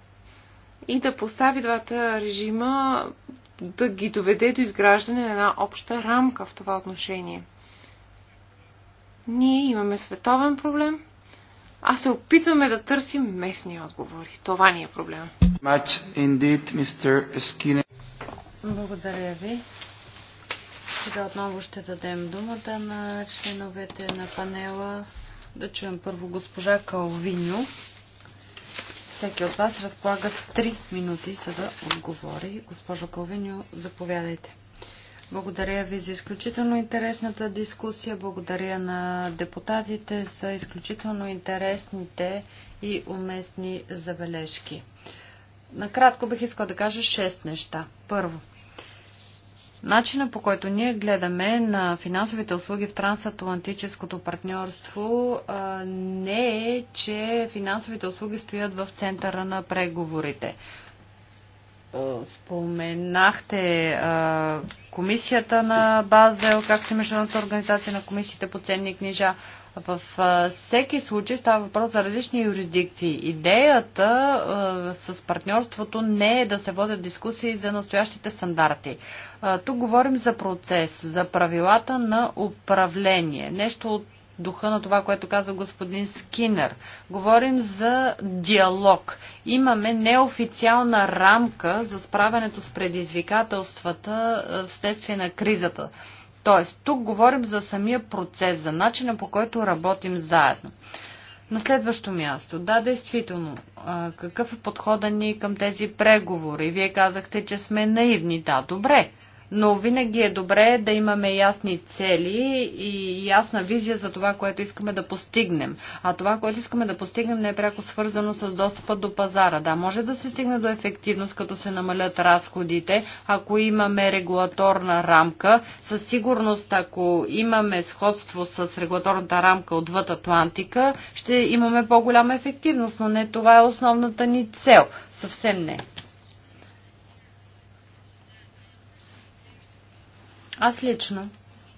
и да постави двата режима, да ги доведе до изграждане на една обща рамка в това отношение. Ние имаме световен проблем, а се опитваме да търсим местни отговори. Това ни е проблема. Благодаря ви. Сега отново ще дадем думата на членовете на панела. Да чуем първо госпожа Калвиньо. Всеки от вас разполага с 3 минути, за да отговори. Госпожо Калвиньо, заповядайте. Благодаря ви за изключително интересната дискусия. Благодаря на депутатите за изключително интересните и уместни забележки. Накратко бих искала да кажа 6 неща. Първо, Начина по който ние гледаме на финансовите услуги в трансатлантическото партньорство не е, че финансовите услуги стоят в центъра на преговорите. Споменахте а, комисията на Базел, както и Международната организация на комисиите по ценни книжа. В а, всеки случай става въпрос за различни юрисдикции. Идеята а, с партньорството не е да се водят дискусии за настоящите стандарти. тук говорим за процес, за правилата на управление. Нещо от духа на това, което каза господин Скинер. Говорим за диалог. Имаме неофициална рамка за справянето с предизвикателствата е, вследствие на кризата. Тоест, тук говорим за самия процес, за начина по който работим заедно. На следващо място, да, действително, е, какъв е подходът ни към тези преговори? Вие казахте, че сме наивни. Да, добре но винаги е добре да имаме ясни цели и ясна визия за това, което искаме да постигнем. А това, което искаме да постигнем, не е пряко свързано с достъпа до пазара. Да, може да се стигне до ефективност, като се намалят разходите, ако имаме регулаторна рамка. Със сигурност, ако имаме сходство с регулаторната рамка отвъд Атлантика, ще имаме по-голяма ефективност, но не това е основната ни цел. Съвсем не. Аз лично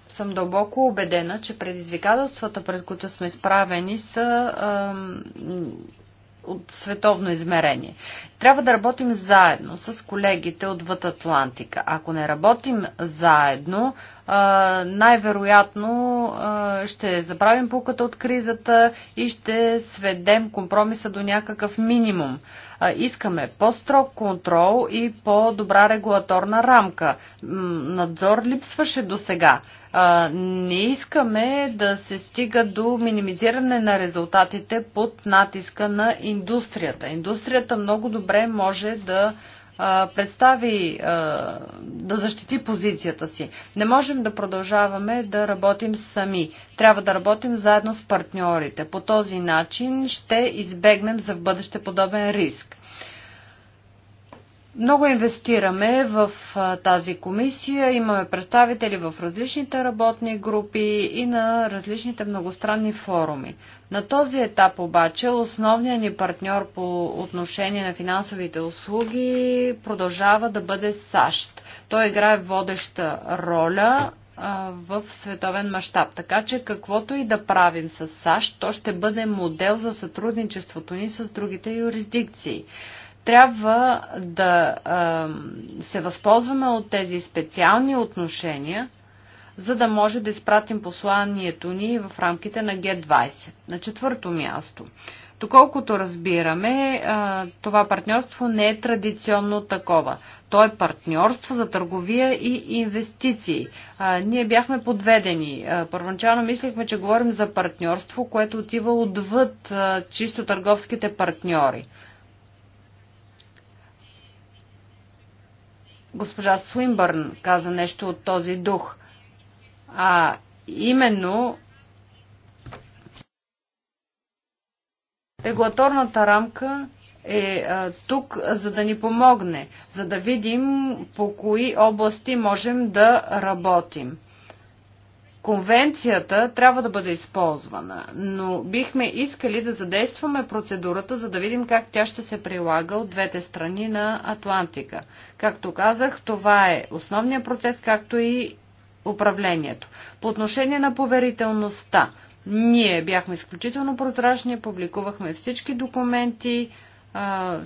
съм дълбоко убедена, че предизвикателствата, пред които сме изправени, са от световно измерение. Трябва да работим заедно с колегите от Въд Атлантика. Ако не работим заедно, най-вероятно ще забравим пуката от кризата и ще сведем компромиса до някакъв минимум. Искаме по-строг контрол и по-добра регулаторна рамка. Надзор липсваше до сега. Не искаме да се стига до минимизиране на резултатите под натиска на индустрията. Индустрията много добре може да представи, да защити позицията си. Не можем да продължаваме да работим сами. Трябва да работим заедно с партньорите. По този начин ще избегнем за в бъдеще подобен риск. Много инвестираме в тази комисия. Имаме представители в различните работни групи и на различните многостранни форуми. На този етап обаче основният ни партньор по отношение на финансовите услуги продължава да бъде САЩ. Той играе водеща роля в световен мащаб. Така че каквото и да правим с САЩ, то ще бъде модел за сътрудничеството ни с другите юрисдикции трябва да а, се възползваме от тези специални отношения, за да може да изпратим посланието ни в рамките на Г20. На четвърто място. Доколкото разбираме, това партньорство не е традиционно такова. То е партньорство за търговия и инвестиции. Ние бяхме подведени. Първоначално мислехме, че говорим за партньорство, което отива отвъд чисто търговските партньори. Госпожа Суинбърн каза нещо от този дух. А именно регулаторната рамка е а, тук, за да ни помогне, за да видим по кои области можем да работим конвенцията трябва да бъде използвана, но бихме искали да задействаме процедурата, за да видим как тя ще се прилага от двете страни на Атлантика. Както казах, това е основният процес, както и управлението. По отношение на поверителността, ние бяхме изключително прозрачни, публикувахме всички документи,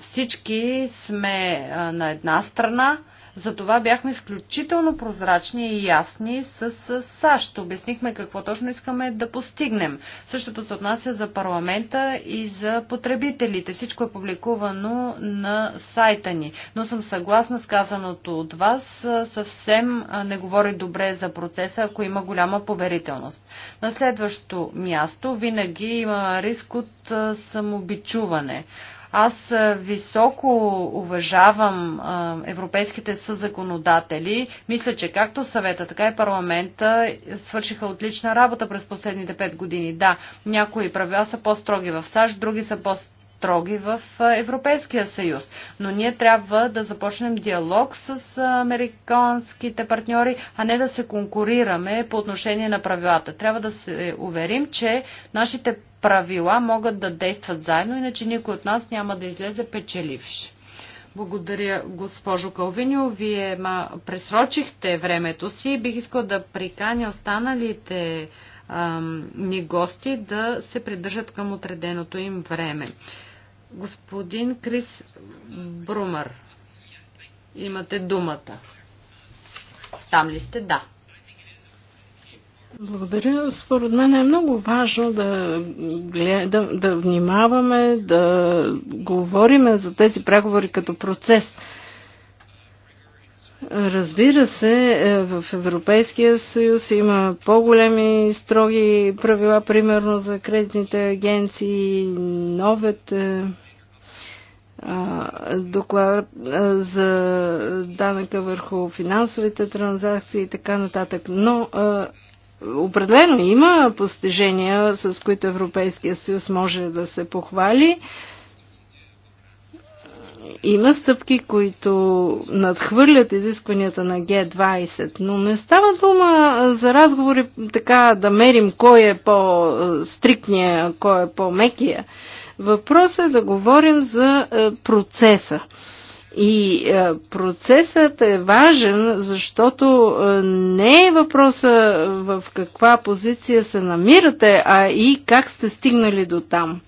всички сме на една страна – затова бяхме изключително прозрачни и ясни с САЩ. Обяснихме какво точно искаме да постигнем. Същото се отнася за парламента и за потребителите. Всичко е публикувано на сайта ни. Но съм съгласна с казаното от вас. Съвсем не говори добре за процеса, ако има голяма поверителност. На следващо място винаги има риск от самобичуване. Аз високо уважавам европейските съзаконодатели. Мисля, че както съвета, така и парламента свършиха отлична работа през последните пет години. Да, някои правила са по-строги в САЩ, други са по-строги строги в Европейския съюз. Но ние трябва да започнем диалог с американските партньори, а не да се конкурираме по отношение на правилата. Трябва да се уверим, че нашите правила могат да действат заедно, иначе никой от нас няма да излезе печеливш. Благодаря, госпожо Калвинио. Вие ма, пресрочихте времето си. Бих искал да приканя останалите ам, ни гости да се придържат към отреденото им време. Господин Крис Брумър, имате думата. Там ли сте? Да. Благодаря. Според мен е много важно да, гледа, да внимаваме, да говориме за тези преговори като процес. Разбира се, е, в Европейския съюз има по-големи строги правила, примерно за кредитните агенции, новет е, доклад е, за данъка върху финансовите транзакции и така нататък. Но Определено има постижения, с които Европейския съюз може да се похвали. Има стъпки, които надхвърлят изискванията на Г-20, но не става дума за разговори така да мерим кой е по-стрикния, кой е по-мекия. Въпросът е да говорим за е, процеса. И е, процесът е важен, защото е, не е въпроса е, в каква позиция се намирате, а и как сте стигнали до там.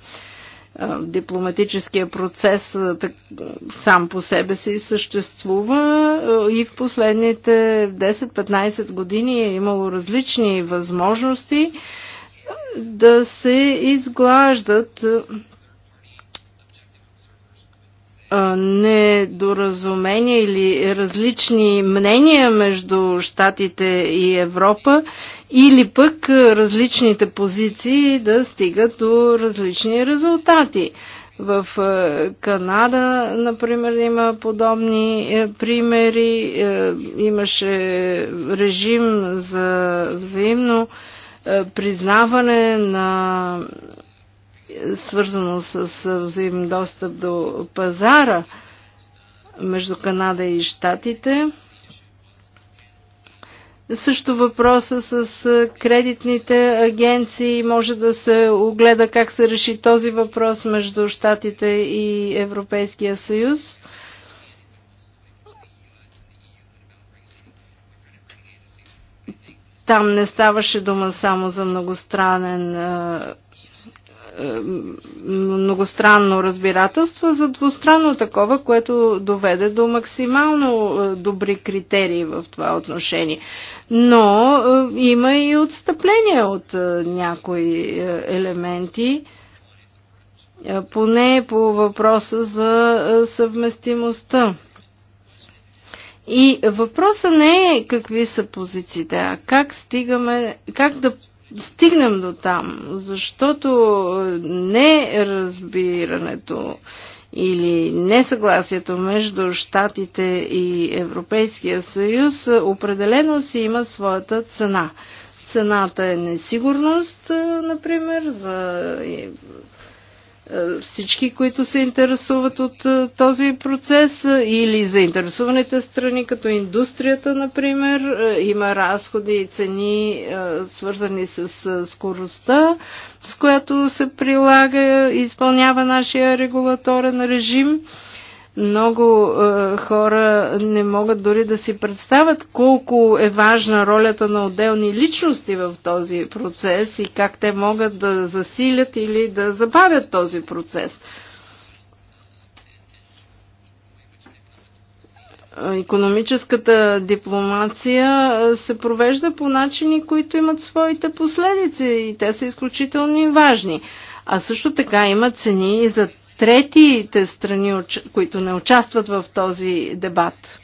Дипломатическия процес сам по себе си съществува и в последните 10-15 години е имало различни възможности да се изглаждат недоразумения или различни мнения между Штатите и Европа, или пък различните позиции да стигат до различни резултати. В Канада, например, има подобни е, примери. Е, имаше режим за взаимно е, признаване на свързано с взаим достъп до пазара между Канада и Штатите. Също въпроса с кредитните агенции може да се огледа как се реши този въпрос между Штатите и Европейския съюз. Там не ставаше дума само за многостранен многостранно разбирателство за двустранно такова, което доведе до максимално е, добри критерии в това отношение. Но е, има и отстъпления от е, някои елементи, поне по въпроса за съвместимостта. И въпросът не е какви са позициите, а как стигаме, как да стигнем до там, защото не разбирането или несъгласието между Штатите и Европейския съюз определено си има своята цена. Цената е несигурност, например, за е, всички, които се интересуват от е, този процес е, или заинтересуваните страни, като индустрията, например, има разходи и цени, свързани с скоростта, с която се прилага и изпълнява нашия регулаторен режим. Много е, хора не могат дори да си представят колко е важна ролята на отделни личности в този процес и как те могат да засилят или да забавят този процес. економическата дипломация е, се провежда по начини, които имат своите последици и те са изключително важни. А също така има цени и за третите страни, които не участват в този дебат.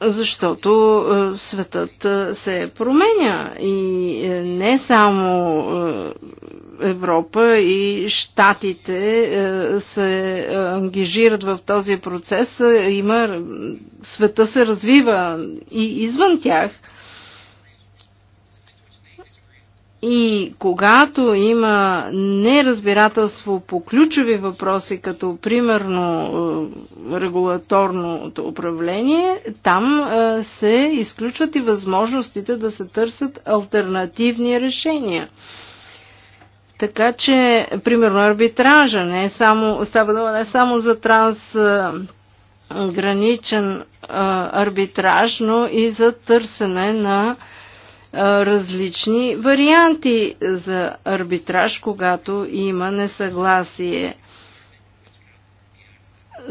Защото е, светът е, се променя и е, не само Европа и Штатите се ангажират в този процес. Има, света се развива и извън тях – И когато има неразбирателство по ключови въпроси, като примерно е, регулаторното управление, там е, се изключват и възможностите да се търсят альтернативни решения. Така че, примерно, арбитража не е само, става дума не е само за трансграничен е, арбитраж, но и за търсене на а, различни варианти за арбитраж, когато има несъгласие.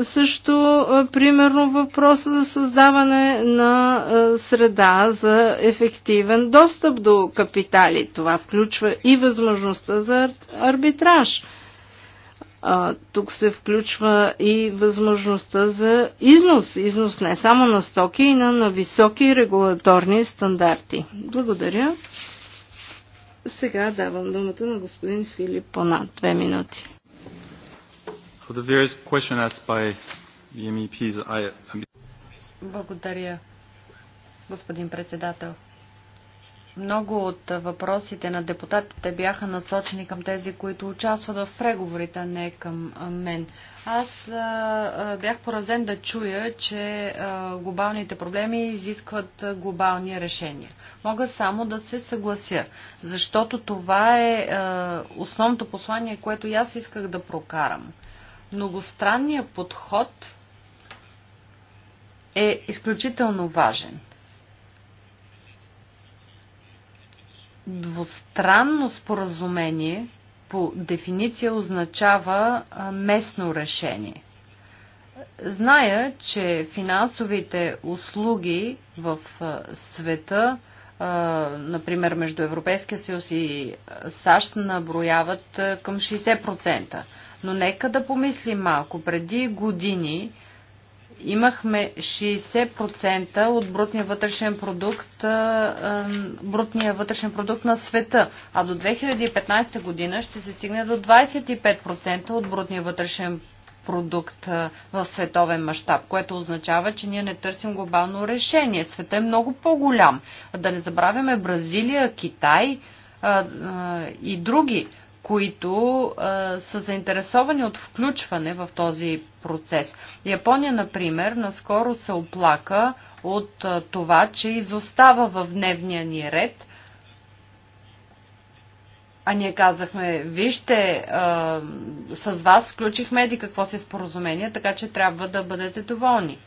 Също, примерно, въпроса за създаване на среда за ефективен достъп до капитали. Това включва и възможността за арбитраж. А, тук се включва и възможността за износ. Износ не само на стоки, и на, на високи регулаторни стандарти. Благодаря. Сега давам думата на господин Филип Пона. Две минути. Благодаря, господин председател. Много от въпросите на депутатите бяха насочени към тези, които участват в преговорите, а не към мен. Аз бях поразен да чуя, че глобалните проблеми изискват глобални решения. Мога само да се съглася, защото това е основното послание, което и аз исках да прокарам. Многостранният подход е изключително важен – Двустранно споразумение по дефиниция означава местно решение. Зная, че финансовите услуги в света, например между Европейския съюз и САЩ, наброяват към 60%. Но нека да помислим малко. Преди години имахме 60% от брутния вътрешен продукт, брутния вътрешен продукт на света, а до 2015 година ще се стигне до 25% от брутния вътрешен продукт в световен мащаб, което означава, че ние не търсим глобално решение. Светът е много по-голям. Да не забравяме Бразилия, Китай и други които а, са заинтересовани от включване в този процес. Япония, например, наскоро се оплака от а, това, че изостава в дневния ни ред. А ние казахме, вижте, а, с вас включихме еди какво си споразумение, така че трябва да бъдете доволни.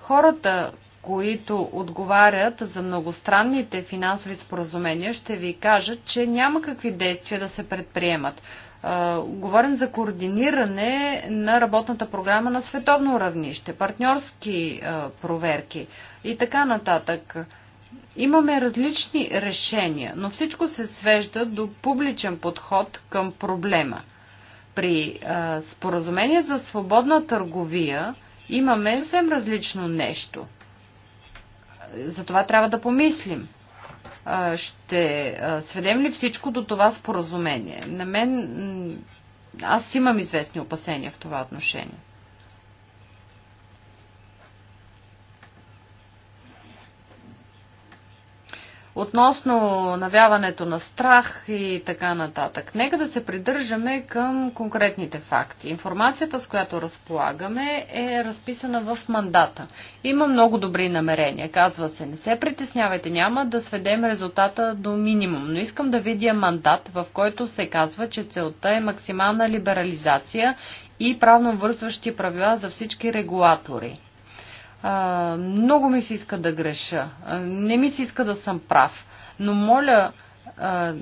Хората, които отговарят за многостранните финансови споразумения, ще ви кажат, че няма какви действия да се предприемат. Говорим за координиране на работната програма на световно равнище, партньорски проверки и така нататък. Имаме различни решения, но всичко се свежда до публичен подход към проблема. При споразумение за свободна търговия имаме съвсем различно нещо – за това трябва да помислим. Ще сведем ли всичко до това споразумение? На мен аз имам известни опасения в това отношение. Относно навяването на страх и така нататък. Нека да се придържаме към конкретните факти. Информацията, с която разполагаме, е разписана в мандата. Има много добри намерения. Казва се, не се притеснявайте, няма да сведем резултата до минимум, но искам да видя мандат, в който се казва, че целта е максимална либерализация и правно вързващи правила за всички регулатори. А, много ми се иска да греша. А, не ми се иска да съм прав. Но моля, а,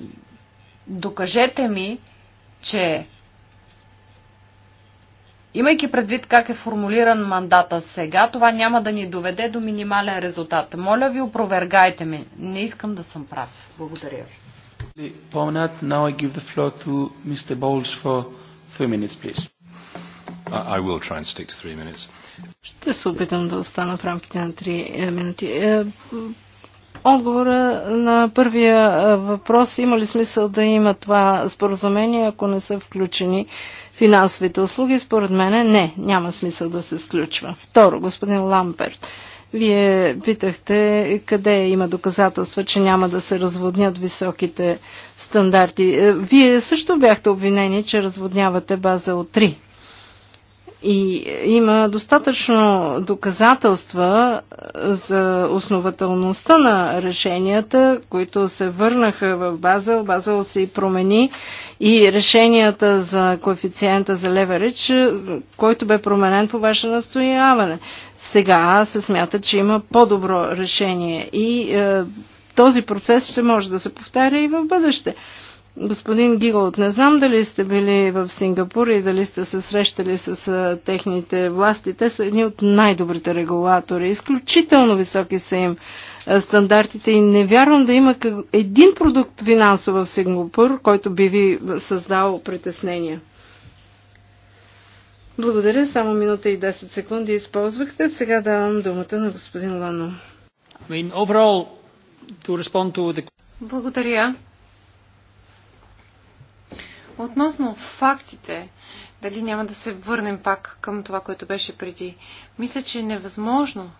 докажете ми, че Имайки предвид как е формулиран мандата сега, това няма да ни доведе до минимален резултат. Моля ви, опровергайте ме. Не искам да съм прав. Благодаря ви. now I give the floor to Mr. Bowles for three minutes, please. I will try and stick to three minutes. Ще се опитам да остана в рамките на 3 е, минути. Е, отговора на първия е, въпрос има ли смисъл да има това споразумение, ако не са включени финансовите услуги? Според мен не, няма смисъл да се сключва. Второ, господин Ламперт, вие питахте къде има доказателства, че няма да се разводнят високите стандарти. Вие също бяхте обвинени, че разводнявате база от и има достатъчно доказателства е, за основателността на решенията, които се върнаха в Базел. Базел се и промени и решенията за коефициента за леверидж, е, който бе променен по ваше настояване. Сега се смята, че има по-добро решение и е, този процес ще може да се повтаря и в бъдеще. Господин Гигалт, не знам дали сте били в Сингапур и дали сте се срещали с техните власти. Те са едни от най-добрите регулатори. Изключително високи са им стандартите и не вярвам да има един продукт финансов в Сингапур, който би ви създал притеснения. Благодаря, само минута и 10 секунди използвахте. Сега давам думата на господин Лано. Благодаря. Относно фактите, дали няма да се върнем пак към това, което беше преди, мисля, че е невъзможно,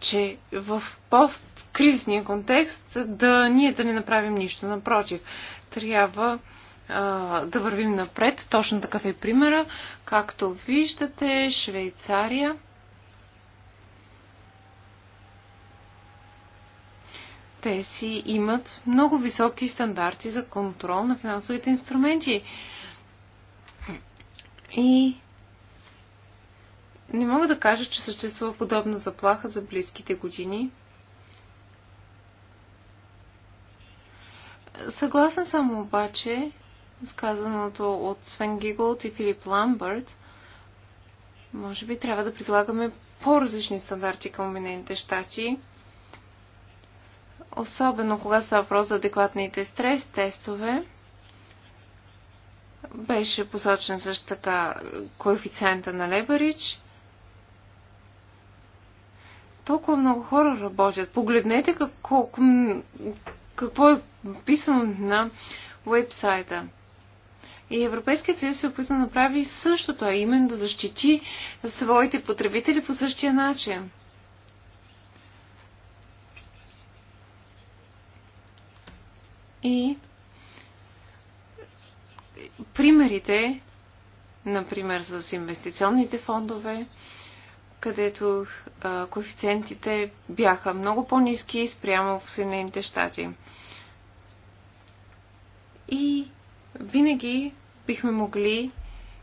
че в посткризния контекст да ние да не направим нищо. Напротив, трябва а, да вървим напред. Точно такъв е примера. Както виждате, Швейцария те си имат много високи стандарти за контрол на финансовите инструменти. И не мога да кажа, че съществува подобна заплаха за близките години. Съгласен съм обаче с казаното от Свен Гиголт и Филип Ламбърт. Може би трябва да предлагаме по-различни стандарти към Обединените щати особено когато става въпрос за адекватните стрес тестове, беше посочен също така коефициента на леверидж. Толкова много хора работят. Погледнете какво, какво е писано на вебсайта. И Европейският съюз се опитва да направи същото, а именно да защити своите потребители по същия начин. И примерите, например с инвестиционните фондове, където а, коефициентите бяха много по-низки спрямо в Съединените щати. И винаги бихме могли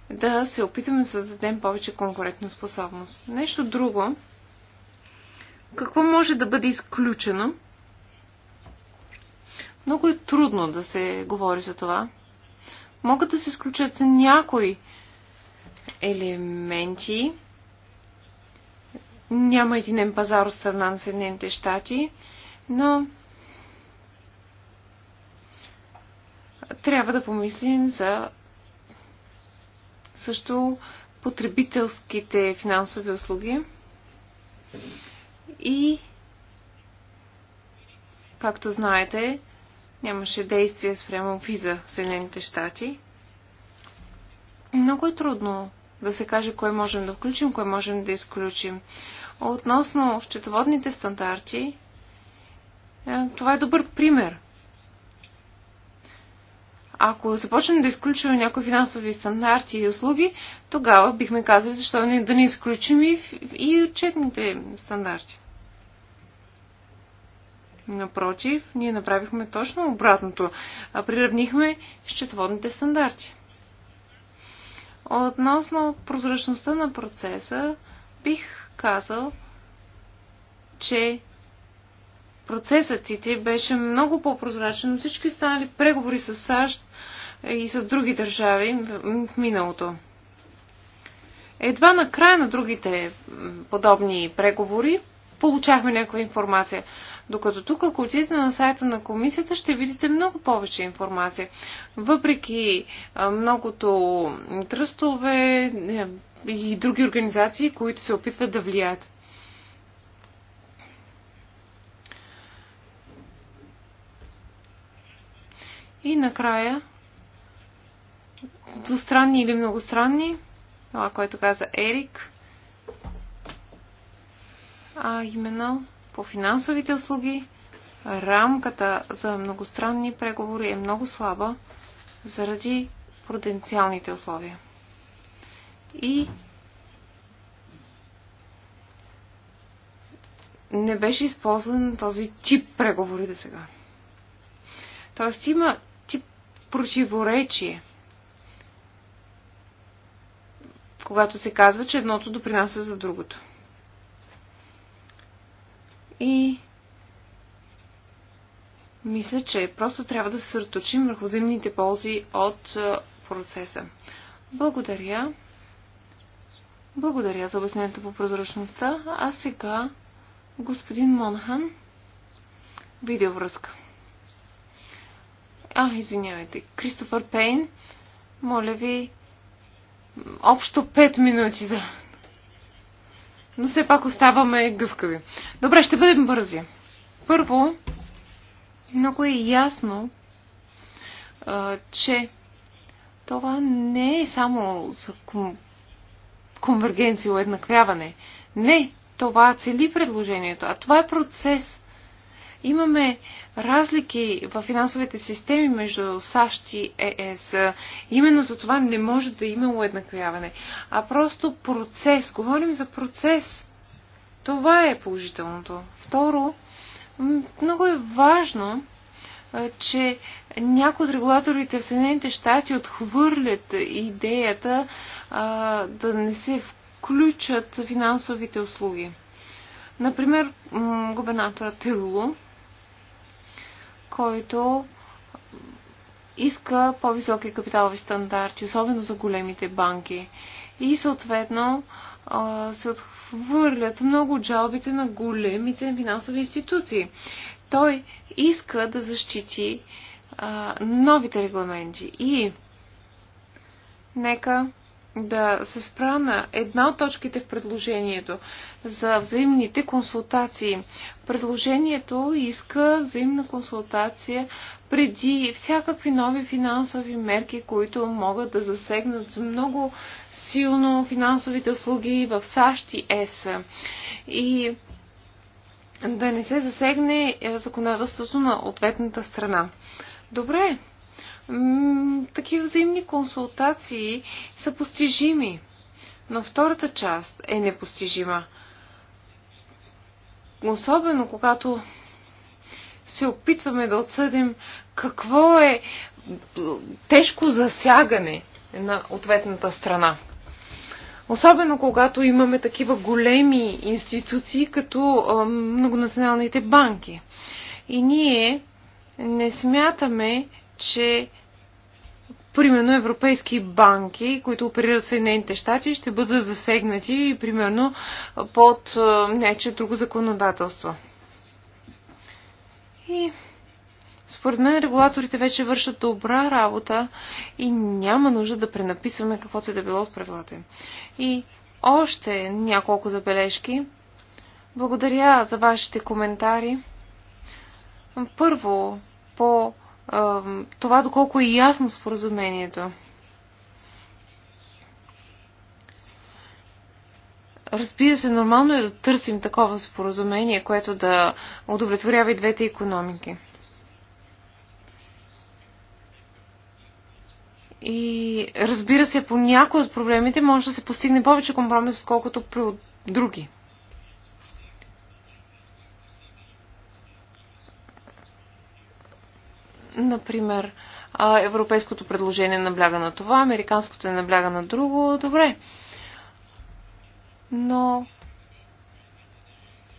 да се опитваме да създадем повече конкурентна способност. Нещо друго, какво може да бъде изключено много е трудно да се говори за това. Могат да се изключат някои елементи. Няма единен пазар от страна на Съединените щати, но трябва да помислим за също потребителските финансови услуги и както знаете, нямаше действия спрямо виза в Съединените щати. Много е трудно да се каже кое можем да включим, кое можем да изключим. Относно счетоводните стандарти, е, това е добър пример. Ако започнем да изключваме някои финансови стандарти и услуги, тогава бихме казали защо не да не изключим и, и отчетните стандарти. Напротив, ние направихме точно обратното. А приравнихме счетоводните стандарти. Относно прозрачността на процеса, бих казал, че процесът ти беше много по-прозрачен от всички останали преговори с САЩ и с други държави в миналото. Едва на края на другите подобни преговори получахме някаква информация. Докато тук, ако отидете на сайта на комисията, ще видите много повече информация. Въпреки многото тръстове е, и други организации, които се опитват да влияят. И накрая, двустранни или многостранни, това, което каза Ерик, а именно по финансовите услуги рамката за многостранни преговори е много слаба заради потенциалните условия. И не беше използван този тип преговори до сега. Тоест има тип противоречие, когато се казва, че едното допринася за другото. И мисля, че просто трябва да се съсредоточим върху взаимните ползи от процеса. Благодаря. Благодаря за обяснението по прозрачността. А сега господин Монхан. Видеовръзка. А, извинявайте. Кристофър Пейн, моля ви, общо 5 минути за но все пак оставаме гъвкави. Добре, ще бъдем бързи. Първо, много е ясно, че това не е само за конвергенция, уеднаквяване. Не, това цели предложението, а това е процес. Имаме разлики в финансовите системи между САЩ и ЕС. Именно за това не може да има уеднаквяване, а просто процес. Говорим за процес. Това е положителното. Второ, много е важно, е, че някои от регулаторите в Съединените щати отхвърлят идеята а, да не се включат финансовите услуги. Например, губернатора Теруло който иска по-високи капиталови стандарти, особено за големите банки. И съответно се отхвърлят много жалбите на големите финансови институции. Той иска да защити новите регламенти. И нека да се спра на една от точките в предложението за взаимните консултации. Предложението иска взаимна консултация преди всякакви нови финансови мерки, които могат да засегнат много силно финансовите услуги в САЩ и ЕС. И да не се засегне законодателството на ответната страна. Добре, такива взаимни консултации са постижими, но втората част е непостижима. Особено когато се опитваме да отсъдим какво е тежко засягане на ответната страна. Особено когато имаме такива големи институции, като а, многонационалните банки. И ние не смятаме, че примерно европейски банки, които оперират Съединените щати, ще бъдат засегнати примерно под нече друго законодателство. И според мен регулаторите вече вършат добра работа и няма нужда да пренаписваме каквото е да било от правилата им. И още няколко забележки. Благодаря за вашите коментари. Първо, по това доколко е ясно споразумението. Разбира се, нормално е да търсим такова споразумение, което да удовлетворява и двете економики. И разбира се, по някои от проблемите може да се постигне повече компромис, отколкото при други. Например, европейското предложение набляга на това, американското е набляга на друго. Добре. Но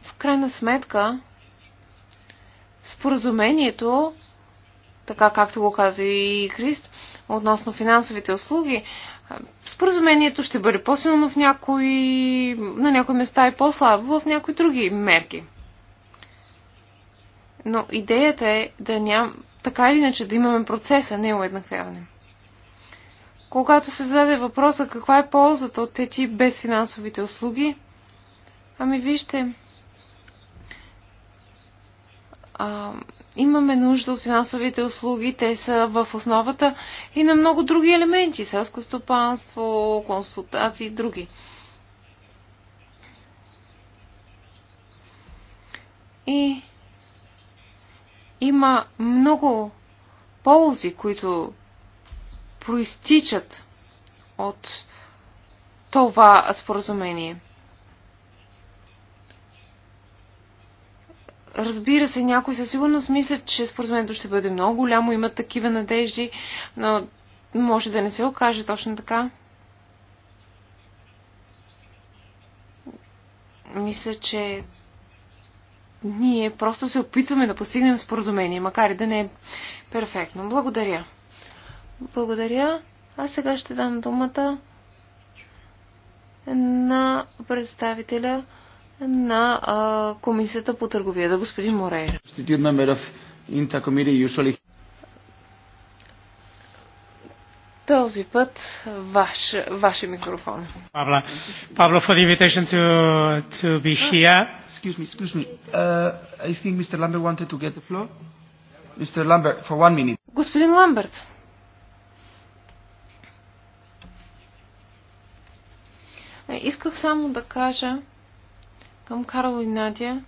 в крайна сметка споразумението, така както го каза и Крист, относно финансовите услуги, споразумението ще бъде по-силно в някои, на някои места и по-слабо в някои други мерки. Но идеята е да, ням, така или иначе да имаме процеса, не уеднаквяване. Когато се зададе въпроса каква е ползата от тези без финансовите услуги, ами вижте, а, имаме нужда от финансовите услуги, те са в основата и на много други елементи, селско стопанство, консултации и други. И има много ползи, които проистичат от това споразумение. Разбира се, някои със сигурност мислят, че споразумението ще бъде много голямо, имат такива надежди, но може да не се окаже точно така. Мисля, че ние просто се опитваме да постигнем споразумение, макар и да не е перфектно. Благодаря. Благодаря. А сега ще дам думата на представителя на а, Комисията по търговия, да господин Морейра. Този път ваш, ваши микрофони. Павла, Павла, for the invitation to, to be here. Ah, Excuse me, excuse me. Uh, I think Mr. Lambert wanted to get the floor. Mr. Lambert, for one minute. Господин Ламберт. Исках само да кажа към Карло и Надя.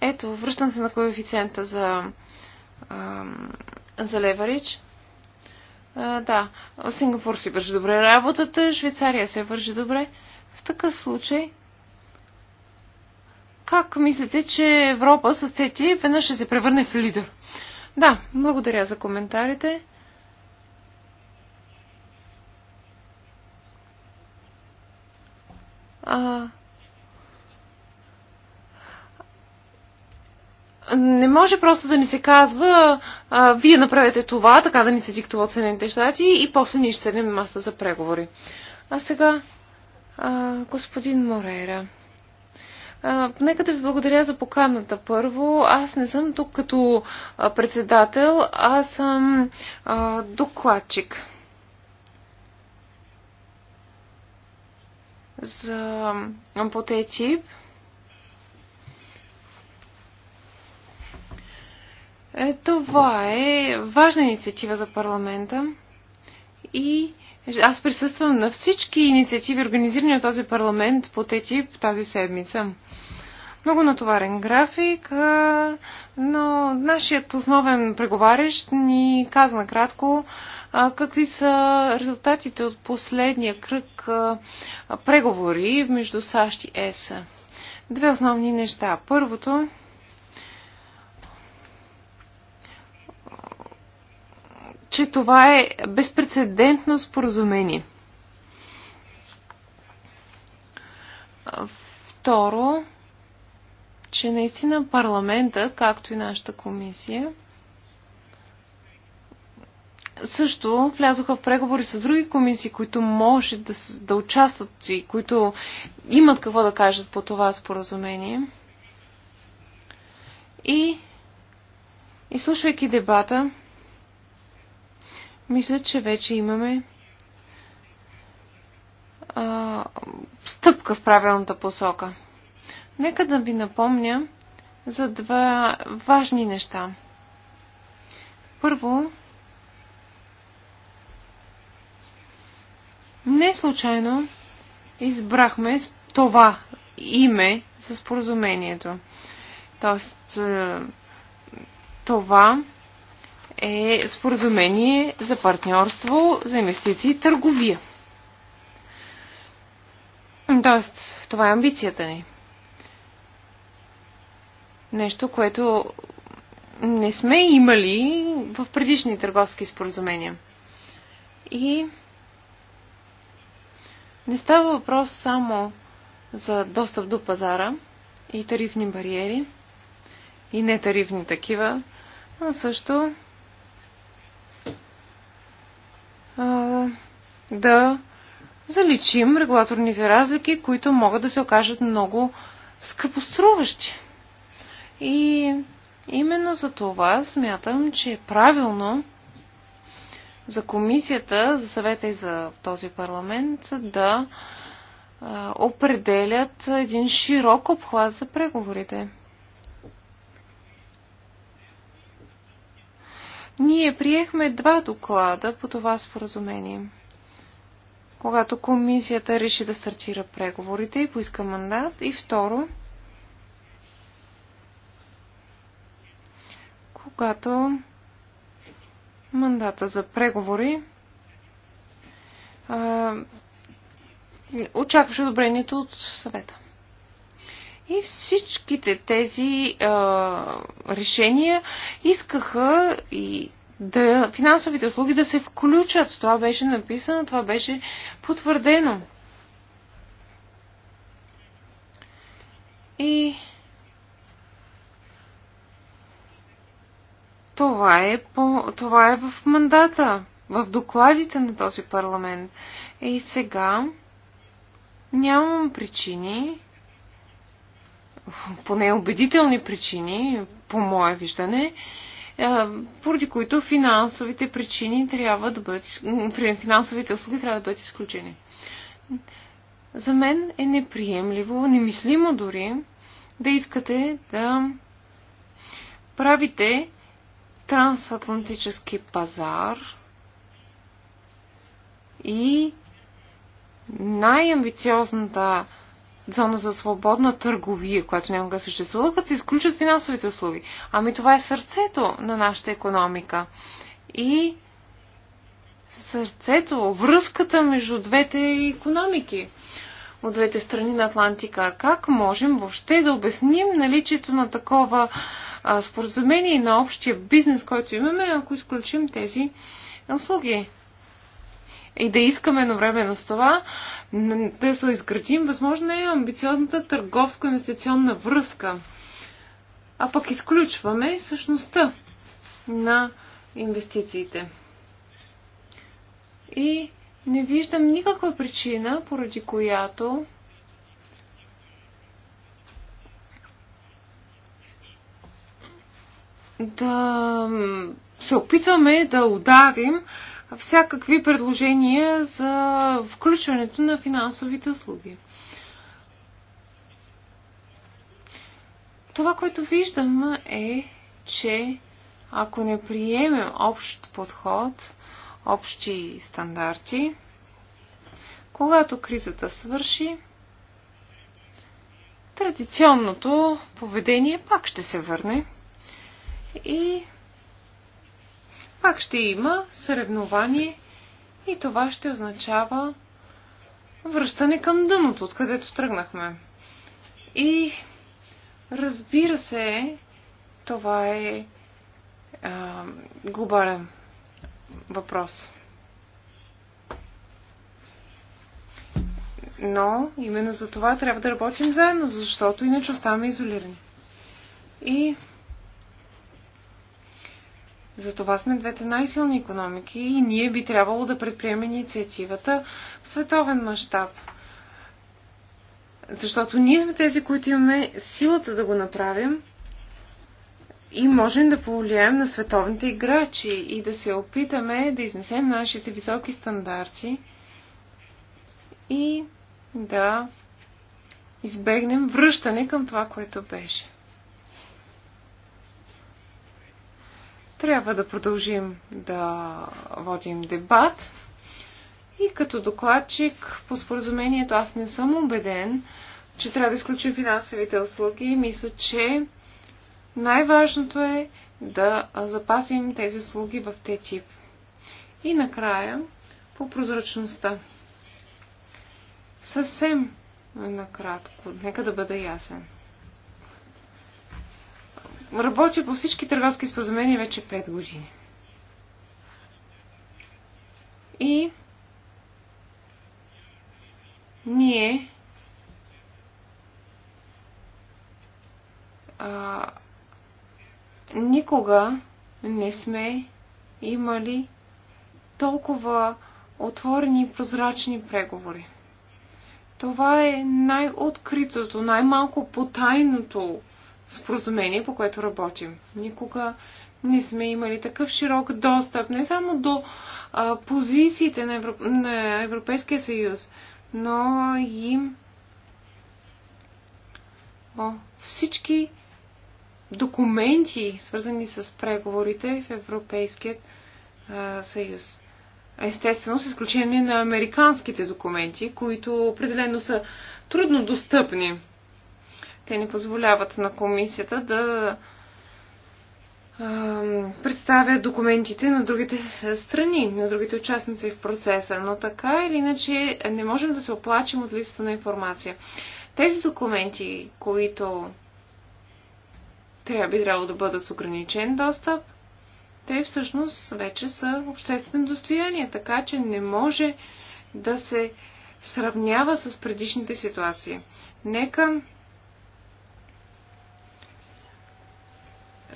Ето, връщам се на коефициента за, а, за леверидж да, Сингапур си върши добре работата, Швейцария се върши добре. В такъв случай, как мислите, че Европа с тети веднъж ще се превърне в лидер? Да, благодаря за коментарите. А, не може просто да ни се казва, а, вие направете това, така да ни се диктуват Съединените щати и после ние ще седнем на за преговори. А сега, а, господин Морейра, а, нека да ви благодаря за поканата първо. Аз не съм тук като председател, аз съм а, докладчик. За по тип Е, това е важна инициатива за парламента и аз присъствам на всички инициативи, организирани от този парламент по ТТИП тази седмица. Много натоварен график, но нашият основен преговарящ ни каза накратко какви са резултатите от последния кръг преговори между САЩ и ЕС. Две основни неща. Първото че това е безпредседентно споразумение. Второ, че наистина парламентът, както и нашата комисия, също влязоха в преговори с други комисии, които може да, да участват и които имат какво да кажат по това споразумение. И изслушвайки дебата, мисля, че вече имаме а, стъпка в правилната посока. Нека да ви напомня за два важни неща. Първо, не случайно избрахме това име за споразумението. Тоест, е, това е споразумение за партньорство, за инвестиции и търговия. Тоест, това е амбицията ни. Нещо, което не сме имали в предишни търговски споразумения. И не става въпрос само за достъп до пазара и тарифни бариери и нетарифни такива, но също да заличим регулаторните разлики, които могат да се окажат много скъпоструващи. И именно за това смятам, че е правилно за комисията, за съвета и за този парламент да определят един широк обхват за преговорите. Ние приехме два доклада по това споразумение. Когато комисията реши да стартира преговорите и поиска мандат. И второ, когато мандата за преговори а, очакваше одобрението от съвета. И всичките тези а, решения искаха и да финансовите услуги да се включат. Това беше написано, това беше потвърдено. И това е, по, това е в мандата, в докладите на този парламент. И сега нямам причини поне убедителни причини, по мое виждане, е, поради които финансовите причини трябва да бъдат, финансовите услуги трябва да бъдат изключени. За мен е неприемливо, немислимо дори, да искате да правите трансатлантически пазар и най-амбициозната зона за свободна търговия, която някога съществува, като се изключат финансовите услуги. Ами това е сърцето на нашата економика. И сърцето, връзката между двете економики от двете страни на Атлантика. Как можем въобще да обясним наличието на такова споразумение споразумение на общия бизнес, който имаме, ако изключим тези услуги? и да искаме едновременно с това да се изградим възможно е амбициозната търговско-инвестиционна връзка. А пък изключваме същността на инвестициите. И не виждам никаква причина, поради която да се опитваме да ударим всякакви предложения за включването на финансовите услуги. Това, което виждам е, че ако не приемем общ подход, общи стандарти, когато кризата свърши, традиционното поведение пак ще се върне и пак ще има съревнование и това ще означава връщане към дъното, откъдето тръгнахме. И разбира се, това е глобален въпрос. Но именно за това трябва да работим заедно, защото иначе оставаме изолирани. И затова сме двете най-силни економики и ние би трябвало да предприемем инициативата в световен мащаб. Защото ние сме тези, които имаме силата да го направим и можем да повлияем на световните играчи и да се опитаме да изнесем нашите високи стандарти и да избегнем връщане към това, което беше. Трябва да продължим да водим дебат. И като докладчик по споразумението аз не съм убеден, че трябва да изключим финансовите услуги. Мисля, че най-важното е да запазим тези услуги в те тип. И накрая по прозрачността. Съвсем накратко, нека да бъда ясен работя по всички търговски споразумения вече 5 години. И ние а, никога не сме имали толкова отворени и прозрачни преговори. Това е най-откритото, най-малко потайното споразумение, по което работим. Никога не сме имали такъв широк достъп не само до а, позициите на, Европ... на Европейския съюз, но и О, всички документи, свързани с преговорите в Европейският а, съюз. Естествено, с изключение на американските документи, които определено са трудно достъпни. Те не позволяват на комисията да представя документите на другите страни, на другите участници в процеса. Но така или иначе не можем да се оплачим от липсата на информация. Тези документи, които трябва би трябвало да бъдат с ограничен достъп, те всъщност вече са обществено достояние, така че не може да се сравнява с предишните ситуации. Нека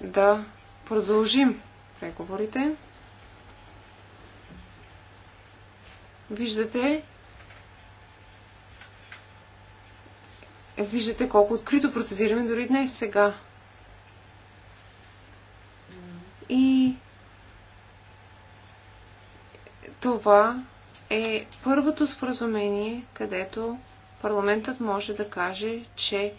да продължим преговорите. Виждате, виждате колко открито процедираме дори днес сега. И това е първото споразумение, където парламентът може да каже, че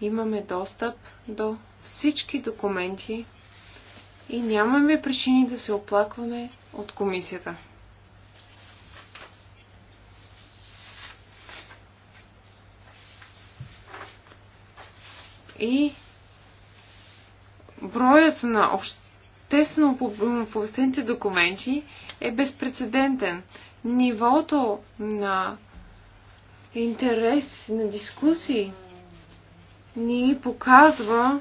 имаме достъп до всички документи и нямаме причини да се оплакваме от комисията. И броят на обществено повестените документи е безпредседентен. Нивото на интерес, на дискусии ни показва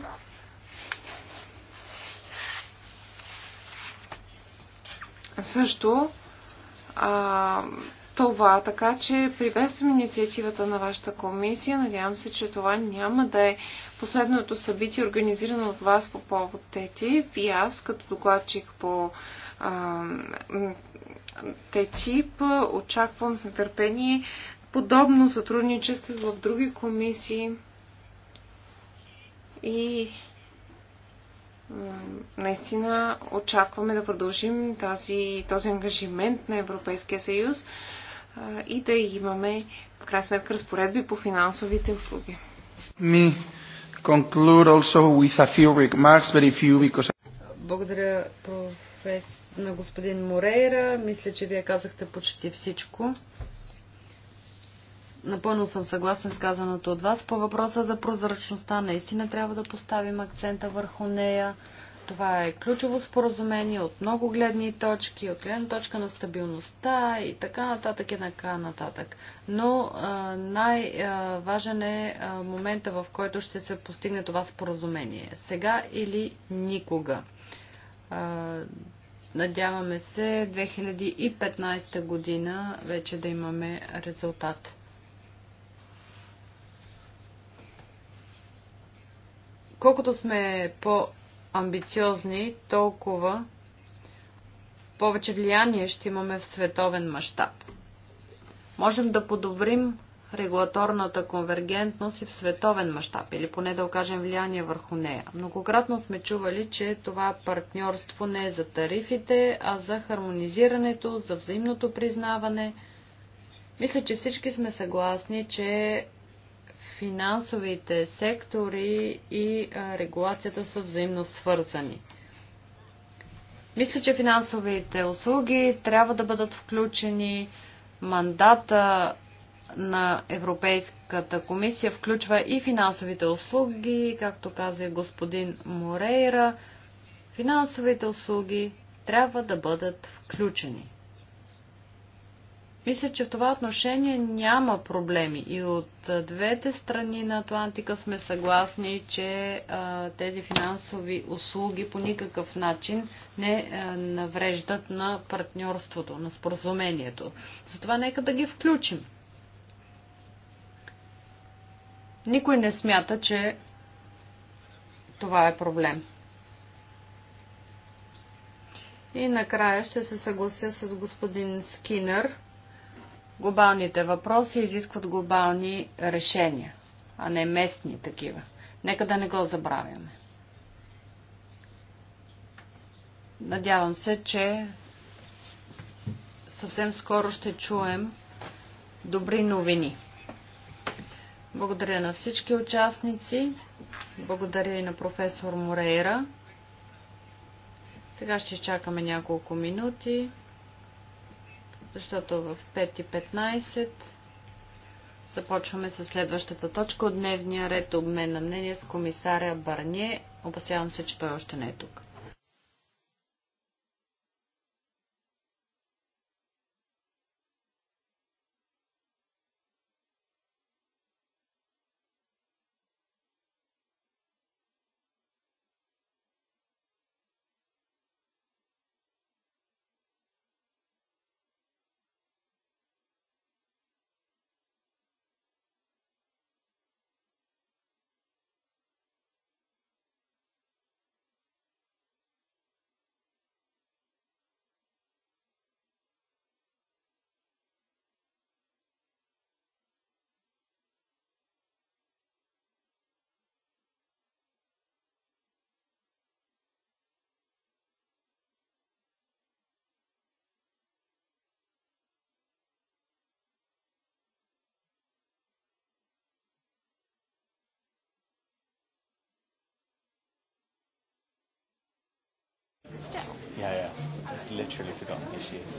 също а, това, така че приветствам инициативата на вашата комисия. Надявам се, че това няма да е последното събитие, организирано от вас по повод ТЕТИП и аз като докладчик по а, ТЕТИП очаквам с нетърпение подобно сътрудничество в други комисии и наистина очакваме да продължим тази, този ангажимент на Европейския съюз и да имаме в крайна сметка разпоредби по финансовите услуги. Ми because... Благодаря профес... на господин Морейра. Мисля, че вие казахте почти всичко. Напълно съм съгласен с казаното от вас. По въпроса за прозрачността, наистина трябва да поставим акцента върху нея. Това е ключово споразумение от много гледни точки, от гледна точка на стабилността и така нататък и така нататък. Но най-важен е момента, в който ще се постигне това споразумение. Сега или никога. Надяваме се 2015 година вече да имаме резултат. Колкото сме по-амбициозни, толкова повече влияние ще имаме в световен мащаб. Можем да подобрим регулаторната конвергентност и в световен мащаб, или поне да окажем влияние върху нея. Многократно сме чували, че това партньорство не е за тарифите, а за хармонизирането, за взаимното признаване. Мисля, че всички сме съгласни, че финансовите сектори и регулацията са взаимно свързани. Мисля, че финансовите услуги трябва да бъдат включени. Мандата на Европейската комисия включва и финансовите услуги, както каза господин Морейра. Финансовите услуги трябва да бъдат включени. Мисля, че в това отношение няма проблеми. И от двете страни на Атлантика сме съгласни, че а, тези финансови услуги по никакъв начин не а, навреждат на партньорството, на споразумението. Затова нека да ги включим. Никой не смята, че това е проблем. И накрая ще се съглася с господин Скинър Глобалните въпроси изискват глобални решения, а не местни такива. Нека да не го забравяме. Надявам се, че съвсем скоро ще чуем добри новини. Благодаря на всички участници. Благодаря и на професор Морейра. Сега ще чакаме няколко минути защото в 5.15 започваме с следващата точка от дневния ред обмен на мнение с комисаря Барние. Опасявам се, че той още не е тук. literally forgotten who she is.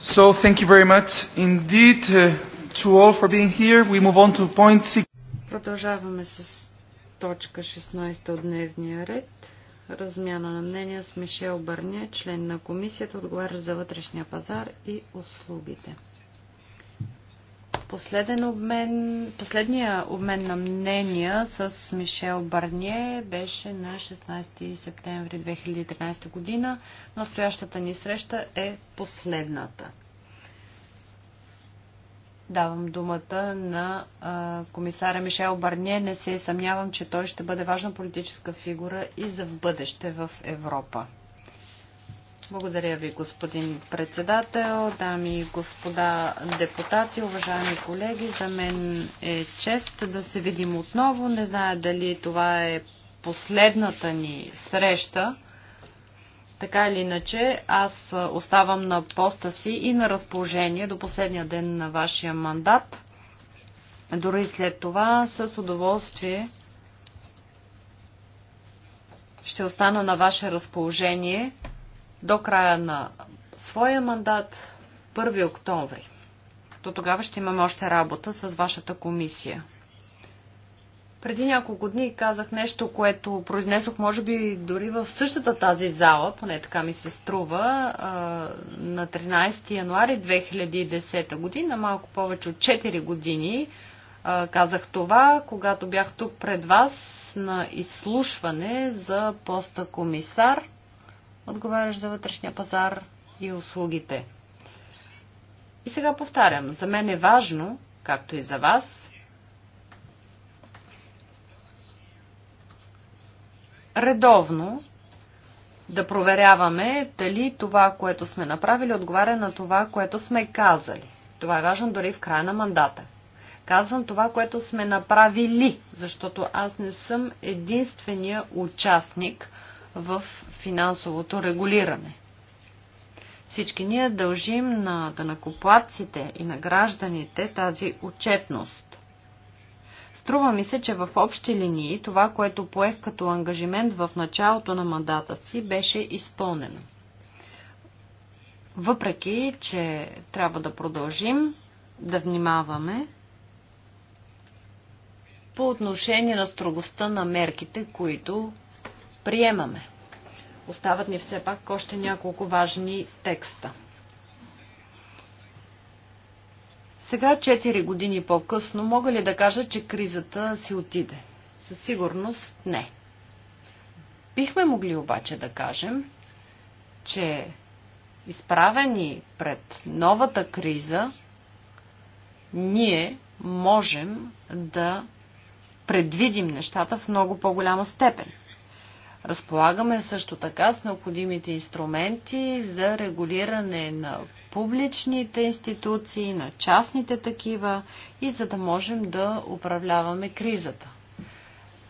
So, thank you very much indeed uh, to all for being here. We move on to point six. Продължаваме с точка 16 от дневния ред. Размяна на мнения с Мишел Бърне, член на комисията, отговаря за вътрешния пазар и услугите. Последен обмен, последния обмен на мнения с Мишел Барние беше на 16 септември 2013 година. Настоящата ни среща е последната. Давам думата на а, комисара Мишел Барние. Не се съмнявам, че той ще бъде важна политическа фигура и за в бъдеще в Европа. Благодаря ви, господин председател, дами и господа депутати, уважаеми колеги. За мен е чест да се видим отново. Не зная дали това е последната ни среща. Така или иначе, аз оставам на поста си и на разположение до последния ден на вашия мандат. Дори след това с удоволствие ще остана на ваше разположение до края на своя мандат 1 октомври. До тогава ще имаме още работа с вашата комисия. Преди няколко дни казах нещо, което произнесох, може би, дори в същата тази зала, поне така ми се струва, на 13 януари 2010 година, малко повече от 4 години, казах това, когато бях тук пред вас на изслушване за поста комисар – отговарящ за вътрешния пазар и услугите. И сега повтарям, за мен е важно, както и за вас, редовно да проверяваме дали това, което сме направили, отговаря на това, което сме казали. Това е важно дори в края на мандата. Казвам това, което сме направили, защото аз не съм единствения участник – в финансовото регулиране. Всички ние дължим на данакоплатците и на гражданите тази отчетност. Струва ми се, че в общи линии това, което поех като ангажимент в началото на мандата си, беше изпълнено. Въпреки, че трябва да продължим да внимаваме по отношение на строгостта на мерките, които приемаме. Остават ни все пак още няколко важни текста. Сега, 4 години по-късно, мога ли да кажа, че кризата си отиде? Със сигурност не. Бихме могли обаче да кажем, че изправени пред новата криза, ние можем да предвидим нещата в много по-голяма степен. Разполагаме също така с необходимите инструменти за регулиране на публичните институции, на частните такива и за да можем да управляваме кризата.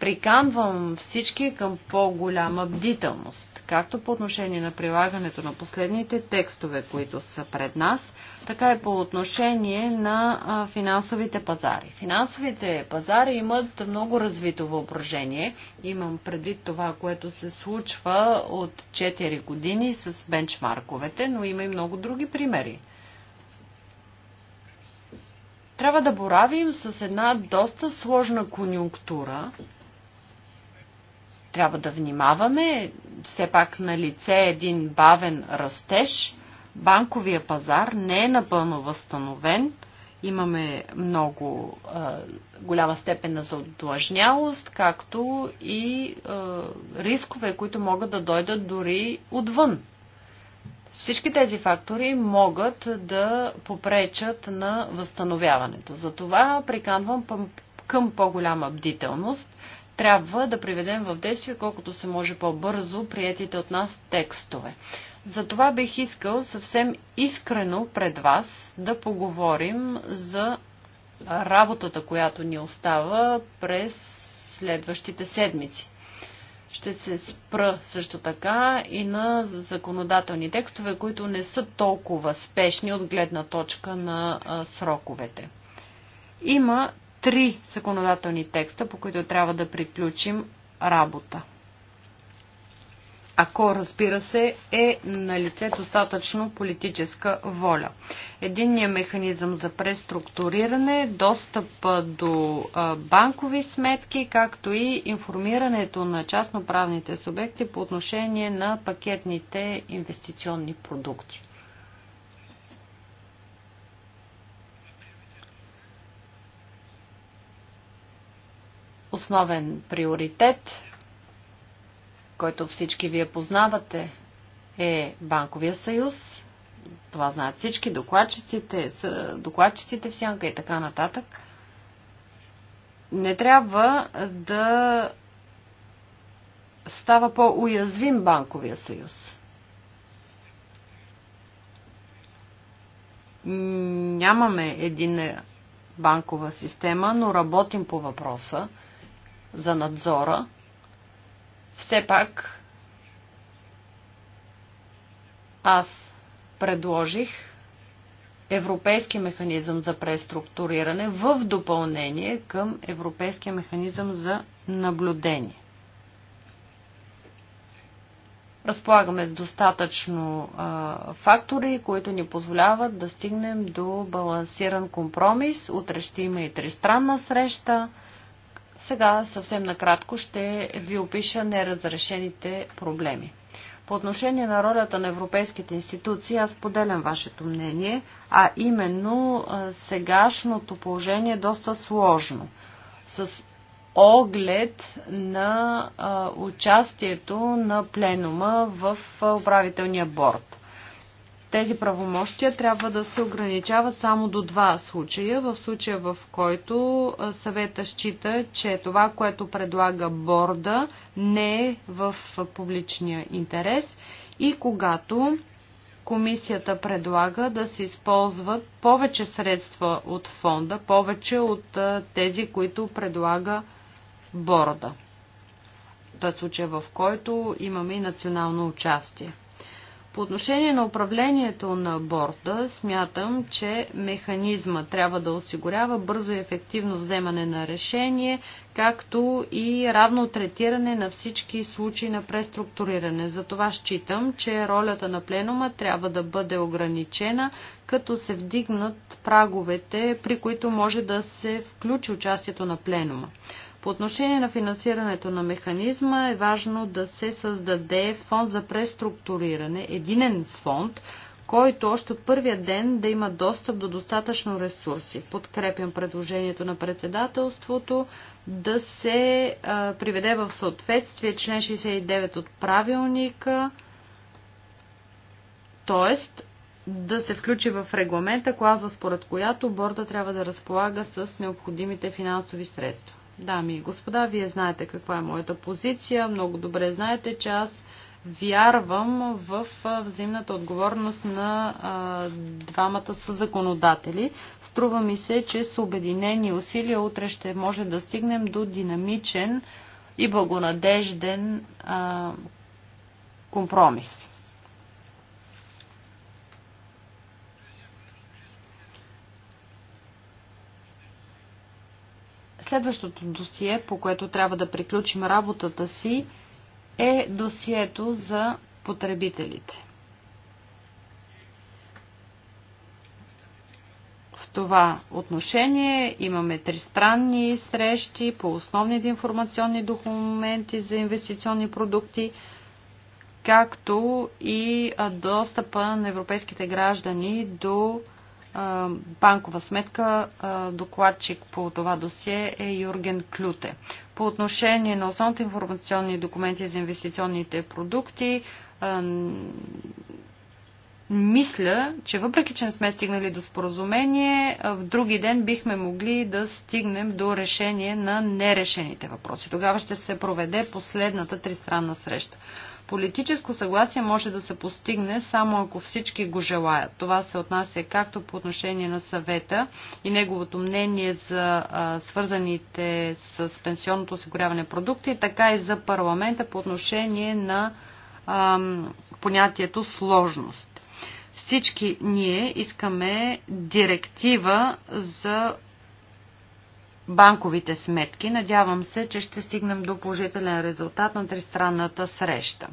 Приканвам всички към по-голяма бдителност, както по отношение на прилагането на последните текстове, които са пред нас, така и по отношение на финансовите пазари. Финансовите пазари имат много развито въображение. Имам предвид това, което се случва от 4 години с бенчмарковете, но има и много други примери трябва да боравим с една доста сложна конюнктура, трябва да внимаваме, все пак на лице е един бавен растеж. Банковия пазар не е напълно възстановен. Имаме много е, голяма степен на задлъжнялост, както и е, рискове, които могат да дойдат дори отвън всички тези фактори могат да попречат на възстановяването. Затова приканвам към по-голяма бдителност трябва да приведем в действие колкото се може по-бързо приятите от нас текстове. Затова бих искал съвсем искрено пред вас да поговорим за работата, която ни остава през следващите седмици. Ще се спра също така и на законодателни текстове, които не са толкова спешни от гледна точка на сроковете. Има три законодателни текста, по които трябва да приключим работа. Ако, разбира се, е на лице достатъчно политическа воля. Единният механизъм за преструктуриране, достъп до банкови сметки, както и информирането на частноправните субекти по отношение на пакетните инвестиционни продукти. основен приоритет, който всички вие познавате, е Банковия съюз. Това знаят всички, докладчиците, докладчиците в сянка и така нататък. Не трябва да става по-уязвим банковия съюз. Нямаме един банкова система, но работим по въпроса за надзора, все пак аз предложих европейски механизъм за преструктуриране в допълнение към европейския механизъм за наблюдение. Разполагаме с достатъчно а, фактори, които ни позволяват да стигнем до балансиран компромис. Утре ще има и тристранна среща. Сега съвсем накратко ще ви опиша неразрешените проблеми. По отношение на ролята на европейските институции, аз поделям вашето мнение, а именно сегашното положение е доста сложно. С оглед на участието на пленума в управителния борт. Тези правомощия трябва да се ограничават само до два случая. В случая, в който съвета счита, че това, което предлага борда, не е в публичния интерес и когато комисията предлага да се използват повече средства от фонда, повече от тези, които предлага борда. Той е случая, в който имаме и национално участие. По отношение на управлението на борда, смятам, че механизма трябва да осигурява бързо и ефективно вземане на решение, както и равно третиране на всички случаи на преструктуриране. Затова считам, че ролята на пленума трябва да бъде ограничена, като се вдигнат праговете, при които може да се включи участието на пленума. По отношение на финансирането на механизма е важно да се създаде фонд за преструктуриране, единен фонд, който още от първия ден да има достъп до достатъчно ресурси. Подкрепям предложението на председателството да се а, приведе в съответствие член 69 от правилника, т.е. да се включи в регламента клауза, според която борда трябва да разполага с необходимите финансови средства. Дами и господа, вие знаете каква е моята позиция. Много добре знаете, че аз вярвам в взаимната отговорност на а, двамата са законодатели. Струва ми се, че с обединени усилия утре ще може да стигнем до динамичен и благонадежден а, компромис. Следващото досие, по което трябва да приключим работата си, е досието за потребителите. В това отношение имаме тристранни срещи по основните информационни документи за инвестиционни продукти, както и достъпа на европейските граждани до банкова сметка докладчик по това досие е Юрген Клюте. По отношение на основните информационни документи за инвестиционните продукти, мисля, че въпреки, че не сме стигнали до споразумение, в други ден бихме могли да стигнем до решение на нерешените въпроси. Тогава ще се проведе последната тристранна среща. Политическо съгласие може да се постигне само ако всички го желаят. Това се отнася както по отношение на съвета и неговото мнение за а, свързаните с пенсионното осигуряване продукти, така и за парламента по отношение на а, понятието сложност. Всички ние искаме директива за банковите сметки. Надявам се, че ще стигнем до положителен резултат на тристранната среща.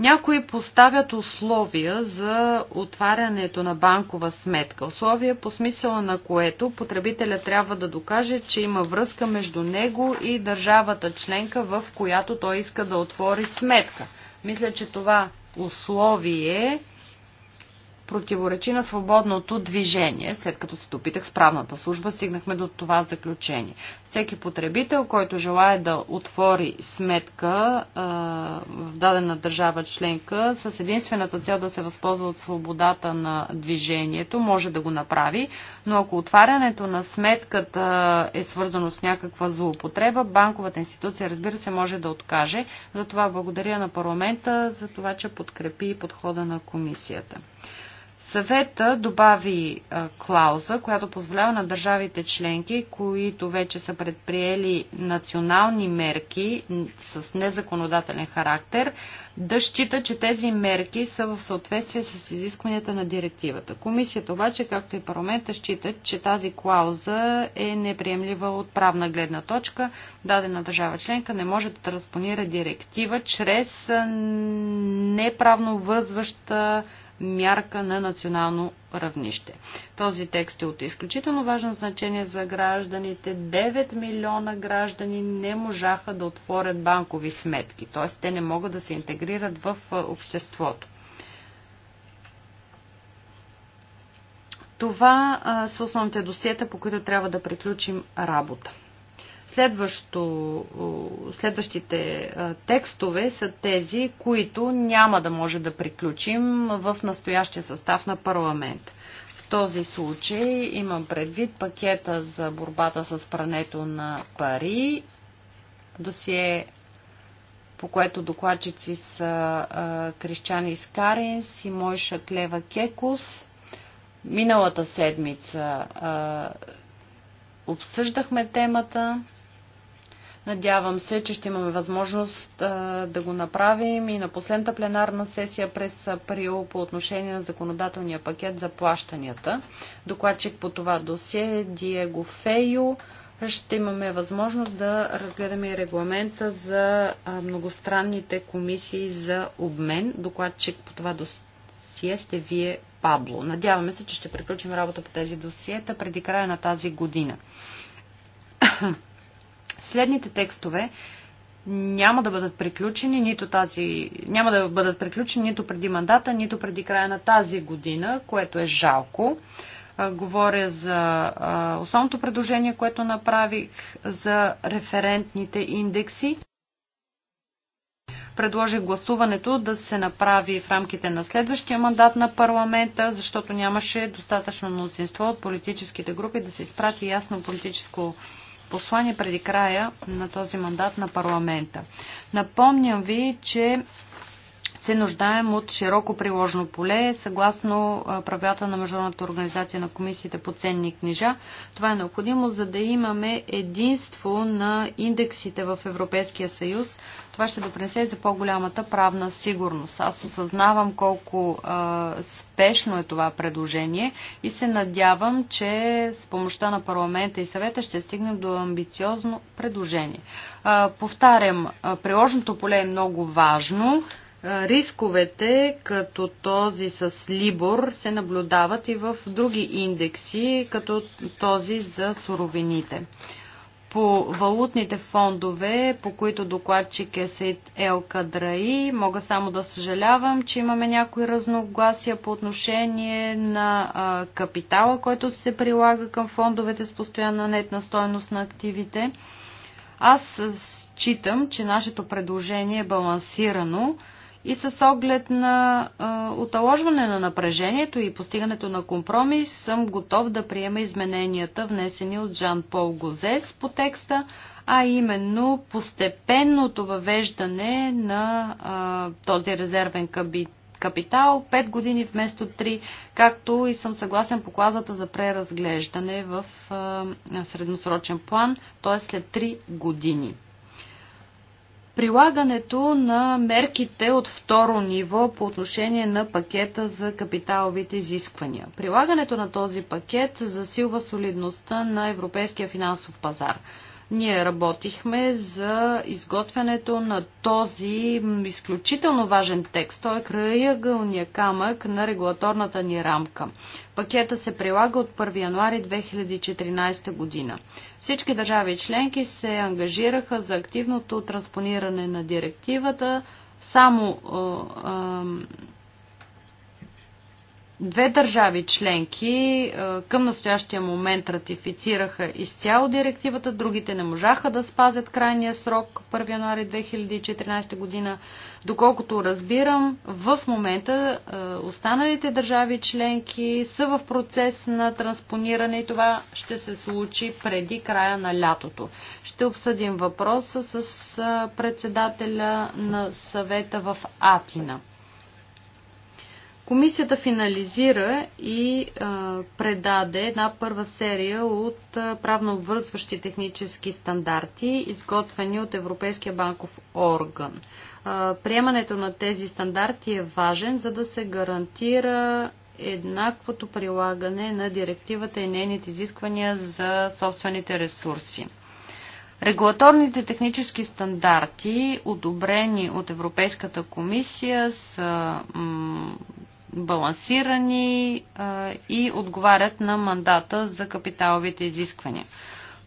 Някои поставят условия за отварянето на банкова сметка, условия по смисъла на което потребителя трябва да докаже, че има връзка между него и държавата членка, в която той иска да отвори сметка. Мисля, че това условие противоречи на свободното движение. След като се допитах с правната служба, стигнахме до това заключение. Всеки потребител, който желая да отвори сметка а, в дадена държава членка с единствената цел да се възползва от свободата на движението, може да го направи, но ако отварянето на сметката е свързано с някаква злоупотреба, банковата институция, разбира се, може да откаже. Затова благодаря на парламента за това, че подкрепи подхода на комисията. Съвета добави клауза, която позволява на държавите членки, които вече са предприели национални мерки с незаконодателен характер, да счита, че тези мерки са в съответствие с изискванията на директивата. Комисията обаче, както и парламента, считат, че тази клауза е неприемлива от правна гледна точка. Дадена държава членка не може да транспонира директива чрез неправно вързваща мярка на национално равнище. Този текст е от изключително важно значение за гражданите. 9 милиона граждани не можаха да отворят банкови сметки, т.е. те не могат да се интегрират в обществото. Това са основните досиета, по които трябва да приключим работа. Следващо, следващите текстове са тези, които няма да може да приключим в настоящия състав на парламент. В този случай имам предвид пакета за борбата с прането на пари, досие по което докладчици са Крещан Искаринс и Мойша Клева Кекус. Миналата седмица обсъждахме темата. Надявам се, че ще имаме възможност да го направим и на последната пленарна сесия през април по отношение на законодателния пакет за плащанията. Докладчик по това досие Диего Фейо ще имаме възможност да разгледаме и регламента за многостранните комисии за обмен. Докладчик по това досие сте вие, Пабло. Надяваме се, че ще приключим работа по тези досиета преди края на тази година. Следните текстове няма да бъдат приключени нито тази, няма да бъдат приключени нито преди мандата, нито преди края на тази година, което е жалко. Говоря за основното предложение, което направих за референтните индекси. Предложих гласуването да се направи в рамките на следващия мандат на парламента, защото нямаше достатъчно мнозинство от политическите групи да се изпрати ясно политическо послание преди края на този мандат на парламента. Напомням ви, че се нуждаем от широко приложно поле, съгласно правилата на Международната организация на комисиите по ценни книжа. Това е необходимо, за да имаме единство на индексите в Европейския съюз. Това ще допринесе за по-голямата правна сигурност. Аз осъзнавам колко а, спешно е това предложение и се надявам, че с помощта на парламента и съвета ще стигнем до амбициозно предложение. А, повтарям, а, приложното поле е много важно. Рисковете, като този с Либор, се наблюдават и в други индекси, като този за суровините. По валутните фондове, по които докладчик е Сейт Ел Кадраи, мога само да съжалявам, че имаме някои разногласия по отношение на а, капитала, който се прилага към фондовете с постоянна нетна стойност на активите. Аз считам, че нашето предложение е балансирано и с оглед на а, оталожване на напрежението и постигането на компромис съм готов да приема измененията, внесени от Жан Пол Гозес по текста, а именно постепенното въвеждане на а, този резервен кабит капитал 5 години вместо 3, както и съм съгласен по клазата за преразглеждане в а, средносрочен план, т.е. след 3 години прилагането на мерките от второ ниво по отношение на пакета за капиталовите изисквания. Прилагането на този пакет засилва солидността на европейския финансов пазар. Ние работихме за изготвянето на този изключително важен текст. Той е краягълния камък на регулаторната ни рамка. Пакета се прилага от 1 януари 2014 година. Всички държави членки се ангажираха за активното транспониране на директивата. Само е, е, Две държави членки е, към настоящия момент ратифицираха изцяло директивата, другите не можаха да спазят крайния срок 1 януари 2014 година. Доколкото разбирам, в момента е, останалите държави членки са в процес на транспониране и това ще се случи преди края на лятото. Ще обсъдим въпроса с е, председателя на съвета в Атина. Комисията финализира и а, предаде една първа серия от правно обвързващи технически стандарти, изготвени от Европейския банков орган. А, приемането на тези стандарти е важен, за да се гарантира еднаквото прилагане на директивата и нейните изисквания за собствените ресурси. Регулаторните технически стандарти, одобрени от Европейската комисия, са балансирани и отговарят на мандата за капиталовите изисквания.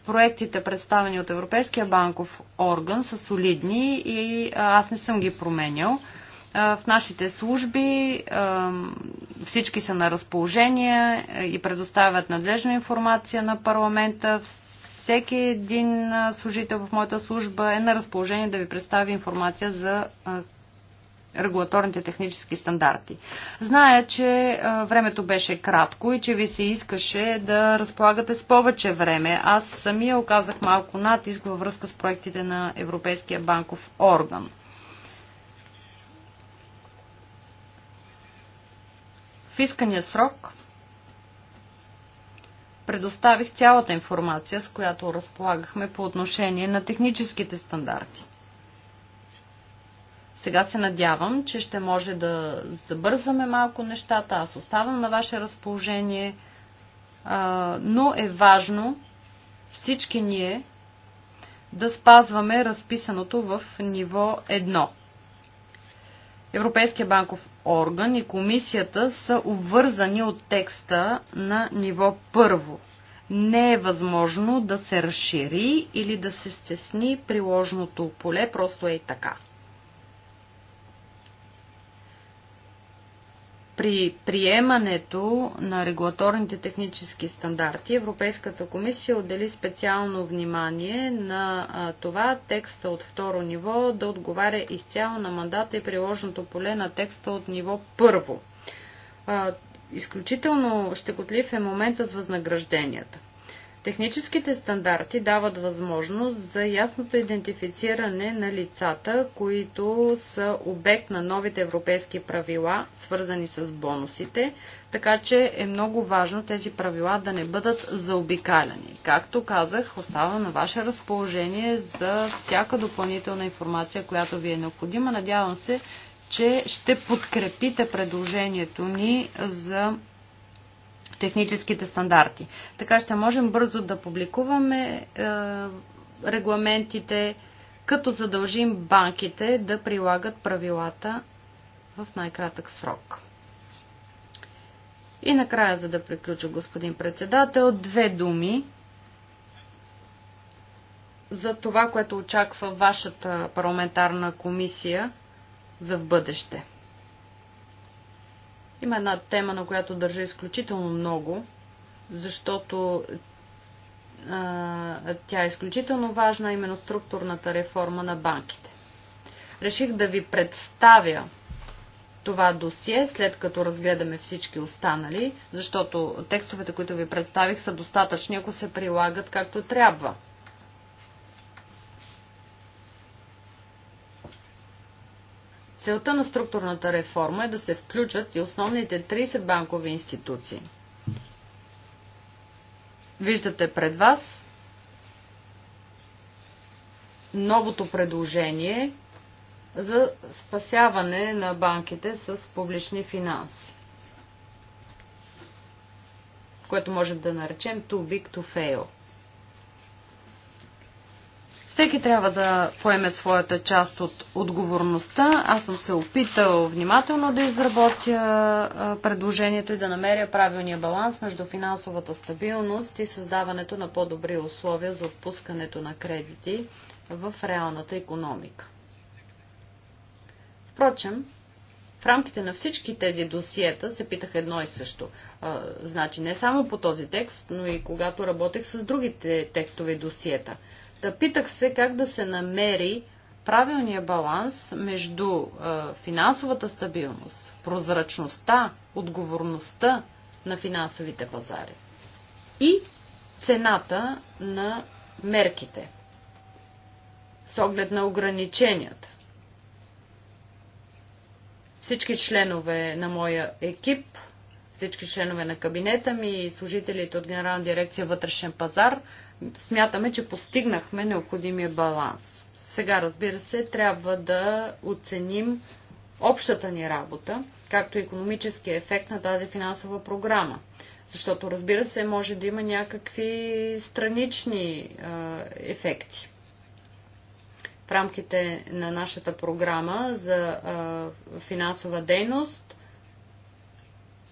Проектите, представени от Европейския банков орган, са солидни и аз не съм ги променял. В нашите служби всички са на разположение и предоставят надлежна информация на парламента. Всеки един служител в моята служба е на разположение да ви представи информация за регулаторните технически стандарти. Зная, че времето беше кратко и че ви се искаше да разполагате с повече време. Аз самия оказах малко натиск във връзка с проектите на Европейския банков орган. В искания срок предоставих цялата информация, с която разполагахме по отношение на техническите стандарти. Сега се надявам, че ще може да забързаме малко нещата. Аз оставам на ваше разположение, но е важно всички ние да спазваме разписаното в ниво 1. Европейския банков орган и комисията са обвързани от текста на ниво 1. Не е възможно да се разшири или да се стесни приложното поле, просто е и така. При приемането на регулаторните технически стандарти Европейската комисия отдели специално внимание на това текста от второ ниво да отговаря изцяло на мандата и приложното поле на текста от ниво първо. Изключително щекотлив е момента с възнагражденията. Техническите стандарти дават възможност за ясното идентифициране на лицата, които са обект на новите европейски правила, свързани с бонусите, така че е много важно тези правила да не бъдат заобикаляни. Както казах, остава на ваше разположение за всяка допълнителна информация, която ви е необходима. Надявам се, че ще подкрепите предложението ни за техническите стандарти. Така ще можем бързо да публикуваме е, регламентите, като задължим банките да прилагат правилата в най-кратък срок. И накрая, за да приключа, господин председател, две думи за това, което очаква вашата парламентарна комисия за в бъдеще. Има една тема, на която държа изключително много, защото а, тя е изключително важна, именно структурната реформа на банките. Реших да ви представя това досие, след като разгледаме всички останали, защото текстовете, които ви представих, са достатъчни, ако се прилагат както трябва. Целта на структурната реформа е да се включат и основните 30 банкови институции. Виждате пред вас новото предложение за спасяване на банките с публични финанси, което може да наречем too big to fail – всеки трябва да поеме своята част от отговорността. Аз съм се опитал внимателно да изработя предложението и да намеря правилния баланс между финансовата стабилност и създаването на по-добри условия за отпускането на кредити в реалната економика. Впрочем, в рамките на всички тези досиета се питах едно и също. А, значи не само по този текст, но и когато работех с другите текстове и досиета – Та питах се как да се намери правилния баланс между е, финансовата стабилност, прозрачността, отговорността на финансовите пазари и цената на мерките с оглед на ограниченията. Всички членове на моя екип, всички членове на кабинета ми и служителите от Генерална дирекция вътрешен пазар – смятаме, че постигнахме необходимия баланс. Сега, разбира се, трябва да оценим общата ни работа, както и економическия ефект на тази финансова програма. Защото, разбира се, може да има някакви странични ефекти. В рамките на нашата програма за финансова дейност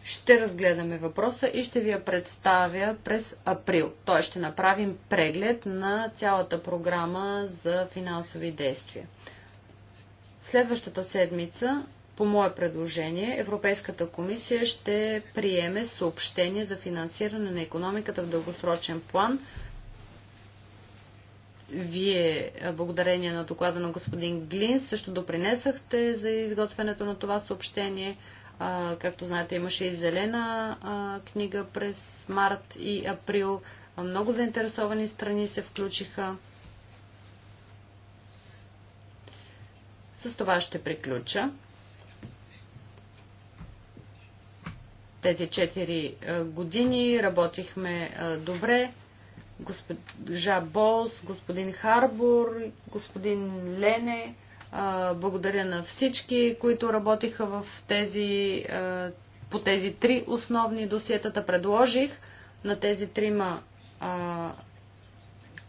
ще разгледаме въпроса и ще ви я представя през април. Той ще направим преглед на цялата програма за финансови действия. Следващата седмица, по мое предложение, Европейската комисия ще приеме съобщение за финансиране на економиката в дългосрочен план. Вие, благодарение на доклада на господин Глин, също допринесахте за изготвянето на това съобщение – а, както знаете, имаше и зелена а, книга през март и април. А, много заинтересовани страни се включиха. С това ще приключа. Тези 4 години работихме добре. Госпожа Болс, господин Харбор, господин Лене. Благодаря на всички, които работиха в тези, по тези три основни досиетата. Предложих на тези трима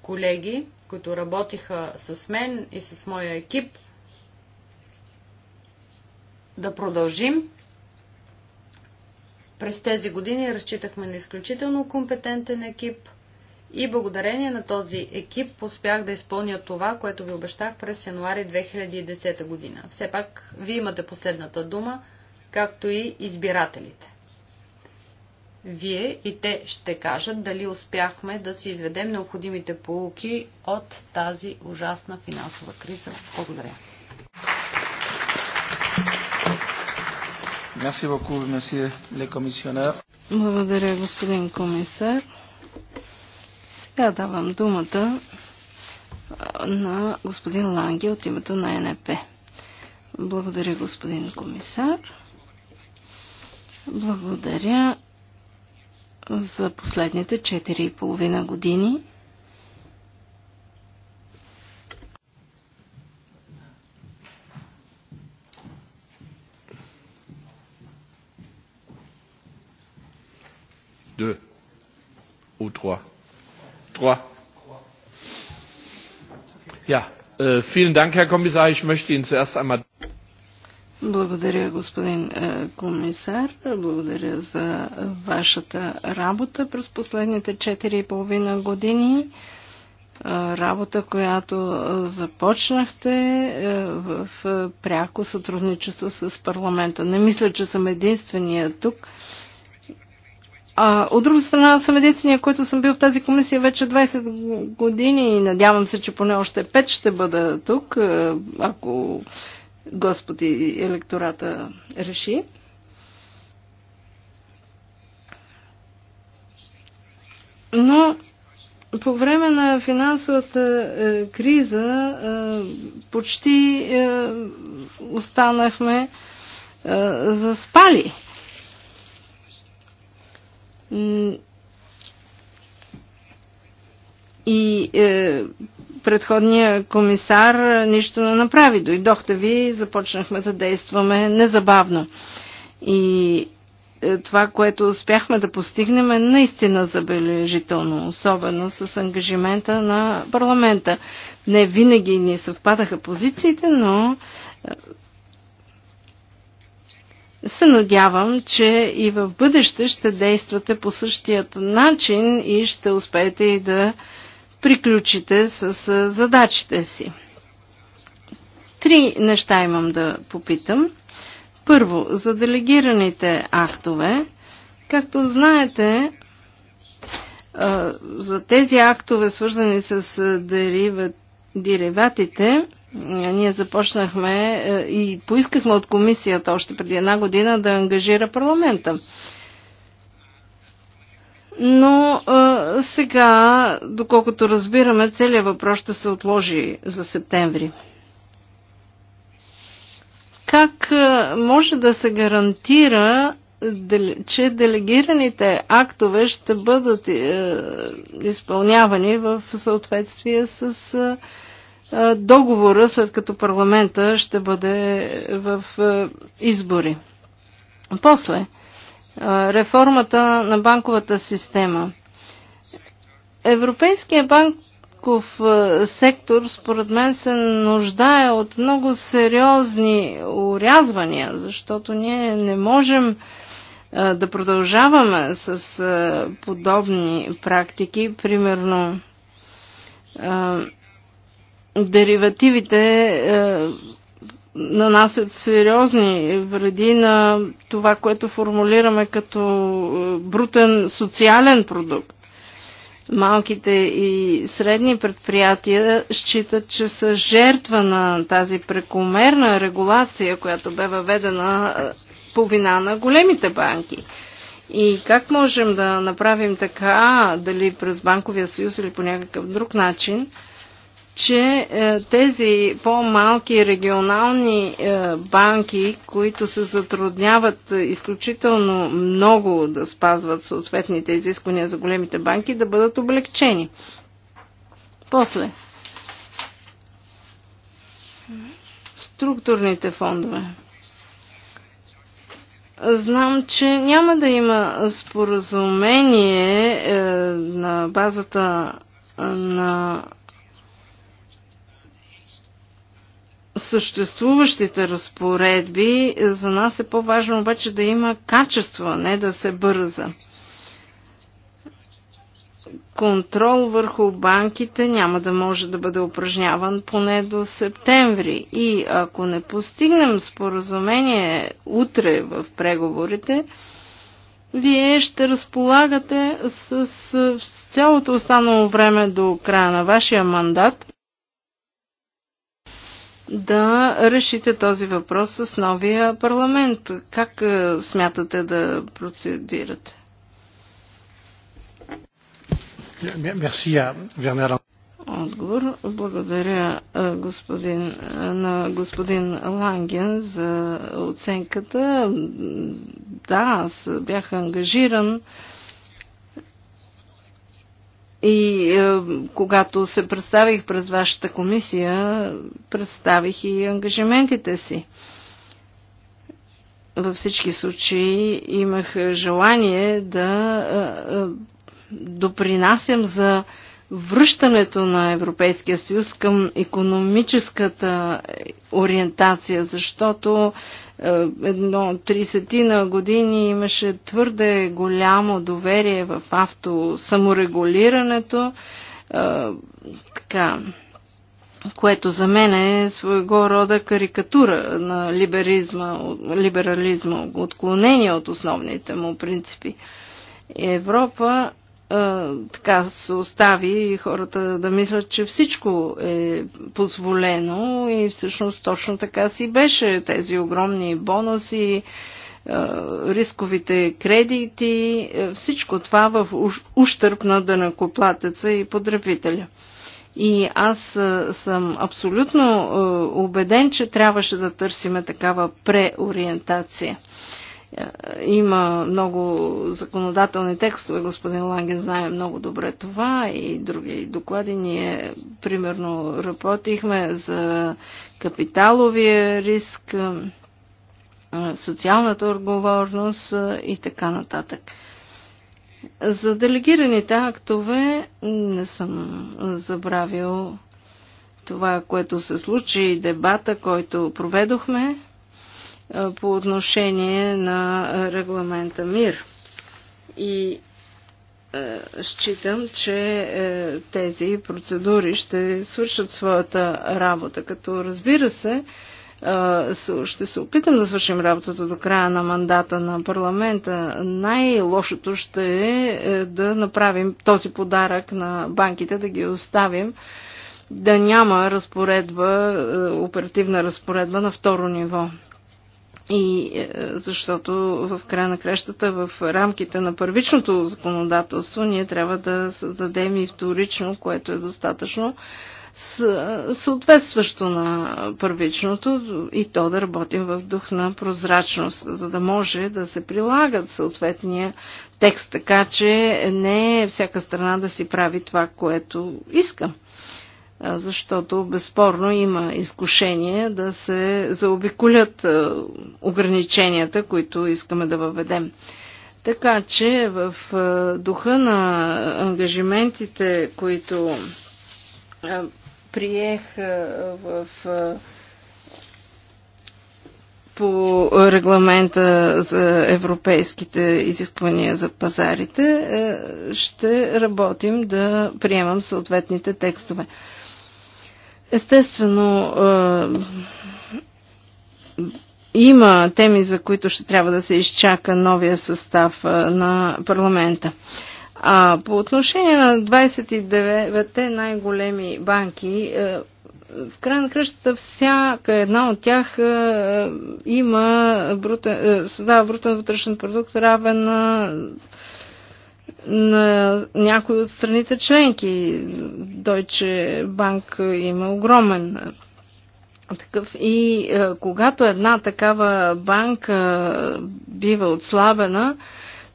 колеги, които работиха с мен и с моя екип, да продължим. През тези години разчитахме на изключително компетентен екип, и благодарение на този екип успях да изпълня това, което ви обещах през януари 2010 година. Все пак, вие имате последната дума, както и избирателите. Вие и те ще кажат дали успяхме да си изведем необходимите полуки от тази ужасна финансова криза. Благодаря. Благодаря, господин комисар. Сега давам думата на господин Ланге от името на НП. Благодаря, господин комисар. Благодаря за последните 4,5 години. Deux ou trois. Croix. Ja, äh, vielen Dank, Herr Kommissar. Ich möchte Ihnen zuerst einmal. Благодаря, господин э, комисар. Благодаря за вашата работа през последните 4,5 години. Э, работа, която започнахте э, в пряко сътрудничество с парламента. Не мисля, че съм единствения тук. А, от друга страна, съм единствения, който съм бил в тази комисия вече 20 години и надявам се, че поне още 5 ще бъда тук, е, ако Господи електората реши. Но по време на финансовата е, криза е, почти е, останахме е, заспали. И е, предходния комисар нищо не направи. Дойдохте ви, и започнахме да действаме незабавно. И е, това, което успяхме да постигнем е наистина забележително, особено с ангажимента на парламента. Не винаги ни съвпадаха позициите, но е, се надявам, че и в бъдеще ще действате по същият начин и ще успеете и да приключите с задачите си. Три неща имам да попитам. Първо, за делегираните актове. Както знаете, за тези актове, свързани с дериватите, ние започнахме е, и поискахме от комисията още преди една година да ангажира парламента. Но а, е, сега, доколкото разбираме, целият въпрос ще се отложи за септември. Как е, може да се гарантира, че делегираните актове ще бъдат а, изпълнявани в съответствие с А, договора, след като парламента ще бъде в избори. После, реформата на банковата система. Европейския банков сектор, според мен, се нуждае от много сериозни урязвания, защото ние не можем да продължаваме с подобни практики. Примерно, деривативите е, нанасят сериозни вреди на това, което формулираме като е, брутен социален продукт. Малките и средни предприятия считат, че са жертва на тази прекомерна регулация, която бе въведена е, по вина на големите банки. И как можем да направим така, дали през Банковия съюз или по някакъв друг начин, че е, тези по-малки регионални е, банки, които се затрудняват е, изключително много да спазват съответните изисквания за големите банки, да бъдат облегчени. После. Структурните фондове. Знам, че няма да има споразумение на базата на съществуващите разпоредби. За нас е по-важно обаче да има качество, а не да се бърза. Контрол върху банките няма да може да бъде упражняван поне до септември. И ако не постигнем споразумение утре в преговорите, вие ще разполагате с, с, с цялото останало време до края на вашия мандат да решите този въпрос с новия парламент. Как е, смятате да процедирате? Отговор. Благодаря е, господин, е, на господин Ланген за оценката. Да, аз бях ангажиран и е, когато се представих пред вашата комисия, представих и ангажиментите си. Във всички случаи имах желание да е, е, допринасям за връщането на Европейския съюз към економическата ориентация, защото е, едно 30 на години имаше твърде голямо доверие в автосаморегулирането, е, така, което за мен е своего рода карикатура на либеризма, либерализма, отклонение от основните му принципи. Европа така се остави и хората да мислят, че всичко е позволено и всъщност точно така си беше тези огромни бонуси, рисковите кредити, всичко това в ущърп на дънакоплатеца и потребителя. И аз съм абсолютно убеден, че трябваше да търсиме такава преориентация – има много законодателни текстове, господин Ланген знае много добре това и други доклади. Ние, примерно, работихме за капиталовия риск, социалната отговорност и така нататък. За делегираните актове не съм забравил това, което се случи и дебата, който проведохме по отношение на регламента МИР. И считам, че тези процедури ще свършат своята работа, като разбира се, ще се опитам да свършим работата до края на мандата на парламента. Най-лошото ще е, е да направим този подарък на банките, да ги оставим да няма разпоредба, е, оперативна разпоредба на второ ниво. И е, защото в края на кращата, в рамките на първичното законодателство, ние трябва да създадем и вторично, което е достатъчно съответстващо на първичното и то да работим в дух на прозрачност, за да може да се прилагат съответния текст, така че не всяка страна да си прави това, което иска защото безспорно има изкушение да се заобиколят ограниченията, които искаме да въведем. Така че в духа на ангажиментите, които приех в по регламента за европейските изисквания за пазарите, ще работим да приемам съответните текстове. Естествено, има теми, за които ще трябва да се изчака новия състав на парламента. А по отношение на 29-те най-големи банки, в край на кръщата всяка една от тях има брутен, създава брутен вътрешен продукт равен на на някои от страните членки. Deutsche Bank има огромен такъв. И е, когато една такава банка е, бива отслабена,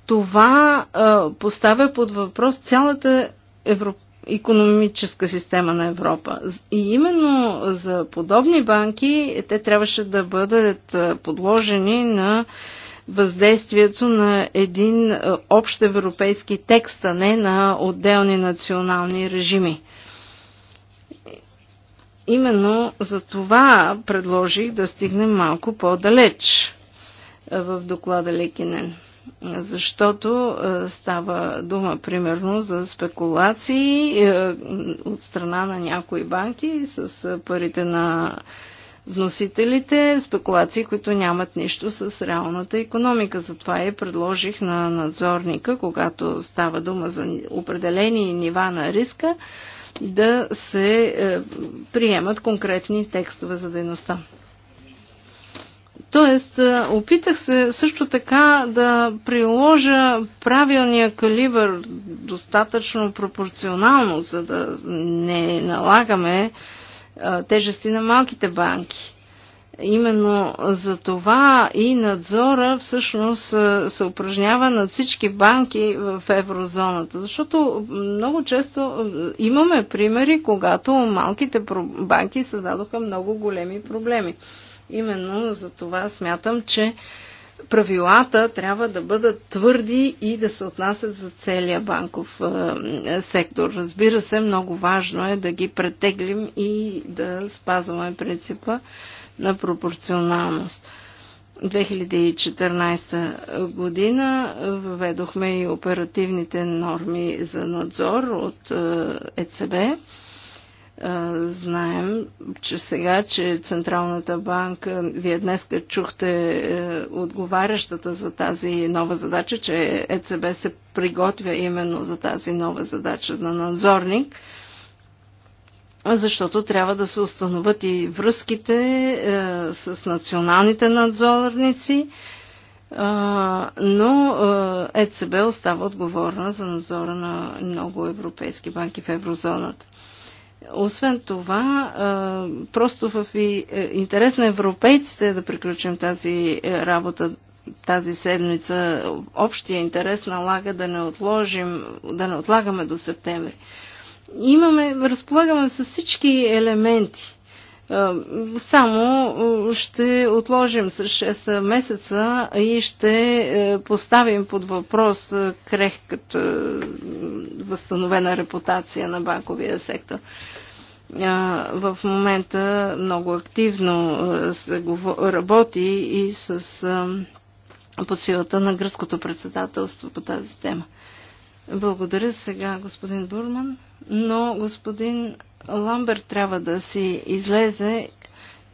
това е, поставя под въпрос цялата евро... економическа система на Европа. И именно за подобни банки те трябваше да бъдат е, подложени на е, въздействието на един е, общ европейски текст, а не на отделни национални режими. Именно за това предложих да стигнем малко по-далеч е, в доклада Лекинен. Защото е, става дума, примерно, за спекулации от страна на някои банки с парите на вносителите, спекулации, които нямат нищо с реалната економика. Затова и предложих на надзорника, когато става дума за определени нива на риска, да се е, приемат конкретни текстове за дейността. Тоест, е, опитах се също така да приложа правилния калибър достатъчно пропорционално, за да не налагаме тежести на малките банки. Именно за това и надзора всъщност се упражнява над всички банки в еврозоната. Защото много често имаме примери, когато малките банки създадоха много големи проблеми. Именно за това смятам, че правилата трябва да бъдат твърди и да се отнасят за целия банков е, сектор. Разбира се, много важно е да ги претеглим и да спазваме принципа на пропорционалност. 2014 година въведохме и оперативните норми за надзор от е, ЕЦБ знаем, че сега, че Централната банка, вие днеска чухте е, отговарящата за тази нова задача, че ЕЦБ се приготвя именно за тази нова задача на надзорник, защото трябва да се установят и връзките е, с националните надзорници, е, но ЕЦБ остава отговорна за надзора на много европейски банки в еврозоната. Освен това, просто в е, интерес на европейците е да приключим тази е, работа тази седмица. Общия интерес налага да не отложим, да не отлагаме до септември. Имаме, разполагаме с всички елементи. Само ще отложим с 6 месеца и ще е, поставим под въпрос е, крехката възстановена репутация на банковия сектор. В момента много активно е, се работи и с под силата на гръцкото председателство по тази тема. Благодаря сега господин Бурман, но господин Ламберт трябва да си излезе.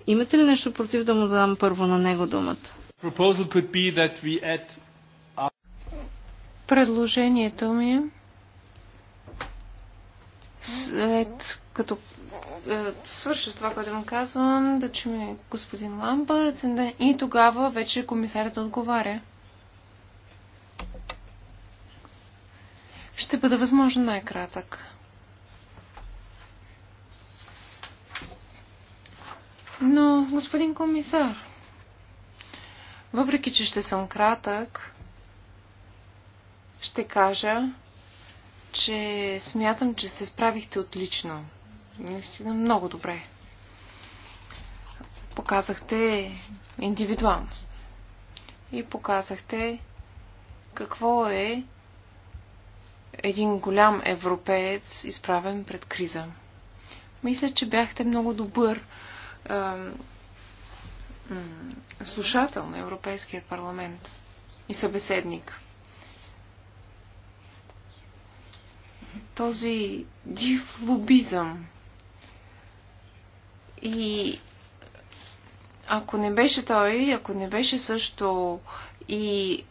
Имате ли нещо против да му дам първо на него думата? Предложението ми е след като е, свърша с това, което му казвам, да чуме господин Ламбър и тогава вече комисарят отговаря. Ще бъде възможно най-кратък. Но, господин комисар, въпреки, че ще съм кратък, ще кажа, че смятам, че се справихте отлично. Наистина много добре. Показахте индивидуалност. И показахте какво е един голям европеец, изправен пред криза. Мисля, че бяхте много добър слушател на Европейския парламент и събеседник. Този див лобизъм и ако не беше той, ако не беше също и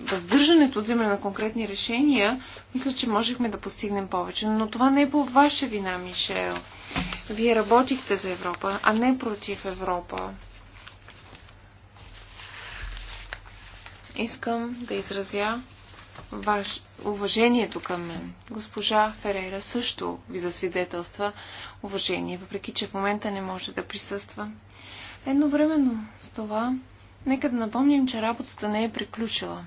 въздържането от земля на конкретни решения, мисля, че можехме да постигнем повече. Но това не е по ваша вина, Мишел. Вие работихте за Европа, а не против Европа. Искам да изразя ваш... уважението към мен. Госпожа Ферейра също ви засвидетелства уважение, въпреки че в момента не може да присъства. Едновременно с това, нека да напомним, че работата не е приключила.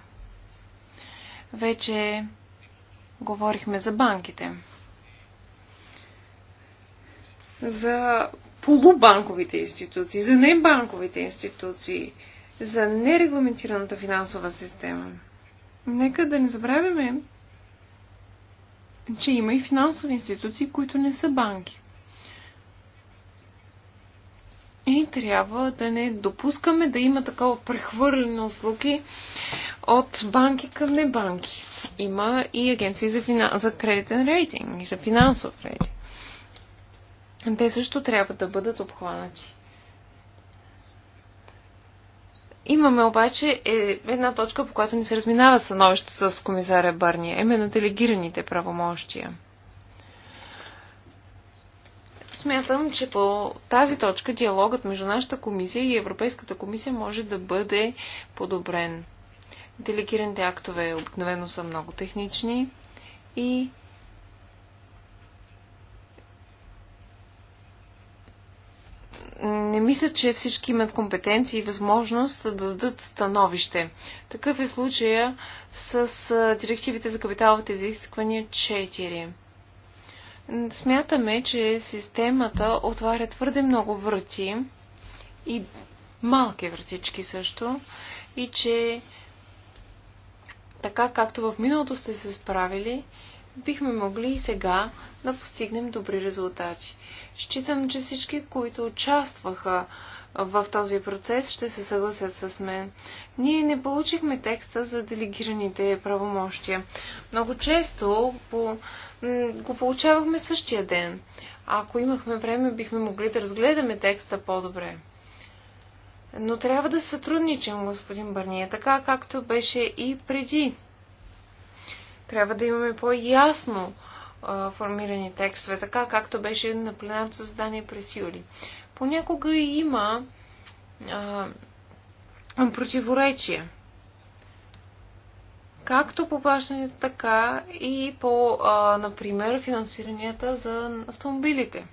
Вече говорихме за банките за полубанковите институции, за небанковите институции, за нерегламентираната финансова система. Нека да не забравяме, че има и финансови институции, които не са банки. И трябва да не допускаме да има такова прехвърляне услуги от банки към небанки. Има и агенции за, фина... за кредитен рейтинг и за финансов рейтинг те също трябва да бъдат обхванати. Имаме обаче е една точка, по която ни се разминава становище с комисаря Барния, именно делегираните правомощия. Смятам, че по тази точка диалогът между нашата комисия и Европейската комисия може да бъде подобрен. Делегираните актове обикновено са много технични и не мисля, че всички имат компетенции и възможност да дадат становище. Такъв е случая с директивите за капиталовите изисквания 4. Смятаме, че системата отваря твърде много врати и малки вратички също и че така както в миналото сте се справили, бихме могли и сега да постигнем добри резултати. Считам, че всички, които участваха в този процес, ще се съгласят с мен. Ние не получихме текста за делегираните правомощия. Много често по, го получавахме същия ден. Ако имахме време, бихме могли да разгледаме текста по-добре. Но трябва да сътрудничим, господин Барния, така както беше и преди трябва да имаме по-ясно формирани текстове, така както беше на пленарното задание през юли. Понякога има а, противоречие. Както по плащанията, така и по, а, например, финансиранията за автомобилите.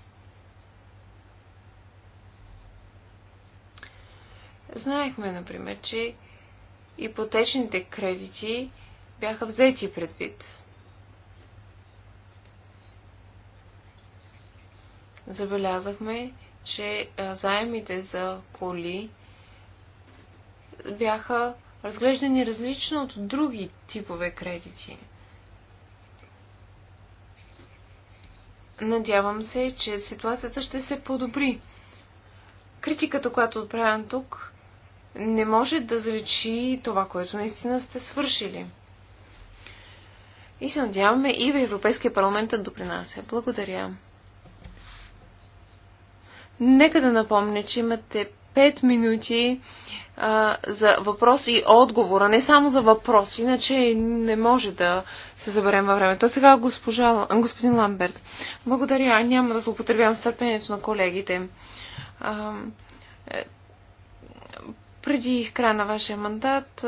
Знаехме, например, че ипотечните кредити бяха взети предвид. Забелязахме, че заемите за коли бяха разглеждани различно от други типове кредити. Надявам се, че ситуацията ще се подобри. Критиката, която отправям тук, не може да заличи това, което наистина сте свършили. И се надяваме и в Европейския парламент да допринася. Благодаря. Нека да напомня, че имате 5 минути а, за въпрос и отговор, а не само за въпрос. Иначе не може да се заберем във времето. А сега госпожа, господин Ламберт. Благодаря. Няма да злоупотребявам с търпението на колегите. А, е, преди края на вашия мандат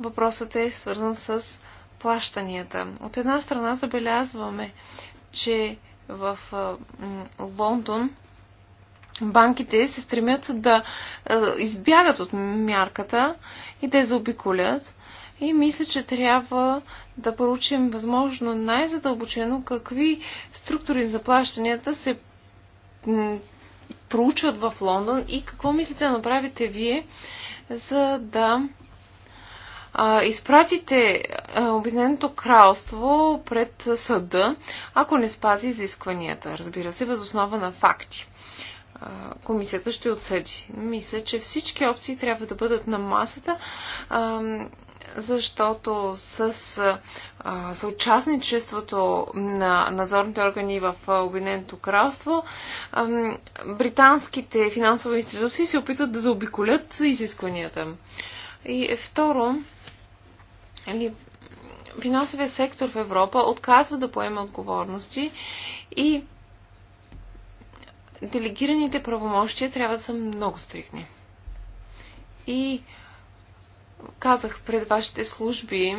въпросът е свързан с плащанията. От една страна забелязваме, че в Лондон банките се стремят да избягат от мярката и да я заобиколят. И мисля, че трябва да поручим възможно най-задълбочено какви структури за плащанията се проучват в Лондон и какво мислите да направите вие, за да а, изпратите а, Обединеното кралство пред съда, ако не спази изискванията. Разбира се, възоснова на факти. комисията ще отсъди. Мисля, че всички опции трябва да бъдат на масата. защото с съучастничеството на надзорните органи в Обединеното кралство британските финансови институции се опитват да заобиколят изискванията. И е, второ, Ами, финансовия сектор в Европа отказва да поема отговорности и делегираните правомощия трябва да са много стрикни. И казах пред вашите служби,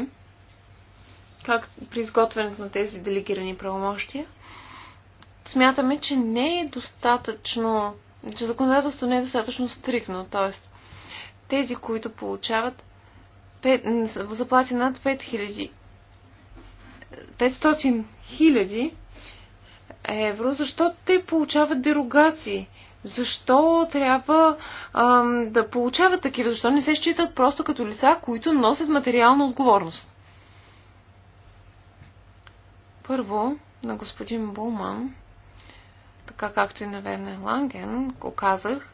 как при изготвянето на тези делегирани правомощия, смятаме, че не е достатъчно, че законодателство не е достатъчно стрикно, т.е. тези, които получават 5, заплати над хиляди. 500 хиляди евро, защо те получават дерогации? Защо трябва ам, да получават такива? Защо не се считат просто като лица, които носят материална отговорност? Първо, на господин Булман, така както и на Верна Ланген, го казах,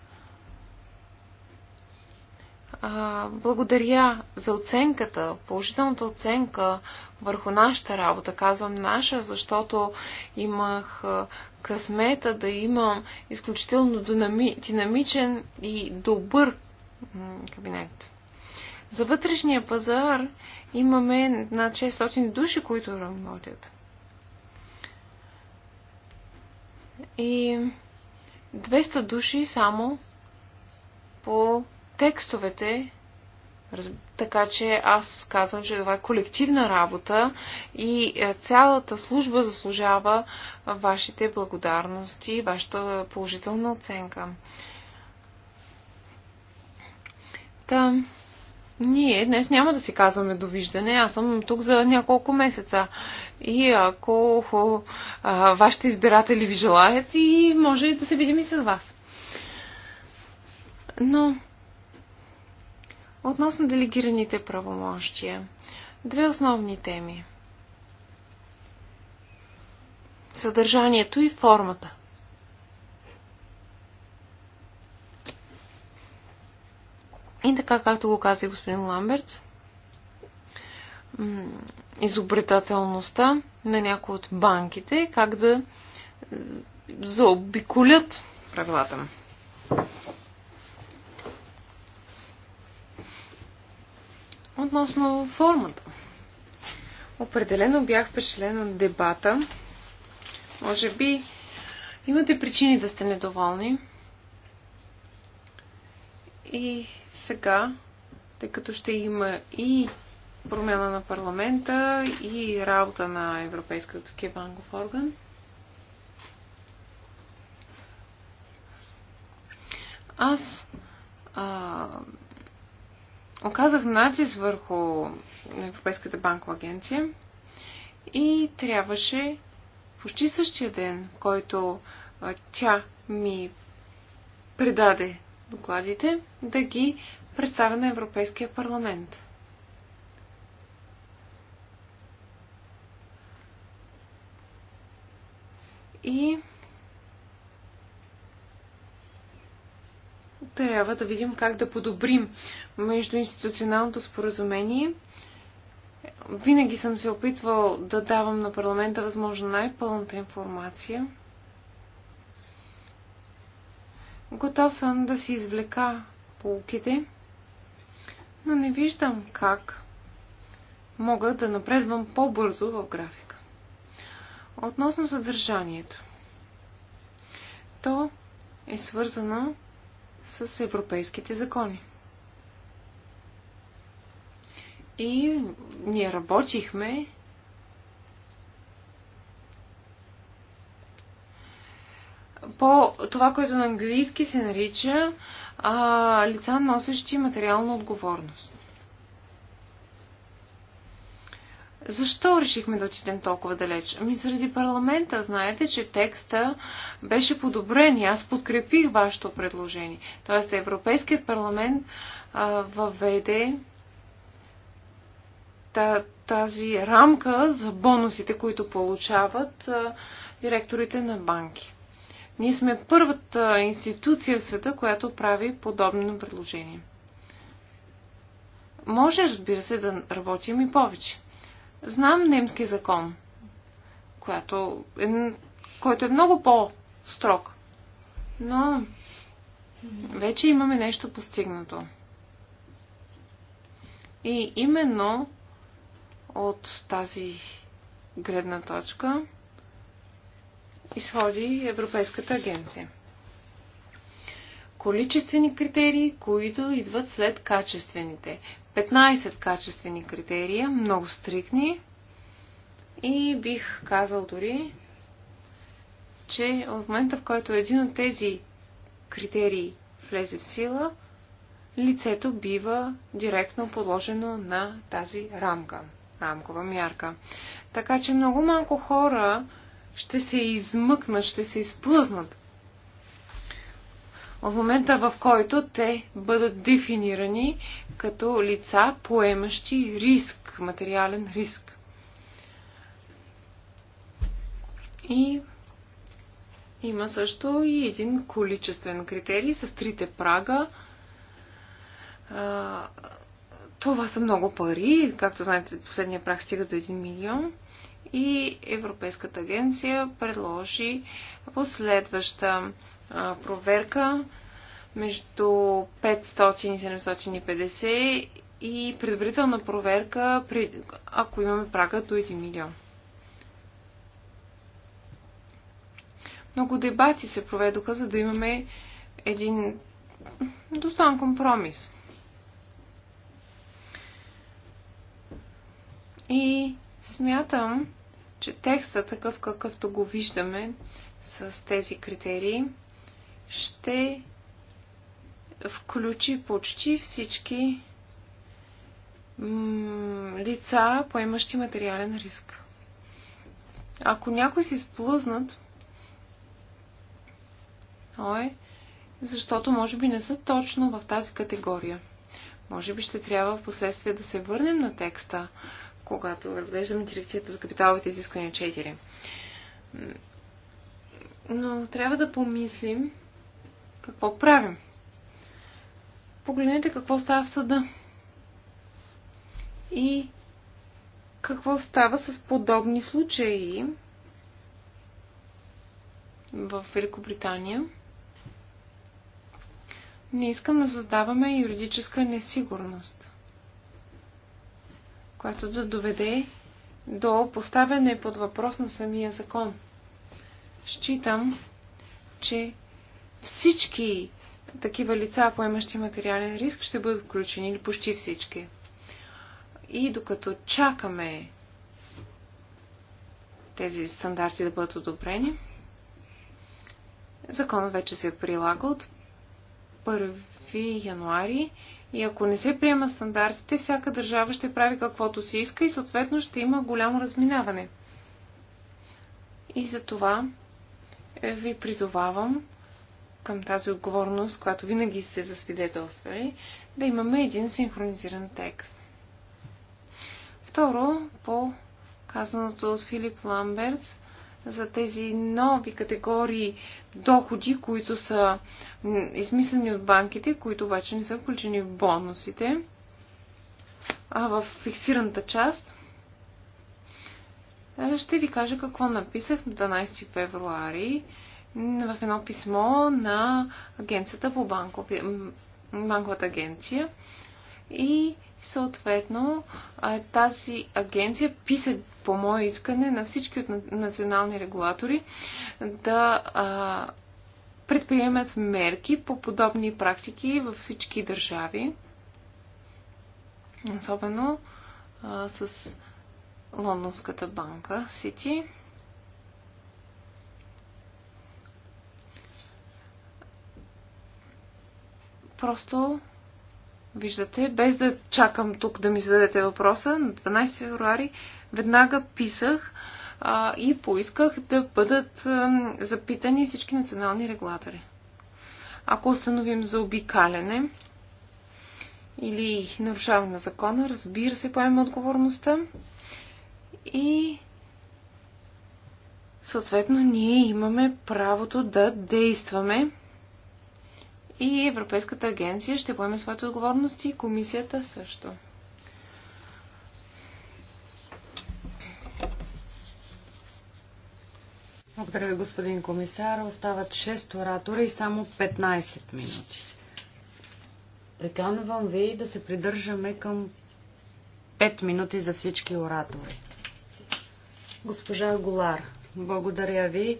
а, благодаря за оценката, положителната оценка върху нашата работа. Казвам наша, защото имах късмета да имам изключително динамичен и добър кабинет. За вътрешния пазар имаме над 600 души, които работят. И 200 души само по текстовете, така че аз казвам, че това е колективна работа и е, цялата служба заслужава вашите благодарности, вашата положителна оценка. Та, ние днес няма да си казваме довиждане. Аз съм тук за няколко месеца. И ако хо, а, вашите избиратели ви желаят, и може да се видим и с вас. Но Относно делегираните правомощия. Две основни теми. Съдържанието и формата. И така, както го каза и господин Ламберт, изобретателността на някои от банките, как да заобиколят правилата. Относно формата. Определено бях впечатлен от дебата. Може би имате причини да сте недоволни. И сега, тъй като ще има и промяна на парламента и работа на Европейската кебангов орган, аз а, оказах натиск върху Европейската банкова агенция и трябваше почти същия ден, който тя ми предаде докладите, да ги представя на Европейския парламент. И трябва да видим как да подобрим междуинституционалното споразумение. Винаги съм се опитвал да давам на парламента възможно най-пълната информация. Готов съм да си извлека полуките, но не виждам как мога да напредвам по-бързо в графика. Относно съдържанието. То е свързано с европейските закони. И ние работихме по това, което на английски се нарича а, лица, носещи материална отговорност. Защо решихме да отидем толкова далеч? Ами заради парламента. Знаете, че текста беше подобрен и аз подкрепих вашето предложение. Тоест Европейският парламент а, въведе тази рамка за бонусите, които получават а, директорите на банки. Ние сме първата институция в света, която прави подобно предложение. Може, разбира се, да работим и повече. Знам немски закон, която е, който е много по-строг. Но вече имаме нещо постигнато. И именно от тази гледна точка изходи Европейската агенция. Количествени критерии, които идват след качествените. 15 качествени критерия, много стрикни и бих казал дори, че в момента, в който един от тези критерии влезе в сила, лицето бива директно подложено на тази рамка, рамкова мярка. Така че много малко хора ще се измъкнат, ще се изплъзнат в момента в който те бъдат дефинирани като лица, поемащи риск, материален риск. И има също и един количествен критерий с трите прага. Това са много пари. Както знаете, последния прах стига до 1 милион и Европейската агенция предложи последваща проверка между 500 и 750 и предварителна проверка, ако имаме прага до 1 милион. Много дебати се проведоха, за да имаме един достоен компромис. И смятам, че текста, такъв какъвто го виждаме с тези критерии, ще включи почти всички лица, поемащи материален риск. Ако някой се сплъзнат, ой, защото може би не са точно в тази категория. Може би ще трябва в последствие да се върнем на текста, когато разглеждаме директивата за капиталовите изисквания 4. Но трябва да помислим какво правим. Погледнете какво става в съда. И какво става с подобни случаи в Великобритания. Не искам да създаваме юридическа несигурност която да доведе до поставяне под въпрос на самия закон. Считам, че всички такива лица, поемащи материален риск, ще бъдат включени, или почти всички. И докато чакаме тези стандарти да бъдат одобрени, законът вече се прилага от 1 януари и ако не се приема стандартите, всяка държава ще прави каквото си иска и съответно ще има голямо разминаване. И за това ви призовавам към тази отговорност, която винаги сте засвидетелствали, да имаме един синхронизиран текст. Второ, по казаното от Филип Ламбертс за тези нови категории доходи, които са измислени от банките, които обаче не са включени в бонусите, а в фиксираната част. Е, ще ви кажа какво написах на 12 февруари в едно писмо на агенцията по банкови, банковата агенция. И съответно е, тази агенция писа по мое искане на всички от национални регулатори да а, предприемат мерки по подобни практики във всички държави, особено а, с Лондонската банка Сити. Просто виждате, без да чакам тук да ми зададете въпроса, на 12 февруари веднага писах а, и поисках да бъдат а, запитани всички национални регулатори. Ако установим за обикаляне или нарушаване на закона, разбира се, поема отговорността и съответно ние имаме правото да действаме и Европейската агенция ще поеме своите отговорности и комисията също. Благодаря ви, господин комисар. Остават 6 оратора и само 15 минути. Приканвам ви да се придържаме към 5 минути за всички оратори. Госпожа Голар, благодаря ви.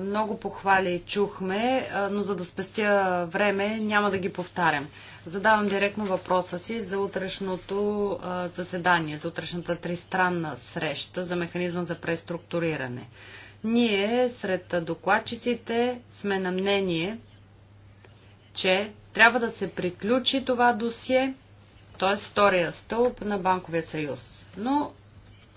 Много похвали чухме, но за да спестя време, няма да ги повтарям. Задавам директно въпроса си за утрешното заседание, за утрешната тристранна среща за механизма за преструктуриране. Ние сред докладчиците сме на мнение, че трябва да се приключи това досие, т.е. втория стълб на Банковия съюз. Но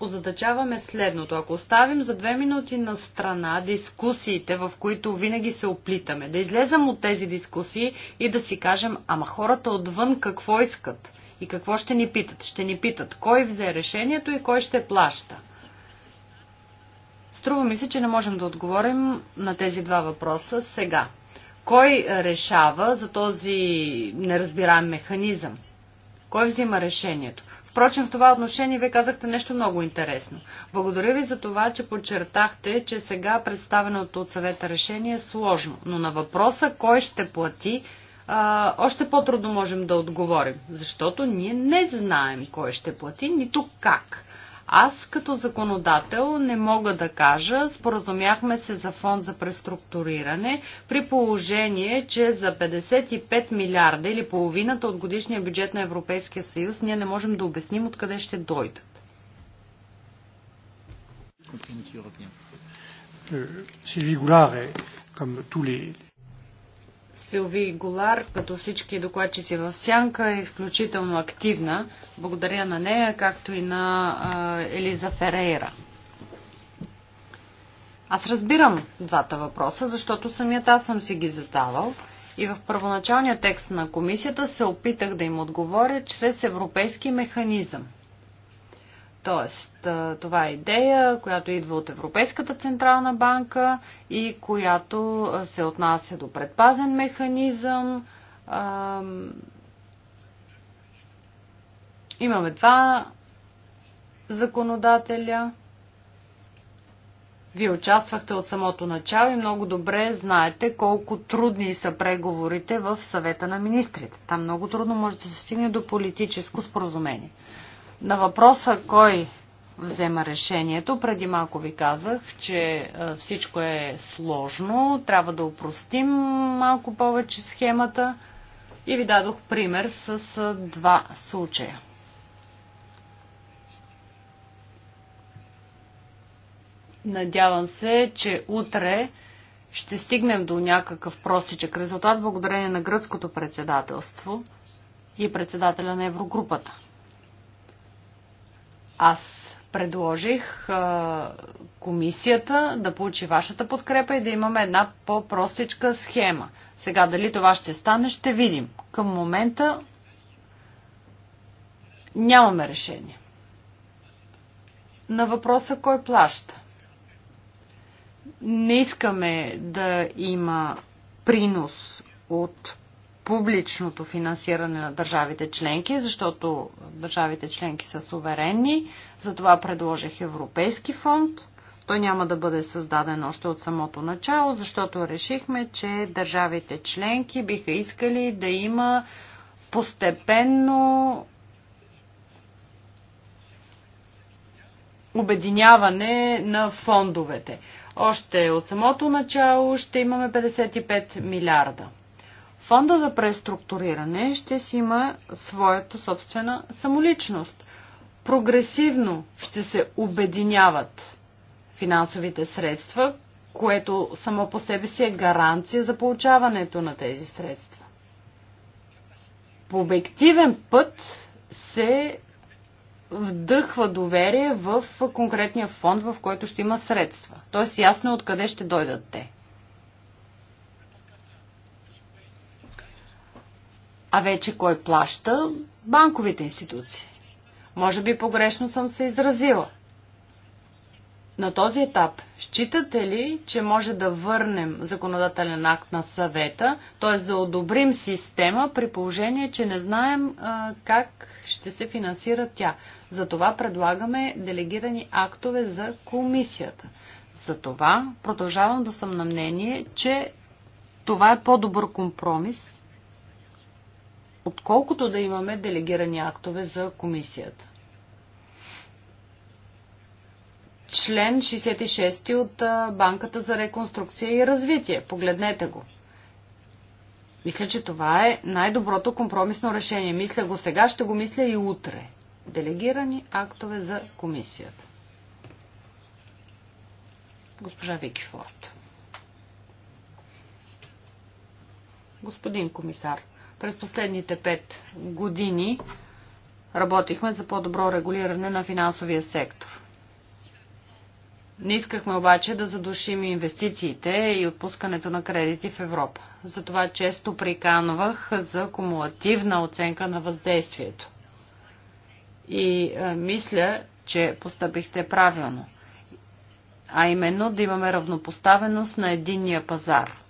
озадачаваме следното. Ако оставим за две минути на страна дискусиите, в които винаги се оплитаме, да излезем от тези дискусии и да си кажем, ама хората отвън какво искат и какво ще ни питат? Ще ни питат кой взе решението и кой ще плаща. Струва ми се, че не можем да отговорим на тези два въпроса сега. Кой решава за този неразбираем механизъм? Кой взима решението? Впрочем, в това отношение вие казахте нещо много интересно. Благодаря ви за това, че подчертахте, че сега представеното от съвета решение е сложно. Но на въпроса кой ще плати, а, още по-трудно можем да отговорим. Защото ние не знаем кой ще плати, нито как. Аз като законодател не мога да кажа, споразумяхме се за фонд за преструктуриране, при положение, че за 55 милиарда или половината от годишния бюджет на Европейския съюз ние не можем да обясним откъде ще дойдат. Сильви Голар е, към тули Силви Голар, като всички докладчици в Сянка, е изключително активна. Благодаря на нея, както и на а, Елиза Ферейра. Аз разбирам двата въпроса, защото самият аз съм си ги задавал и в първоначалния текст на комисията се опитах да им отговоря чрез европейски механизъм. Тоест, това е идея, която идва от Европейската централна банка и която се отнася до предпазен механизъм. Имаме два законодателя. Вие участвахте от самото начало и много добре знаете колко трудни са преговорите в съвета на министрите. Там много трудно може да се стигне до политическо споразумение. На въпроса кой взема решението, преди малко ви казах, че е, всичко е сложно, трябва да упростим малко повече схемата и ви дадох пример с е, два случая. Надявам се, че утре ще стигнем до някакъв простичък резултат благодарение на гръцкото председателство и председателя на Еврогрупата. Аз предложих а, комисията да получи вашата подкрепа и да имаме една по-простичка схема. Сега дали това ще стане, ще видим. Към момента нямаме решение. На въпроса кой плаща. Не искаме да има принос от публичното финансиране на държавите членки, защото държавите членки са суверенни. Затова предложих Европейски фонд. Той няма да бъде създаден още от самото начало, защото решихме, че държавите членки биха искали да има постепенно обединяване на фондовете. Още от самото начало ще имаме 55 милиарда. Фонда за преструктуриране ще си има своята собствена самоличност. Прогресивно ще се обединяват финансовите средства, което само по себе си е гаранция за получаването на тези средства. По обективен път се вдъхва доверие в конкретния фонд, в който ще има средства. Тоест ясно е откъде ще дойдат те. А вече кой плаща? Банковите институции. Може би погрешно съм се изразила. На този етап, считате ли, че може да върнем законодателен акт на съвета, т.е. да одобрим система при положение, че не знаем а, как ще се финансира тя? Затова предлагаме делегирани актове за комисията. Затова продължавам да съм на мнение, че това е по-добър компромис, отколкото да имаме делегирани актове за комисията. Член 66 от Банката за реконструкция и развитие. Погледнете го. Мисля, че това е най-доброто компромисно решение. Мисля го сега, ще го мисля и утре. Делегирани актове за комисията. Госпожа Вики Форд. Господин комисар, през последните пет години работихме за по-добро регулиране на финансовия сектор. Не искахме обаче да задушим инвестициите и отпускането на кредити в Европа. Затова често приканвах за кумулативна оценка на въздействието. И а, е, мисля, че постъпихте правилно. А именно да имаме равнопоставеност на единния пазар –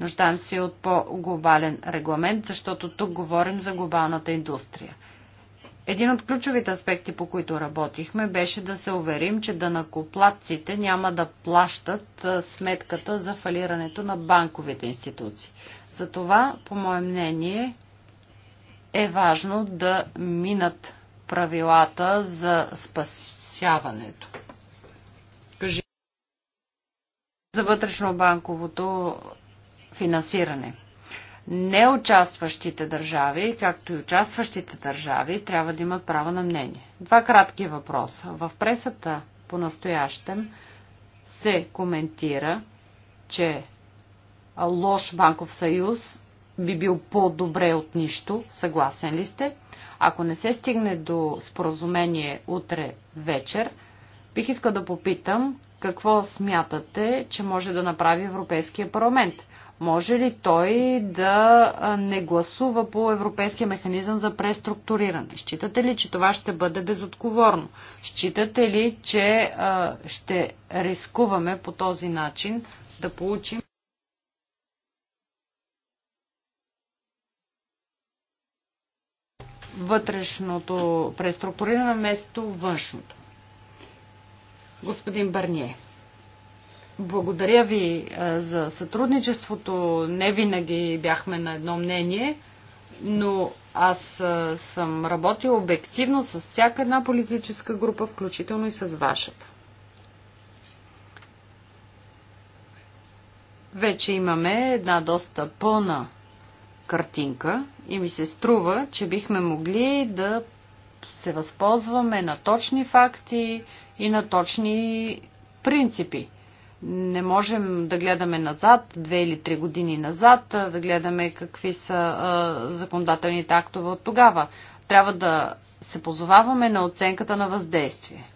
Нуждаем се от по-глобален регламент, защото тук говорим за глобалната индустрия. Един от ключовите аспекти, по които работихме, беше да се уверим, че данакоплатците няма да плащат сметката за фалирането на банковите институции. Затова, по мое мнение, е важно да минат правилата за спасяването. Кажи за вътрешно банковото финансиране. Неучастващите държави, както и участващите държави, трябва да имат право на мнение. Два кратки въпроса. В пресата по-настоящем се коментира, че лош банков съюз би бил по-добре от нищо. Съгласен ли сте? Ако не се стигне до споразумение утре вечер, бих искал да попитам какво смятате, че може да направи Европейския парламент. Може ли той да не гласува по Европейския механизъм за преструктуриране? Считате ли, че това ще бъде безотговорно? Считате ли, че ще рискуваме по този начин да получим вътрешното преструктуриране вместо външното? Господин Барние. Благодаря ви е, за сътрудничеството. Не винаги бяхме на едно мнение, но аз е, съм работил обективно с всяка една политическа група, включително и с вашата. Вече имаме една доста пълна картинка и ми се струва, че бихме могли да се възползваме на точни факти и на точни принципи не можем да гледаме назад, две или три години назад, да гледаме какви са законодателните актове от тогава. Трябва да се позоваваме на оценката на въздействие.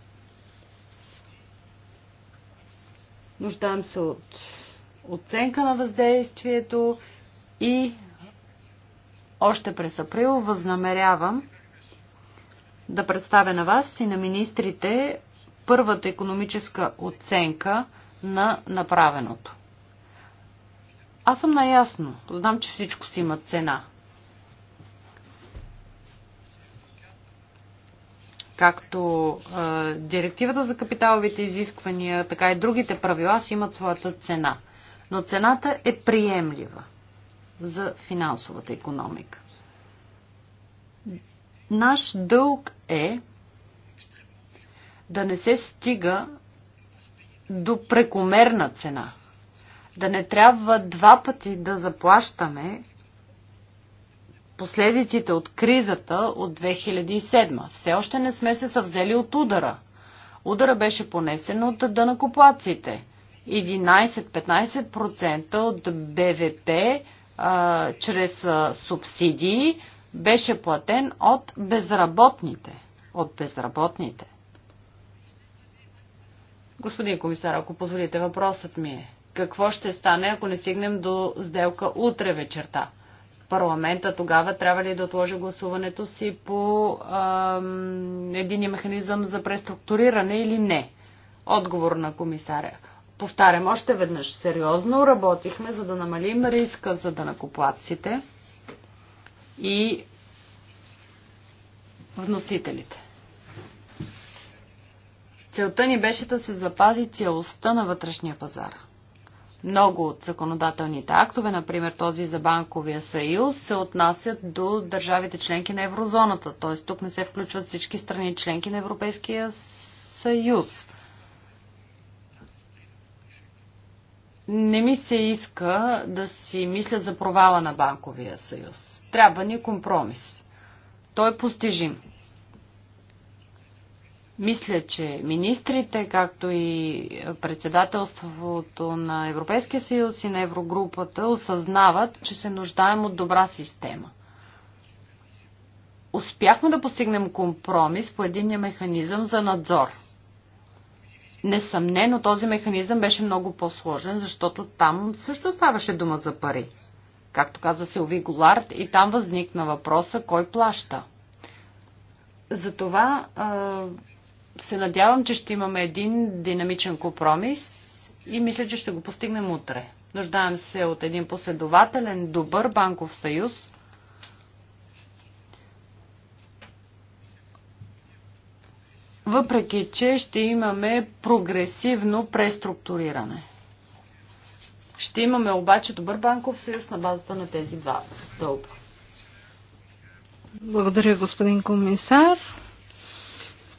Нуждаем се от оценка на въздействието и още през април възнамерявам да представя на вас и на министрите първата економическа оценка – на направеното. Аз съм наясно. Знам, че всичко си има цена. Както е, директивата за капиталовите изисквания, така и другите правила си имат своята цена. Но цената е приемлива за финансовата економика. Наш дълг е да не се стига до прекомерна цена. Да не трябва два пъти да заплащаме последиците от кризата от 2007. Все още не сме се съвзели от удара. Удара беше понесен от дънакоплаците. 11-15% от БВП а, чрез а, субсидии беше платен от безработните. От безработните. Господин комисар, ако позволите, въпросът ми е какво ще стане, ако не стигнем до сделка утре вечерта? Парламента тогава трябва ли да отложи гласуването си по ам, един механизъм за преструктуриране или не? Отговор на комисаря. Повтарям още веднъж. Сериозно работихме, за да намалим риска за данакоплатците и вносителите. Целта ни беше да се запази цялостта на вътрешния пазар. Много от законодателните актове, например този за банковия съюз, се отнасят до държавите членки на еврозоната, т.е. тук не се включват всички страни членки на Европейския съюз. Не ми се иска да си мисля за провала на банковия съюз. Трябва ни компромис. Той е постижим. Мисля, че министрите, както и председателството на Европейския съюз и на Еврогрупата осъзнават, че се нуждаем от добра система. Успяхме да постигнем компромис по единния механизъм за надзор. Несъмнено този механизъм беше много по-сложен, защото там също ставаше дума за пари. Както каза Силви Голард, и там възникна въпроса кой плаща. Затова се надявам, че ще имаме един динамичен компромис и мисля, че ще го постигнем утре. Нуждаем се от един последователен, добър банков съюз. Въпреки, че ще имаме прогресивно преструктуриране. Ще имаме обаче добър банков съюз на базата на тези два стълба. Благодаря, господин комисар.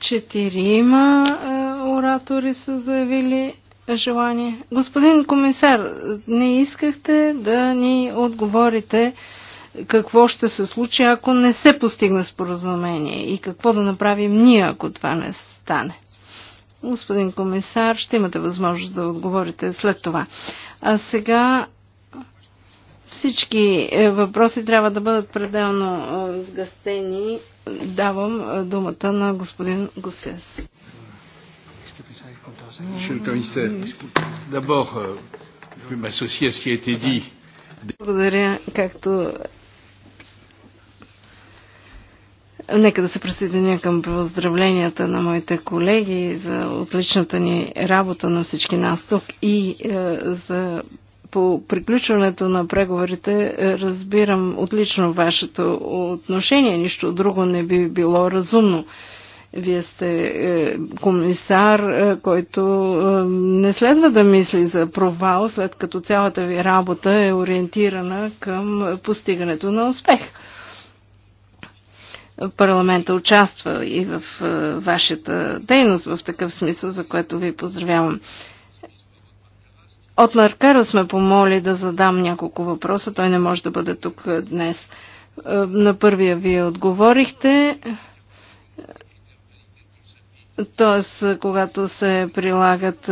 Четирима е, оратори са заявили желание. Господин комисар, не искахте да ни отговорите какво ще се случи, ако не се постигне споразумение и какво да направим ние, ако това не стане. Господин комисар, ще имате възможност да отговорите след това. А сега всички е, въпроси трябва да бъдат пределно е, сгъстени. Давам е, думата на господин Гусес. Euh, Благодаря, както Нека да се присъединя към поздравленията на моите колеги за отличната ни работа на всички нас тук и е, за по приключването на преговорите е, разбирам отлично вашето отношение. Нищо друго не би било разумно. Вие сте е, комисар, е, който не следва да мисли за провал, след като цялата ви работа е ориентирана към постигането на успех. Парламента участва и в вашата дейност в такъв смисъл, за което ви поздравявам. От Наркара сме помоли да задам няколко въпроса. Той не може да бъде тук е, днес. Е, на първия вие отговорихте. Тоест, е, когато се прилагат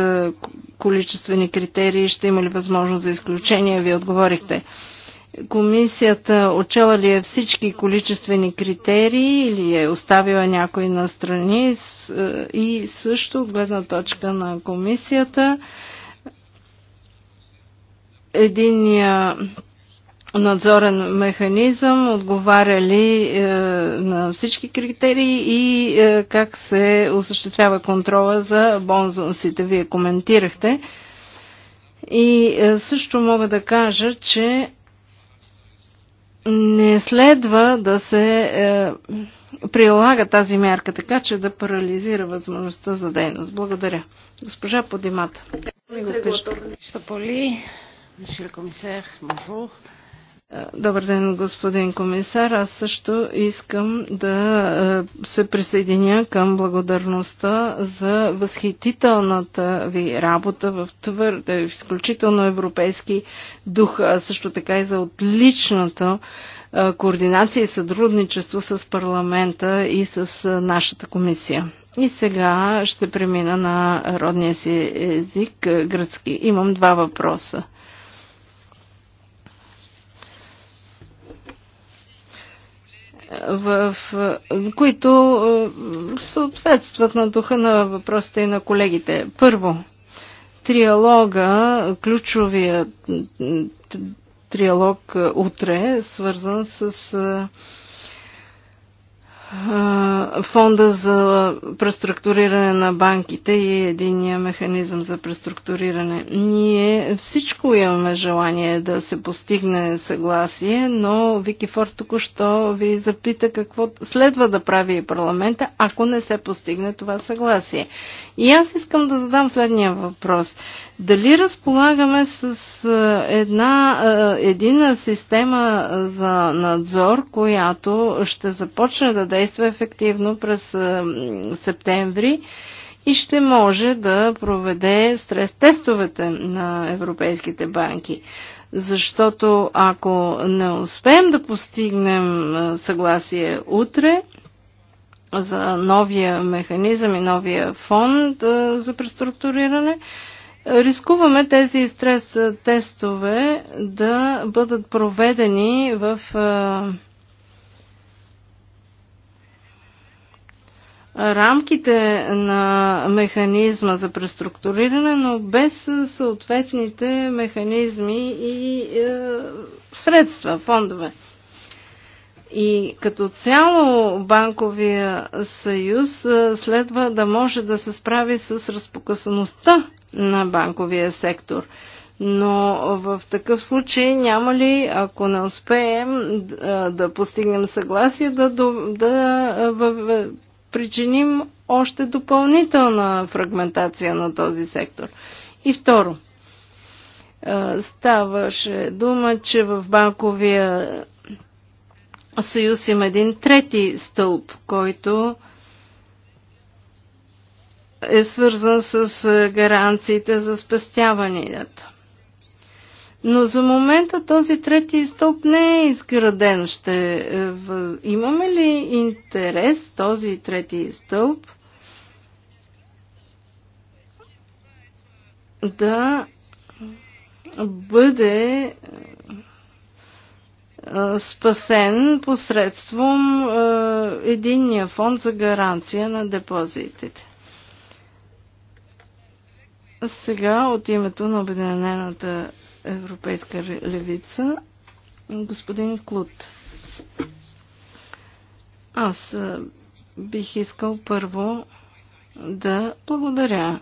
количествени критерии, ще има ли възможност за изключение? Вие отговорихте. Комисията отчела ли е всички количествени критерии или е оставила някой на страни и също гледна точка на комисията единия надзорен механизъм отговаря ли е, на всички критерии и е, как се осъществява контрола за бонзонсите. Вие коментирахте. И е, също мога да кажа, че не следва да се е, прилага тази мярка така, че да парализира възможността за дейност. Благодаря. Госпожа Подимата. Благодаря. Добър ден, господин комисар. Аз също искам да е, се присъединя към благодарността за възхитителната ви работа в твърде, изключително европейски дух, а също така и за отличното е, координация и сътрудничество с парламента и с е, нашата комисия. И сега ще премина на родния си език гръцки. Имам два въпроса. в, които е, съответстват на духа на въпросите и на колегите. Първо, триалога, ключовия триалог е, утре, свързан с е, фонда за преструктуриране на банките и единия механизъм за преструктуриране. Ние всичко имаме желание да се постигне съгласие, но Вики Форд току-що ви запита какво следва да прави парламента, ако не се постигне това съгласие. И аз искам да задам следния въпрос. Дали разполагаме с една една система за надзор, която ще започне да действа действа ефективно през септември и ще може да проведе стрес тестовете на европейските банки. Защото ако не успеем да постигнем съгласие утре за новия механизъм и новия фонд за преструктуриране, рискуваме тези стрес тестове да бъдат проведени в рамките на механизма за преструктуриране, но без съответните механизми и е, средства, фондове. И като цяло банковия съюз е, следва да може да се справи с разпокъсаността на банковия сектор. Но в такъв случай няма ли, ако не успеем е, да постигнем съгласие, да, да причиним още допълнителна фрагментация на този сектор. И второ, е, ставаше дума, че в банковия съюз има един трети стълб, който е свързан с гаранциите за спестяванията. Но за момента този трети стълб не е изграден. Ще, е, имаме ли интерес този трети стълб да бъде е, спасен посредством е, единния фонд за гаранция на депозитите. Сега от името на Обединената Европейска левица, господин Клут. Аз бих искал първо да благодаря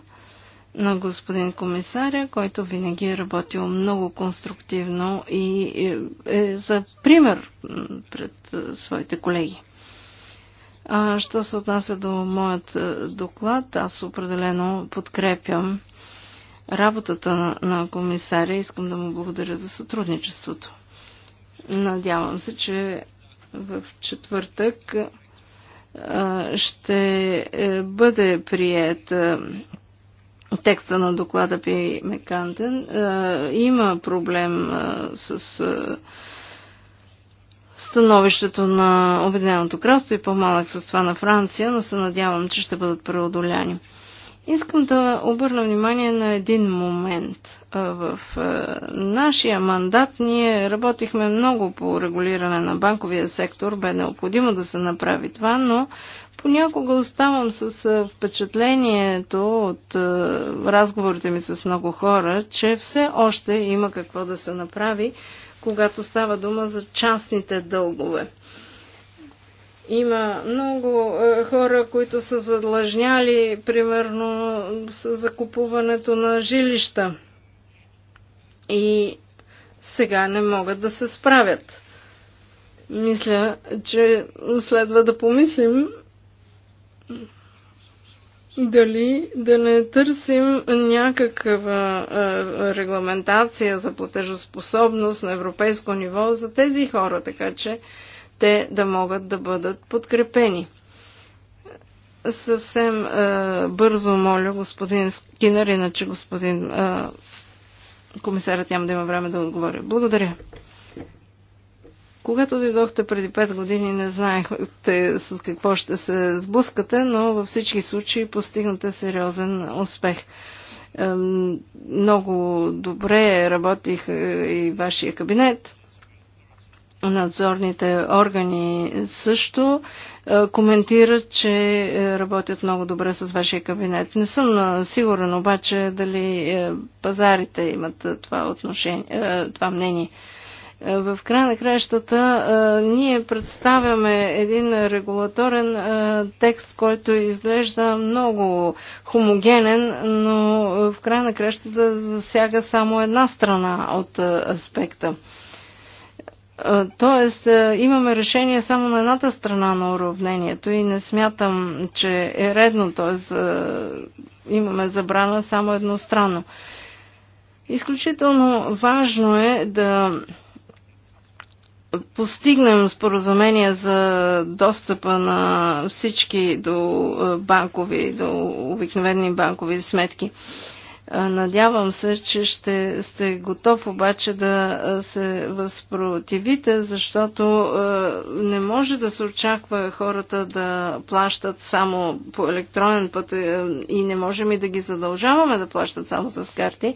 на господин комисаря, който винаги е работил много конструктивно и е за пример пред своите колеги. А, що се отнася до моят доклад, аз определено подкрепям работата на, на комисаря. Искам да му благодаря за сътрудничеството. Надявам се, че в четвъртък ще е, бъде прият текста на доклада Пи Мекантен. Има проблем с становището на Обединеното кралство и по-малък с това на Франция, но се надявам, че ще бъдат преодоляни. Искам да обърна внимание на един момент. В нашия мандат ние работихме много по регулиране на банковия сектор. Бе необходимо да се направи това, но понякога оставам с впечатлението от разговорите ми с много хора, че все още има какво да се направи, когато става дума за частните дългове. Има много е, хора, които са задлъжняли, примерно, с закупуването на жилища. И сега не могат да се справят. Мисля, че следва да помислим дали да не търсим някаква е, регламентация за платежоспособност на европейско ниво за тези хора, така че те да могат да бъдат подкрепени. Съвсем е, бързо моля господин Скинер, иначе господин е, комисарът няма да има време да отговоря. Благодаря. Когато дойдохте преди 5 години, не знаехте с какво ще се сблъскате, но във всички случаи постигнате сериозен успех. Много добре работих е, и вашия кабинет надзорните органи също е, коментират, че е, работят много добре с вашия кабинет. Не съм е, сигурен обаче дали пазарите имат това, отношение, това мнение. В края на краищата ние представяме един регулаторен текст, който изглежда много хомогенен, но в край на краищата засяга само една страна от аспекта. Тоест, имаме решение само на едната страна на уравнението и не смятам, че е редно, т.е. имаме забрана само едностранно. Изключително важно е да постигнем споразумение за достъпа на всички до банкови, до обикновени банкови сметки. Надявам се, че ще сте готов обаче да се възпротивите, защото не може да се очаква хората да плащат само по електронен път и не можем и да ги задължаваме да плащат само с карти.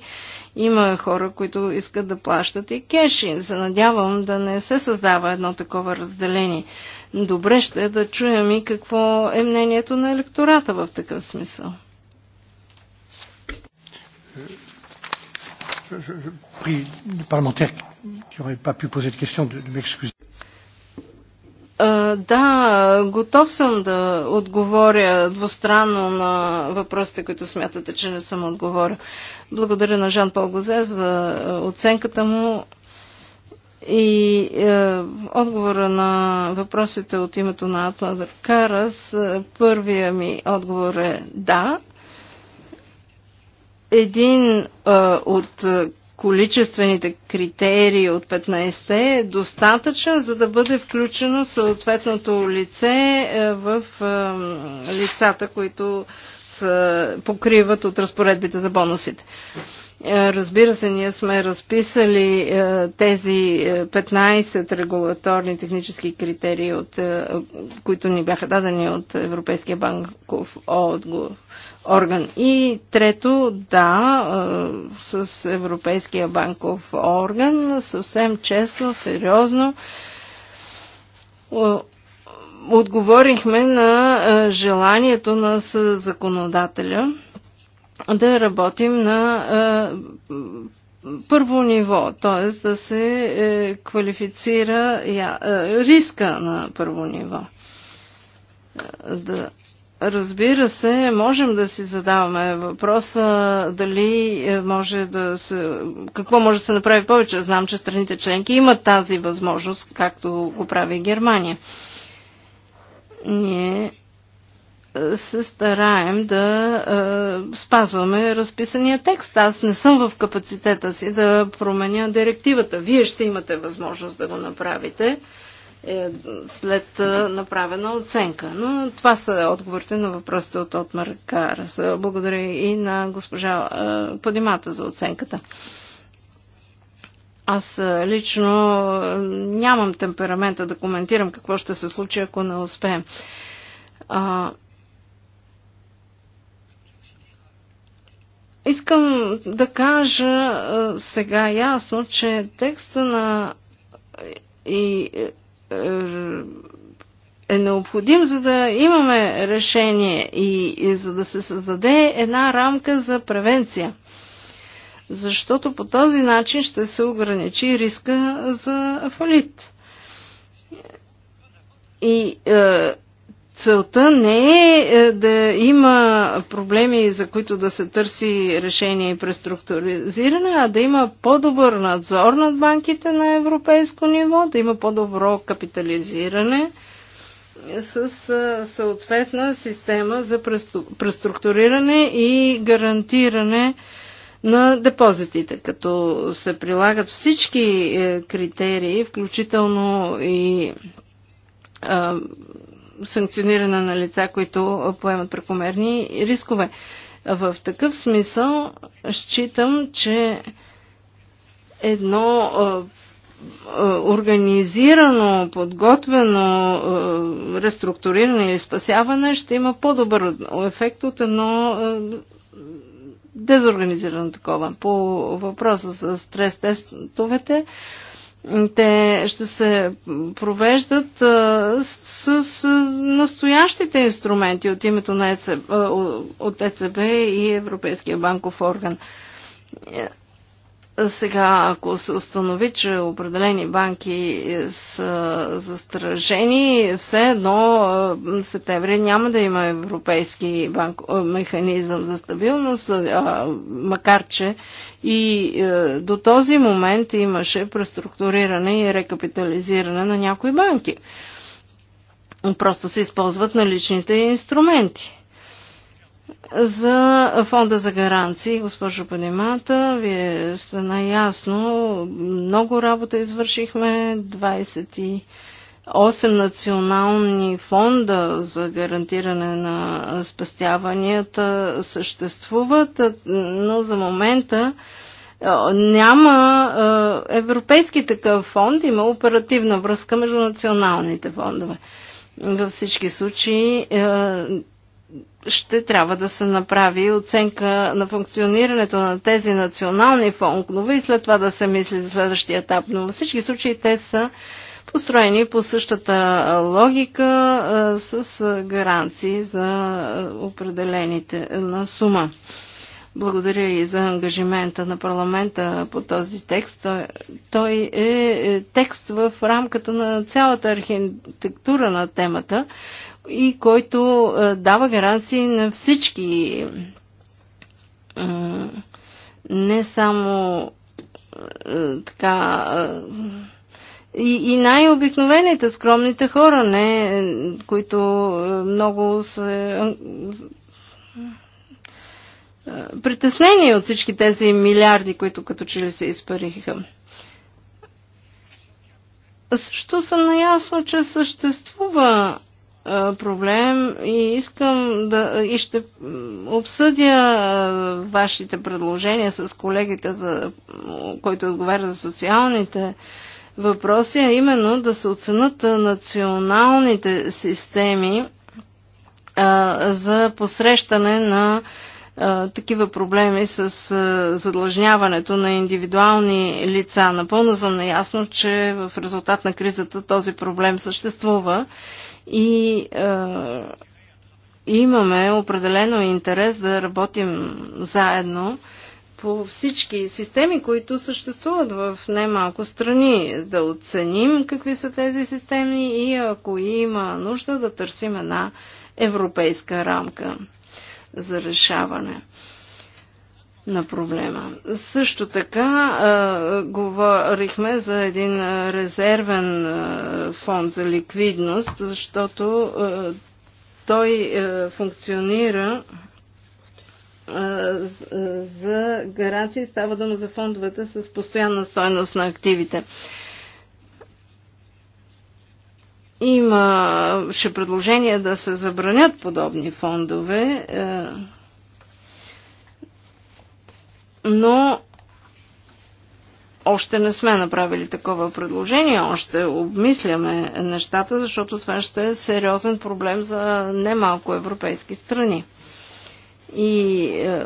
Има хора, които искат да плащат и кеши. Се надявам да не се създава едно такова разделение. Добре ще е да чуем и какво е мнението на електората в такъв смисъл je, je, je prie les parlementaires qui n'auraient pas pu poser de questions de, de m'excuser. Да, готов съм да отговоря двустранно на въпросите, които смятате, че не съм отговорил. Благодаря на Жан Пол Гозе за оценката му и е, отговора на въпросите от името на Атмадър Карас. Първия ми отговор е да един а, от количествените критерии от 15-те е достатъчен, за да бъде включено съответното лице е, в а, лицата, които са, покриват от разпоредбите за бонусите. Е, разбира се, ние сме разписали е, тези 15 е, регулаторни технически критерии, от, е, които ни бяха дадени от Европейския банков отговор орган. И трето, да, с Европейския банков орган съвсем честно, сериозно отговорихме на желанието на законодателя да работим на първо ниво, т.е. да се е, квалифицира е, риска на първо ниво. Да Разбира се, можем да си задаваме въпроса дали е, може да се... Какво може да се направи повече? Знам, че страните членки имат тази възможност, както го прави Германия. Ние е, се стараем да е, спазваме разписания текст. Аз не съм в капацитета си да променя директивата. Вие ще имате възможност да го направите е, след е, направена оценка. Но това са отговорите на въпросите от Отмар Карас. Благодаря и на госпожа е, Подимата за оценката. Аз е, лично нямам темперамента да коментирам какво ще се случи, ако не успеем. А, искам да кажа сега ясно, че текста на и е, е необходим, за да имаме решение и, и за да се създаде една рамка за превенция. Защото по този начин ще се ограничи риска за фалит. И е, целта не е, е да има проблеми, за които да се търси решение и преструктуризиране, а да има по-добър надзор над банките на европейско ниво, да има по-добро капитализиране с е, съответна система за преструктуриране и гарантиране на депозитите, като се прилагат всички е, критерии, включително и санкциониране на лица, които поемат прекомерни рискове. В такъв смисъл считам, че едно организирано, подготвено реструктуриране или спасяване ще има по-добър ефект от едно дезорганизирано такова. По въпроса за стрес тестовете, те ще се провеждат с, с настоящите инструменти от името на ЕЦБ, от ЕЦБ и Европейския банков орган. Сега, ако се установи, че определени банки е, са застражени, все едно е, септември няма да има европейски банк, е, механизъм за стабилност, макар че и до този момент имаше преструктуриране и рекапитализиране на някои банки. Просто се използват наличните инструменти. За фонда за гаранции, госпожо Панимата, вие сте наясно, много работа извършихме, 28 национални фонда за гарантиране на спестяванията съществуват, но за момента е, няма е, европейски такъв фонд, има оперативна връзка между националните фондове. Във всички случаи е, ще трябва да се направи оценка на функционирането на тези национални фонкнове и след това да се мисли за следващия етап. Но във всички случаи те са построени по същата логика с гаранции за определените на сума. Благодаря и за ангажимента на парламента по този текст. Той е, е текст в рамката на цялата архитектура на темата и който е, дава гаранции на всички, не само е, така е, и, и най-обикновените, скромните хора, не, които много са. притеснени от всички тези милиарди, които като че ли се изпариха. Също съм наясно, че съществува проблем и искам да и ще обсъдя вашите предложения с колегите, за, който отговаря за социалните въпроси, а именно да се оценят националните системи за посрещане на такива проблеми с задлъжняването на индивидуални лица. Напълно съм наясно, че в резултат на кризата този проблем съществува и е, имаме определено интерес да работим заедно по всички системи, които съществуват в немалко страни. Да оценим какви са тези системи и ако има нужда да търсим една европейска рамка за решаване на проблема. Също така а, говорихме за един резервен а, фонд за ликвидност, защото а, той а, функционира а, за гаранции. Става дума за фондовете с постоянна стойност на активите. Имаше предложение да се забранят подобни фондове. А, но още не сме направили такова предложение, още обмисляме нещата, защото това ще е сериозен проблем за немалко европейски страни. И е,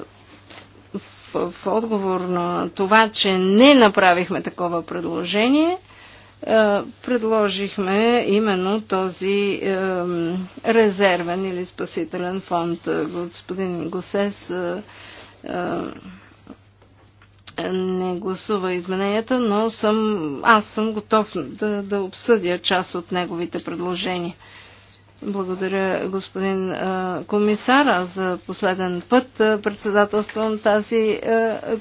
в, в отговор на това, че не направихме такова предложение, е, предложихме именно този е, резервен или спасителен фонд. Господин Госес не гласува измененията, но съм, аз съм готов да, да обсъдя част от неговите предложения. Благодаря, господин комисара, за последен път председателствам тази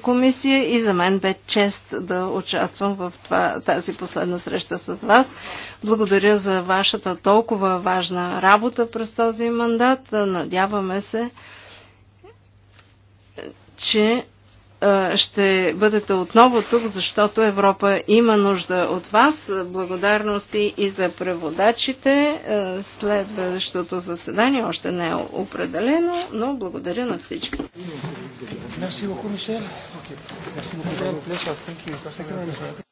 комисия и за мен бе чест да участвам в това, тази последна среща с вас. Благодаря за вашата толкова важна работа през този мандат. Надяваме се, че е, ще бъдете отново тук, защото Европа има нужда от вас. Благодарности и за преводачите. Е, следващото заседание още не е определено, но благодаря на всички. Merci beaucoup, Michel. Okay. Merci beaucoup.